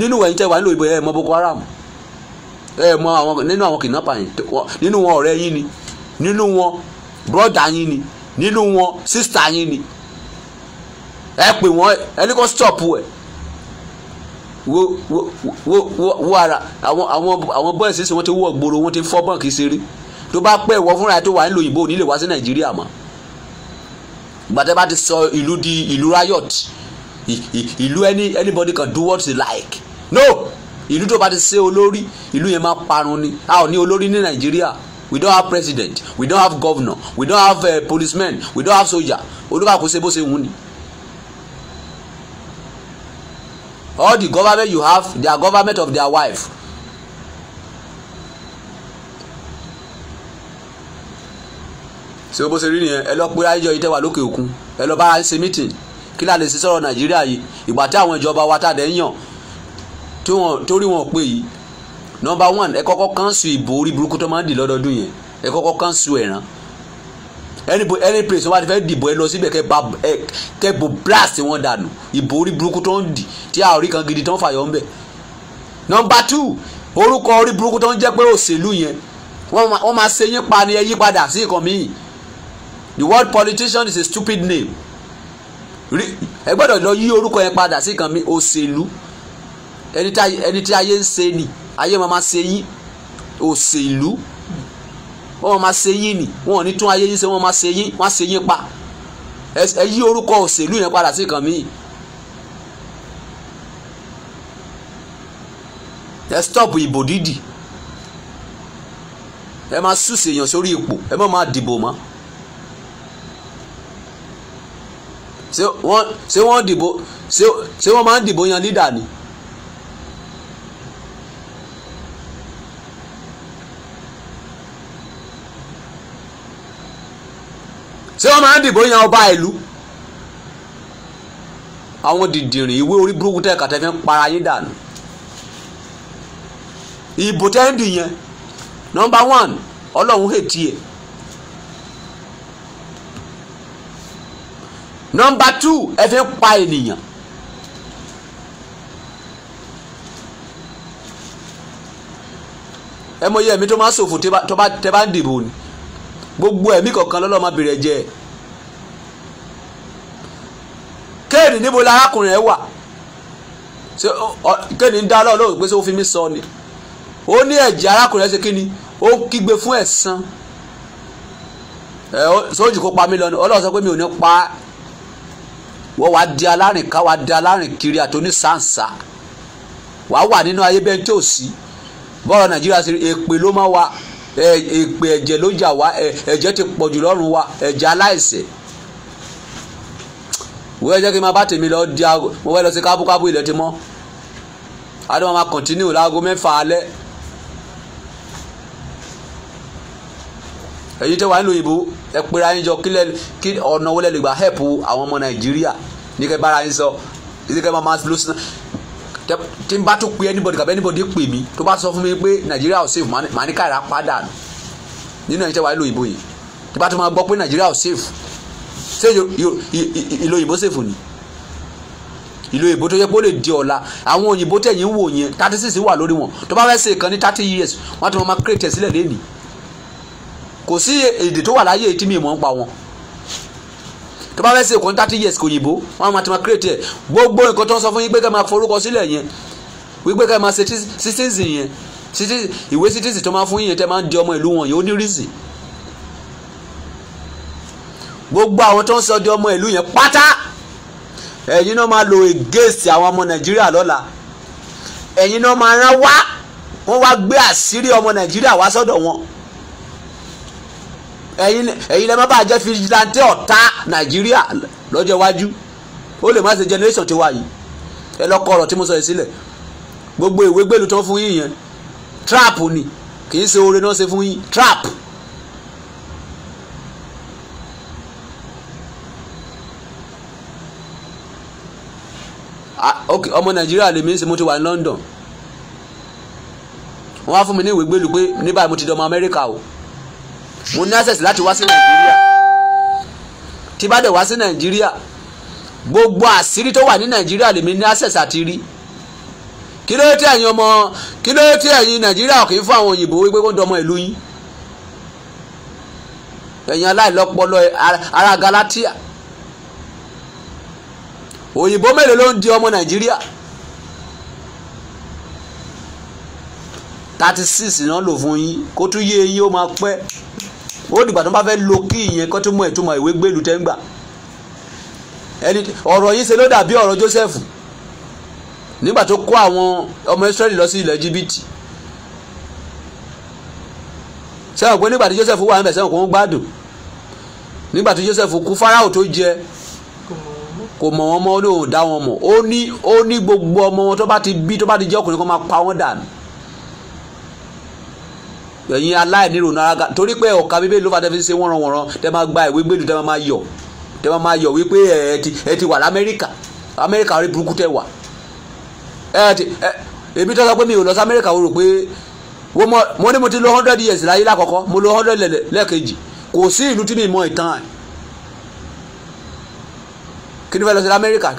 nínú ẹ̀yin tẹ́ wà nílò ìbò ẹ̀ mọ̀ Boko Haram ẹ mọ àwọn nínú àwọn kìnnàpà yìí nínú wọn ọ̀rẹ́ yín ni nínú wọn bọ́dà yín ni nínú wọn sísítà yín ni ẹ pè wọ́n ẹni kò stop ẹ̀ wo wo wo wo ara àwọn àwọn àwọn bọ́ọ̀sì sísè wọ́n ti wọ́ gbòòrò wọ́n ti fọ́ bọ́ǹkì ṣeré tó bá pẹ́ ìwọ fúnra tó wà nílò òyìnbó nílè wá sí nàìjíríà mọ́ gbàtẹ́ bá ti sọ ìlú di ìlú riot ìlú any anybody can do what they like no ìlú tó bá ti ṣe olórí ìlú yẹn máa parun ni a ò ní olórí ní nàìjíríà we don't have president we don't have governor we don't have uh, policemen we don't have soldier olúkàkú ṣe bó ṣe wù ni. all the government you have they are government of their wife. ṣé bó ṣe rí nìyẹn ẹ lọ pé ayéjọ yìí tẹ́wà lókè òkun ẹ lọ bá ṣe meeting kí láà lè ṣe sọ̀rọ̀ nàìjíríà yìí ìgbà tí àwọn ìjọba wa tá ń yàn torí wọn ò pé yìí nọmba one ẹ kọ́kọ́ kánṣu ìbò orí burúkú tó máa ń dì lọ́dọọdún yẹn ẹ kọ́kọ́ kánṣu ẹ̀ràn any any place wọn bá ti fẹ́ dìbò ẹ lọ síbẹ̀ kẹ ba ẹ kẹ bo blast wọn dànù ìbò orí burúkú tó ń dì tí a orí kan gidi tó ń fàyọ̀ ń nọmba two orúkọ orí burúkú tó ń jẹ́ pé òṣèlú yẹn wọ́n máa ṣe yín pa ni ẹ yí padà sí nǹkan míì the word politician is a stupid name ẹ gbọ́dọ̀ lọ yí orúkọ yẹn padà sí nǹkan míì òṣèlú ẹni tí ayé ń ṣe ni ayé máa ma ṣe yín òṣèlú wọ́n máa ṣe ni wọ́n ò ní tún ayé yín ṣe wọ́n máa ṣe yín wọ́n á ṣe yín pa ẹ yí orúkọ òṣèlú yẹn padà sí nǹkan míì ẹ stọ́ọ̀pù ìbò dídì ẹ máa súsì èèyàn sórí ipò ẹ má máa dìbò mọ́ ṣé wọ́n dìbò ṣé wọ́n máa ń dìbò yan lídà ni. ṣé wọ́n máa ń dìbò yan ọba ìlú àwọn dìndìnrín ìwé orí burúkú tẹ́ kàtẹ́ fi ń para yín dànù ìbò tẹ́ ń dì yẹn nọmba one ọlọ́run hètì ẹ̀ nọmba two ẹ fi ń pa ènìyàn. ẹ mọ iye ẹ̀mí tó máa ń ṣòfò tẹ́ bá ń dìbò ni gbogbo ẹ̀mí kọ̀ọ̀kan lọ́lọ́ máa bèrè jẹ́ kéènì níbo la arákùnrin ẹ wà kéènì ń dá ọlọ́run lóhùn pé ṣé ó fi mí sọ ni ó ní ẹ̀jẹ̀ arákùnrin ẹ ṣe kí ni ó kígbe fún ẹ̀san ẹ̀ sójú kó pa mí lọ ni ọlọ́run sọ pé mi ò ní pa á wọ́n wá di alárìn ká wá di alárìn kiri àtòní sàǹsà wàá wà nínú ayé bẹ́ẹ̀ tí ò sí bọ́ọ̀rọ̀ nàìjíríà ṣe èpè ló máa wà èpè ẹ̀jẹ̀ ló jà wá ẹ̀jẹ̀ ti pọ̀ jù lọ́rùn wa ẹ̀jẹ̀ aláìṣẹ̀ wọ́n jẹ́ kí n máa bá tèmi lọ di aago mo fẹ́ lọ sí kábúkábú ilẹ̀ ti mọ́ adé wọn máa kọ̀ntínú láago mẹ́fà alẹ́ èyí tẹ́ wà nílùú ìbò ẹ pera yín jọ kí ọ̀nà wọlé lè gba help àwọn ọmọ nàìjíríà ní kẹ́ bára yín sọ ní kẹ́ máa máa lo tí n bá tó pe anybody kàbí anybody pè mi. tó bá sọ fún mi pé nàìjíríà ò safe màá ní káyìrá padà nínú ẹ̀yìn tẹ́ wàá lò ìbò yìí tí bá tó máa gbọ́ pé nàìjíríà ò safe ṣé ìlò ìbò safe ni ìlò ìbò tó yẹ kó lè di ọ̀la àwọn òyìnbó tẹ̀yìn wò yẹn thirty six wà lórí wọn tó bá fẹ́ ṣe kan ní thirty years wọ́n á ti máa create ẹ̀ sílẹ̀ lẹ́nìí kò sí èdè tó wà láyé tí mi ń pa wọn tó bá fẹ́ ṣe nǹkan thirty years kò yìnbó wọn máa ti máa create ẹ̀ gbogbo nǹkan tó ń sọ fún yín pé ká máa forúkọ sílẹ̀ yẹn wípé ká máa ṣe citizen yẹn ìwé citizen tó máa fún yín tẹ́ máa ń di ọmọ ìlú wọn yẹn ó ní reason gbogbo àwọn tó ń sọ di ọmọ ìlú yẹn pátá ẹ̀yin náà máa lo against àwọn ọmọ nàìjíríà lọ́la ẹ̀yin náà máa rán wá wọ́n wá gbé àṣírí ọmọ nàìjíríà wá sọ́dọ̀ wọn. ẹ̀yin lẹ́mọ́ bá jẹ́ fìjìláńtì ọ̀tá nàìjíríà lọ́jọ́ iwájú ó lè má se generation tiwa yìí ẹ lọ́kọ Elokoro tí mo sọ yìí sílẹ̀ gbogbo ìwé gbèlú tó fún yín trap ni kì í ṣe oore náà ṣe fún yín trap. Ah, ọmọ nàìjíríà lèmi ń mo ti wà ní London wọ́n á fún mi ní ìwé gbèlú pé ní mo ti dọmọ Amẹ́ríkà o. mo ní access láti wá sí nàìjíríà tí bá dẹ̀ wá sí nàìjíríà gbogbo àṣírí tó wà ní nàìjíríà lèmi ní access àti rí kí ló tí ẹ̀yin ọmọ kí ló tí ẹ̀yin nàìjíríà kì í fún àwọn òyìnbó wípé kó dọmọ ìlú yín ẹ̀yin aláìlọ́pọlọ ara galatia òyìnbó mélòó ló ń di ọmọ nàìjíríà thirty six náà lò fún yín kó tún yé yín ó máa pẹ́ ó dìgbà tó bá fẹ́ lo kí ìyẹn kó tó mọ ìtumọ̀ ìwé gbèlú tẹ́ ẹni ọ̀rọ̀ yìí ṣe ló dàbí ọ̀rọ̀ Joseph nígbà tó kó àwọn ọmọ Israẹli lọ sí ilẹ̀ jìbìtì sẹ́wọ̀n pé nígbà tí Joseph wà ń bẹ̀ sẹ́wọ̀n kò ń gbádùn nígbà tí Joseph kú Fáráò tó jẹ kò mọ̀ wọ́n mọ́ ó ní òun dá wọn mọ̀ ó ní gbogbo ọmọ wọn tó bá ti bí tó bá ti jẹ́ ọkùnrin kan máa pa wọ́n dànù ẹ̀yin aláìní ronú ara torí pé ọ̀ka bíbélì ló fà tẹ́fí ṣe wọ́nranwọ̀nran tẹ́ máa gba ìwé gbèlú tẹ́ máa yọ̀ tẹ́ máa yọ̀ wípé ẹ ti ẹ ti wà lamẹ́ríkà amẹ́ríkà rí burúkú tẹ́ wà ẹ ti ẹ èmi tó sọ pé mi ò lọ sí amẹ́ríkà o rò pé wọ́n mọ mo ní mo ti lo hundred years láyé lákọ̀ọ́kọ́ mo lò hundred lẹ́ẹ̀kejì kò sí ìlú tí mi mọ ìtàn ẹ̀ kí ni fẹ́ lọ sí amẹ́ríkà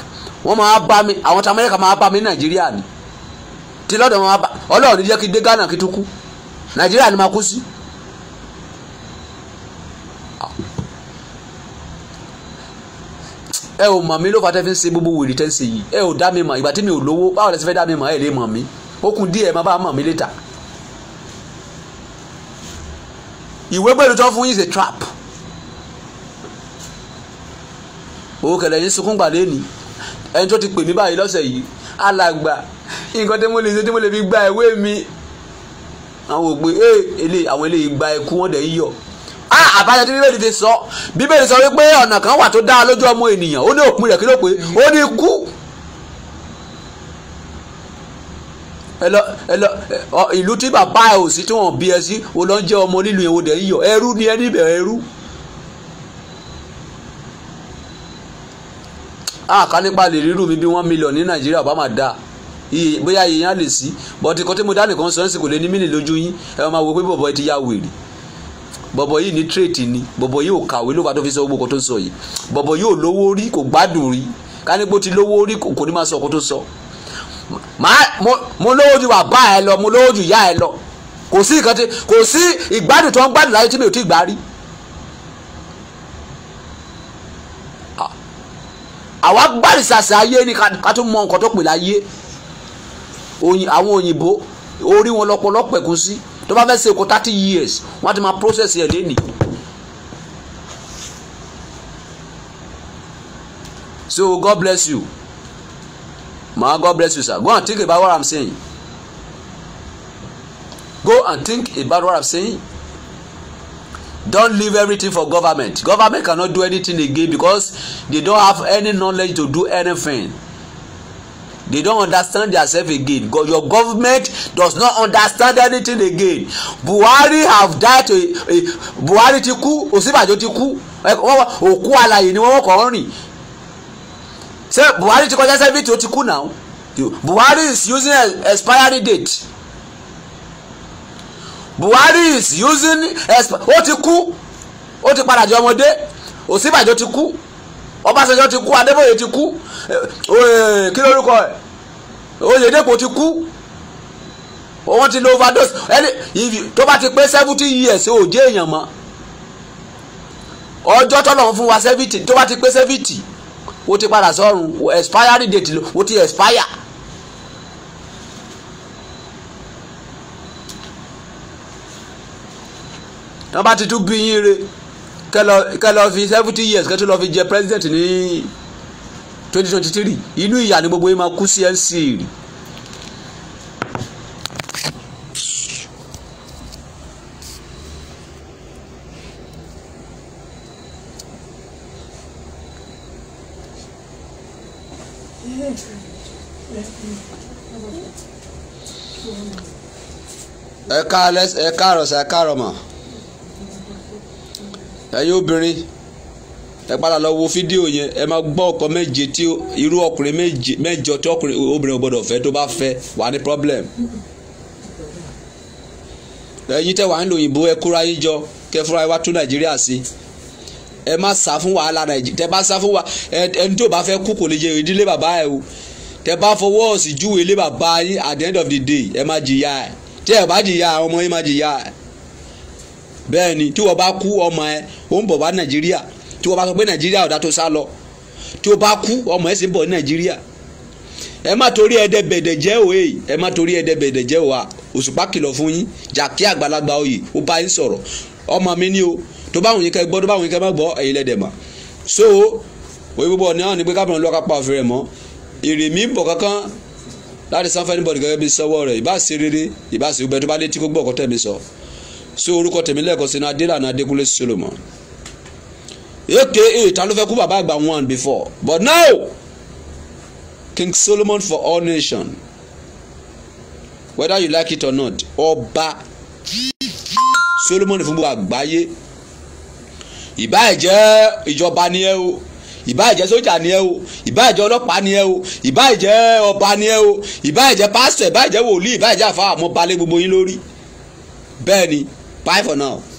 wọ́n máa bá mi àwọn tí amẹ́ríkà máa bá mi ní nàìjíríà ni ti lọ́dọ̀ nàìjíríà ni máa kó sí. ẹ ò mọ̀ mí ló fà tẹ́ fi ń ṣe gbogbo wèrè tẹ́ ń ṣe yìí ẹ ò dá mi mọ̀ ìgbà tí mi ò lówó báwo lẹ ti fẹ́ dá mi mọ̀ ẹ lè mọ̀ mí ó kún díẹ̀ má bá mọ̀ mí létà. ìwé pẹ̀lú tó fún yín ṣe trap. owó kẹlẹ̀ yín sunkún gbà lẹ́ni ẹni tó ti pè mí báyìí lọ́sẹ̀ yìí alàgbà nǹkan tí mo lè ṣe tí mo lè fi gba ìwé mi àwọn òpè ee eh, ele àwọn eléyìí gba ẹkú wọn dẹ̀ yíyọ ah, àbájá tí bíbélì fi sọ bíbélì sọ wípé ọ̀nà kan wà tó dáa lójú ọmọ ènìyàn ó ní òpin rẹ̀ kí ló pé ó ní ikú ẹlọ ẹlọ ìlú tí bàbá ẹ ò sí tí wọn bí ẹ sí o lọ ń jẹ ọmọ nílùú yẹn o dẹ̀ yíyọ ẹrú ni ẹ níbẹ̀ ẹrú. àkànnípa ah, lè rírù mi bí wọ́n mílíọ̀nù ní nàìjíríà bá máa dáa iye bóyá iye yẹn á lè sí bọ́tí kọ́tí mo dá nìkan sọ ẹ́ sì kò lè ní mílì lójú yín ẹ máa wo pé bọ̀bọ̀ ti ya wèrè bọ̀bọ̀ yìí ní tírètì ni bọ̀bọ̀ yìí ò kàwé ló bá tó fi sọ gbogbo tó ń sọ yìí bọ̀bọ̀ yìí ò lówó rí kò gbádùn rí kánípò ti lówó rí kò ní máa sọ kó tó sọ mo lówó ju bàbá ẹ lọ mo lówó ju ìyá ẹ lọ kò sí ìkan tí kò sí ìgbádùn tó ń gbádùn láyé tí mi ò tí gbá rí. àwa gbàdìsàsà ayé ni ká tó mọ nǹkan tó pè láyé àwọn òyìnbó orí wọn lọ́pọ̀lọpọ̀ ẹ̀kún sí tó bá fẹ́ ṣe oko thirty years wọ́n ti máa process ẹ̀ lẹ́nìí. so God bless you ma God bless you sir go and think about what I'm saying go and think about what I'm saying don't leave everything for government government cannot do anything again because they don't have any knowledge to do anything they don't understand themselves again God, your government does not understand anything again Buhari have died to a Buhari ti kú Ọ̀ṣínbàjò ti kú eh, òkú alààyè ni wọ́n kọ́ rìn ṣé Buhari ti kọjá sẹ́fìtì ó ti kú náà Buhari is using expiry date Buhari is using ó ti kú ó ti padà jẹ ọmọdé Ọ̀ṣínbàjò ti kú Ọbásanjọ́ ti kú Adébóyè ti kú eh, oh, eh, kí lórúkọ ẹ̀. Oyèdèpọ̀ ti kú wọ́n ti lo overdose ẹni tó bá ti pé seventy years ò jẹ́ èèyàn mọ́ ọjọ́ tọ́lọ̀ fún wa seventy tó bá ti pé seventy o ti padà sọ́run expiry date o ti expire. wọ́n bá ti tún bí yín re kẹ́ fi seventy years kẹ́ tó lọ fi jẹ president ní. Ni twenty twenty three inú ìyà ni gbogbo yín máa kú sí NCA rì. ẹ káàárọ̀ sà ẹ káàárọ̀ mà ẹ̀yin obìnrin ẹ padà lọ wo fídíò yẹn ẹ máa gbọ́ ọkọ méje tí irú ọkùnrin mẹ́jọ tí ọkùnrin obìnrin gbọdọ̀ fẹ́ tó bá fẹ́ wà ní problem. ẹ̀yin tẹ́ wà ń lo òyìnbó ẹ kóra yín jọ kẹ́ fúnra ẹ wá tún nàìjíríà sí ẹ má sá fún wàhálà nàìjíríà tẹ́ bá sá fún wa ẹni tó bá fẹ́ kú kò lè jẹ ìdílé bàbá ẹ o tẹ́ bá fọwọ́ sí júwe ilé bàbá yín at the end of the day ẹ má jìyà ẹ tẹ́ ẹ bá jìyà ọmọ yín má jìyà ẹ bẹ́ẹ̀ ni tí wọ́n bá kú ọmọ ẹ ó ń bọ̀ wá nàìjíríà tí wọ́n bá sọ pé nàìjíríà ọ̀dà tó sá lọ tí o bá kú ọmọ ẹ̀ sì ń bọ̀ ní nàìjíríà ẹ má torí ẹdẹ bẹ̀dẹ̀ jẹ́ òwe eh. ẹ má torí ẹdẹ bẹ̀dẹ̀ jẹ́ òwa ah. òṣùpá kìlọ̀ fún yín jàkí àgbàlagbà oyè ó bá yín sọ̀rọ̀ ọmọ mi ni o tó bá wùnyín kẹ gbọ́ tó bá wùnyín kẹ má gbọ́ ẹ̀yin lẹ́dẹ̀ mà so òye púpọ̀ ní àwọn ni pé kábìrin lọ́ka pa òfin rẹ̀ mọ́ èrè mi bọ̀ kankan láti san fẹ́ni bọ̀dì gẹ́gẹ́ bí sọ́wọ́ rẹ̀ ìbá ṣe rere ìbá ṣe gbẹ tó bá létí kó gbọ́ ọ̀kọ́ tẹ̀mí sọ so orúkọ tèmi lẹ́ẹ̀kọ́ sínú adélànà adékúnlé solomon aka eh, ta ló fẹ́ kú bàbá àgbà one before but now King Solomon for all nations whether you like it or not ọba Solomon fún gbogbo àgbáyé ìbáà jẹ́ ìjọba ni ẹ o ìbáà jẹ́ sójà ni ẹ o ìbáà jẹ́ ọlọ́pàá ni ẹ o ìbáà jẹ́ ọba ni ẹ o ìbáà jẹ́ pásítọ̀ ìbáà jẹ́ wòlíì ìbáà jẹ́ àfa àmọ́ balẹ̀ gbogbo yín lórí bẹ́ẹ̀ ni bye for now.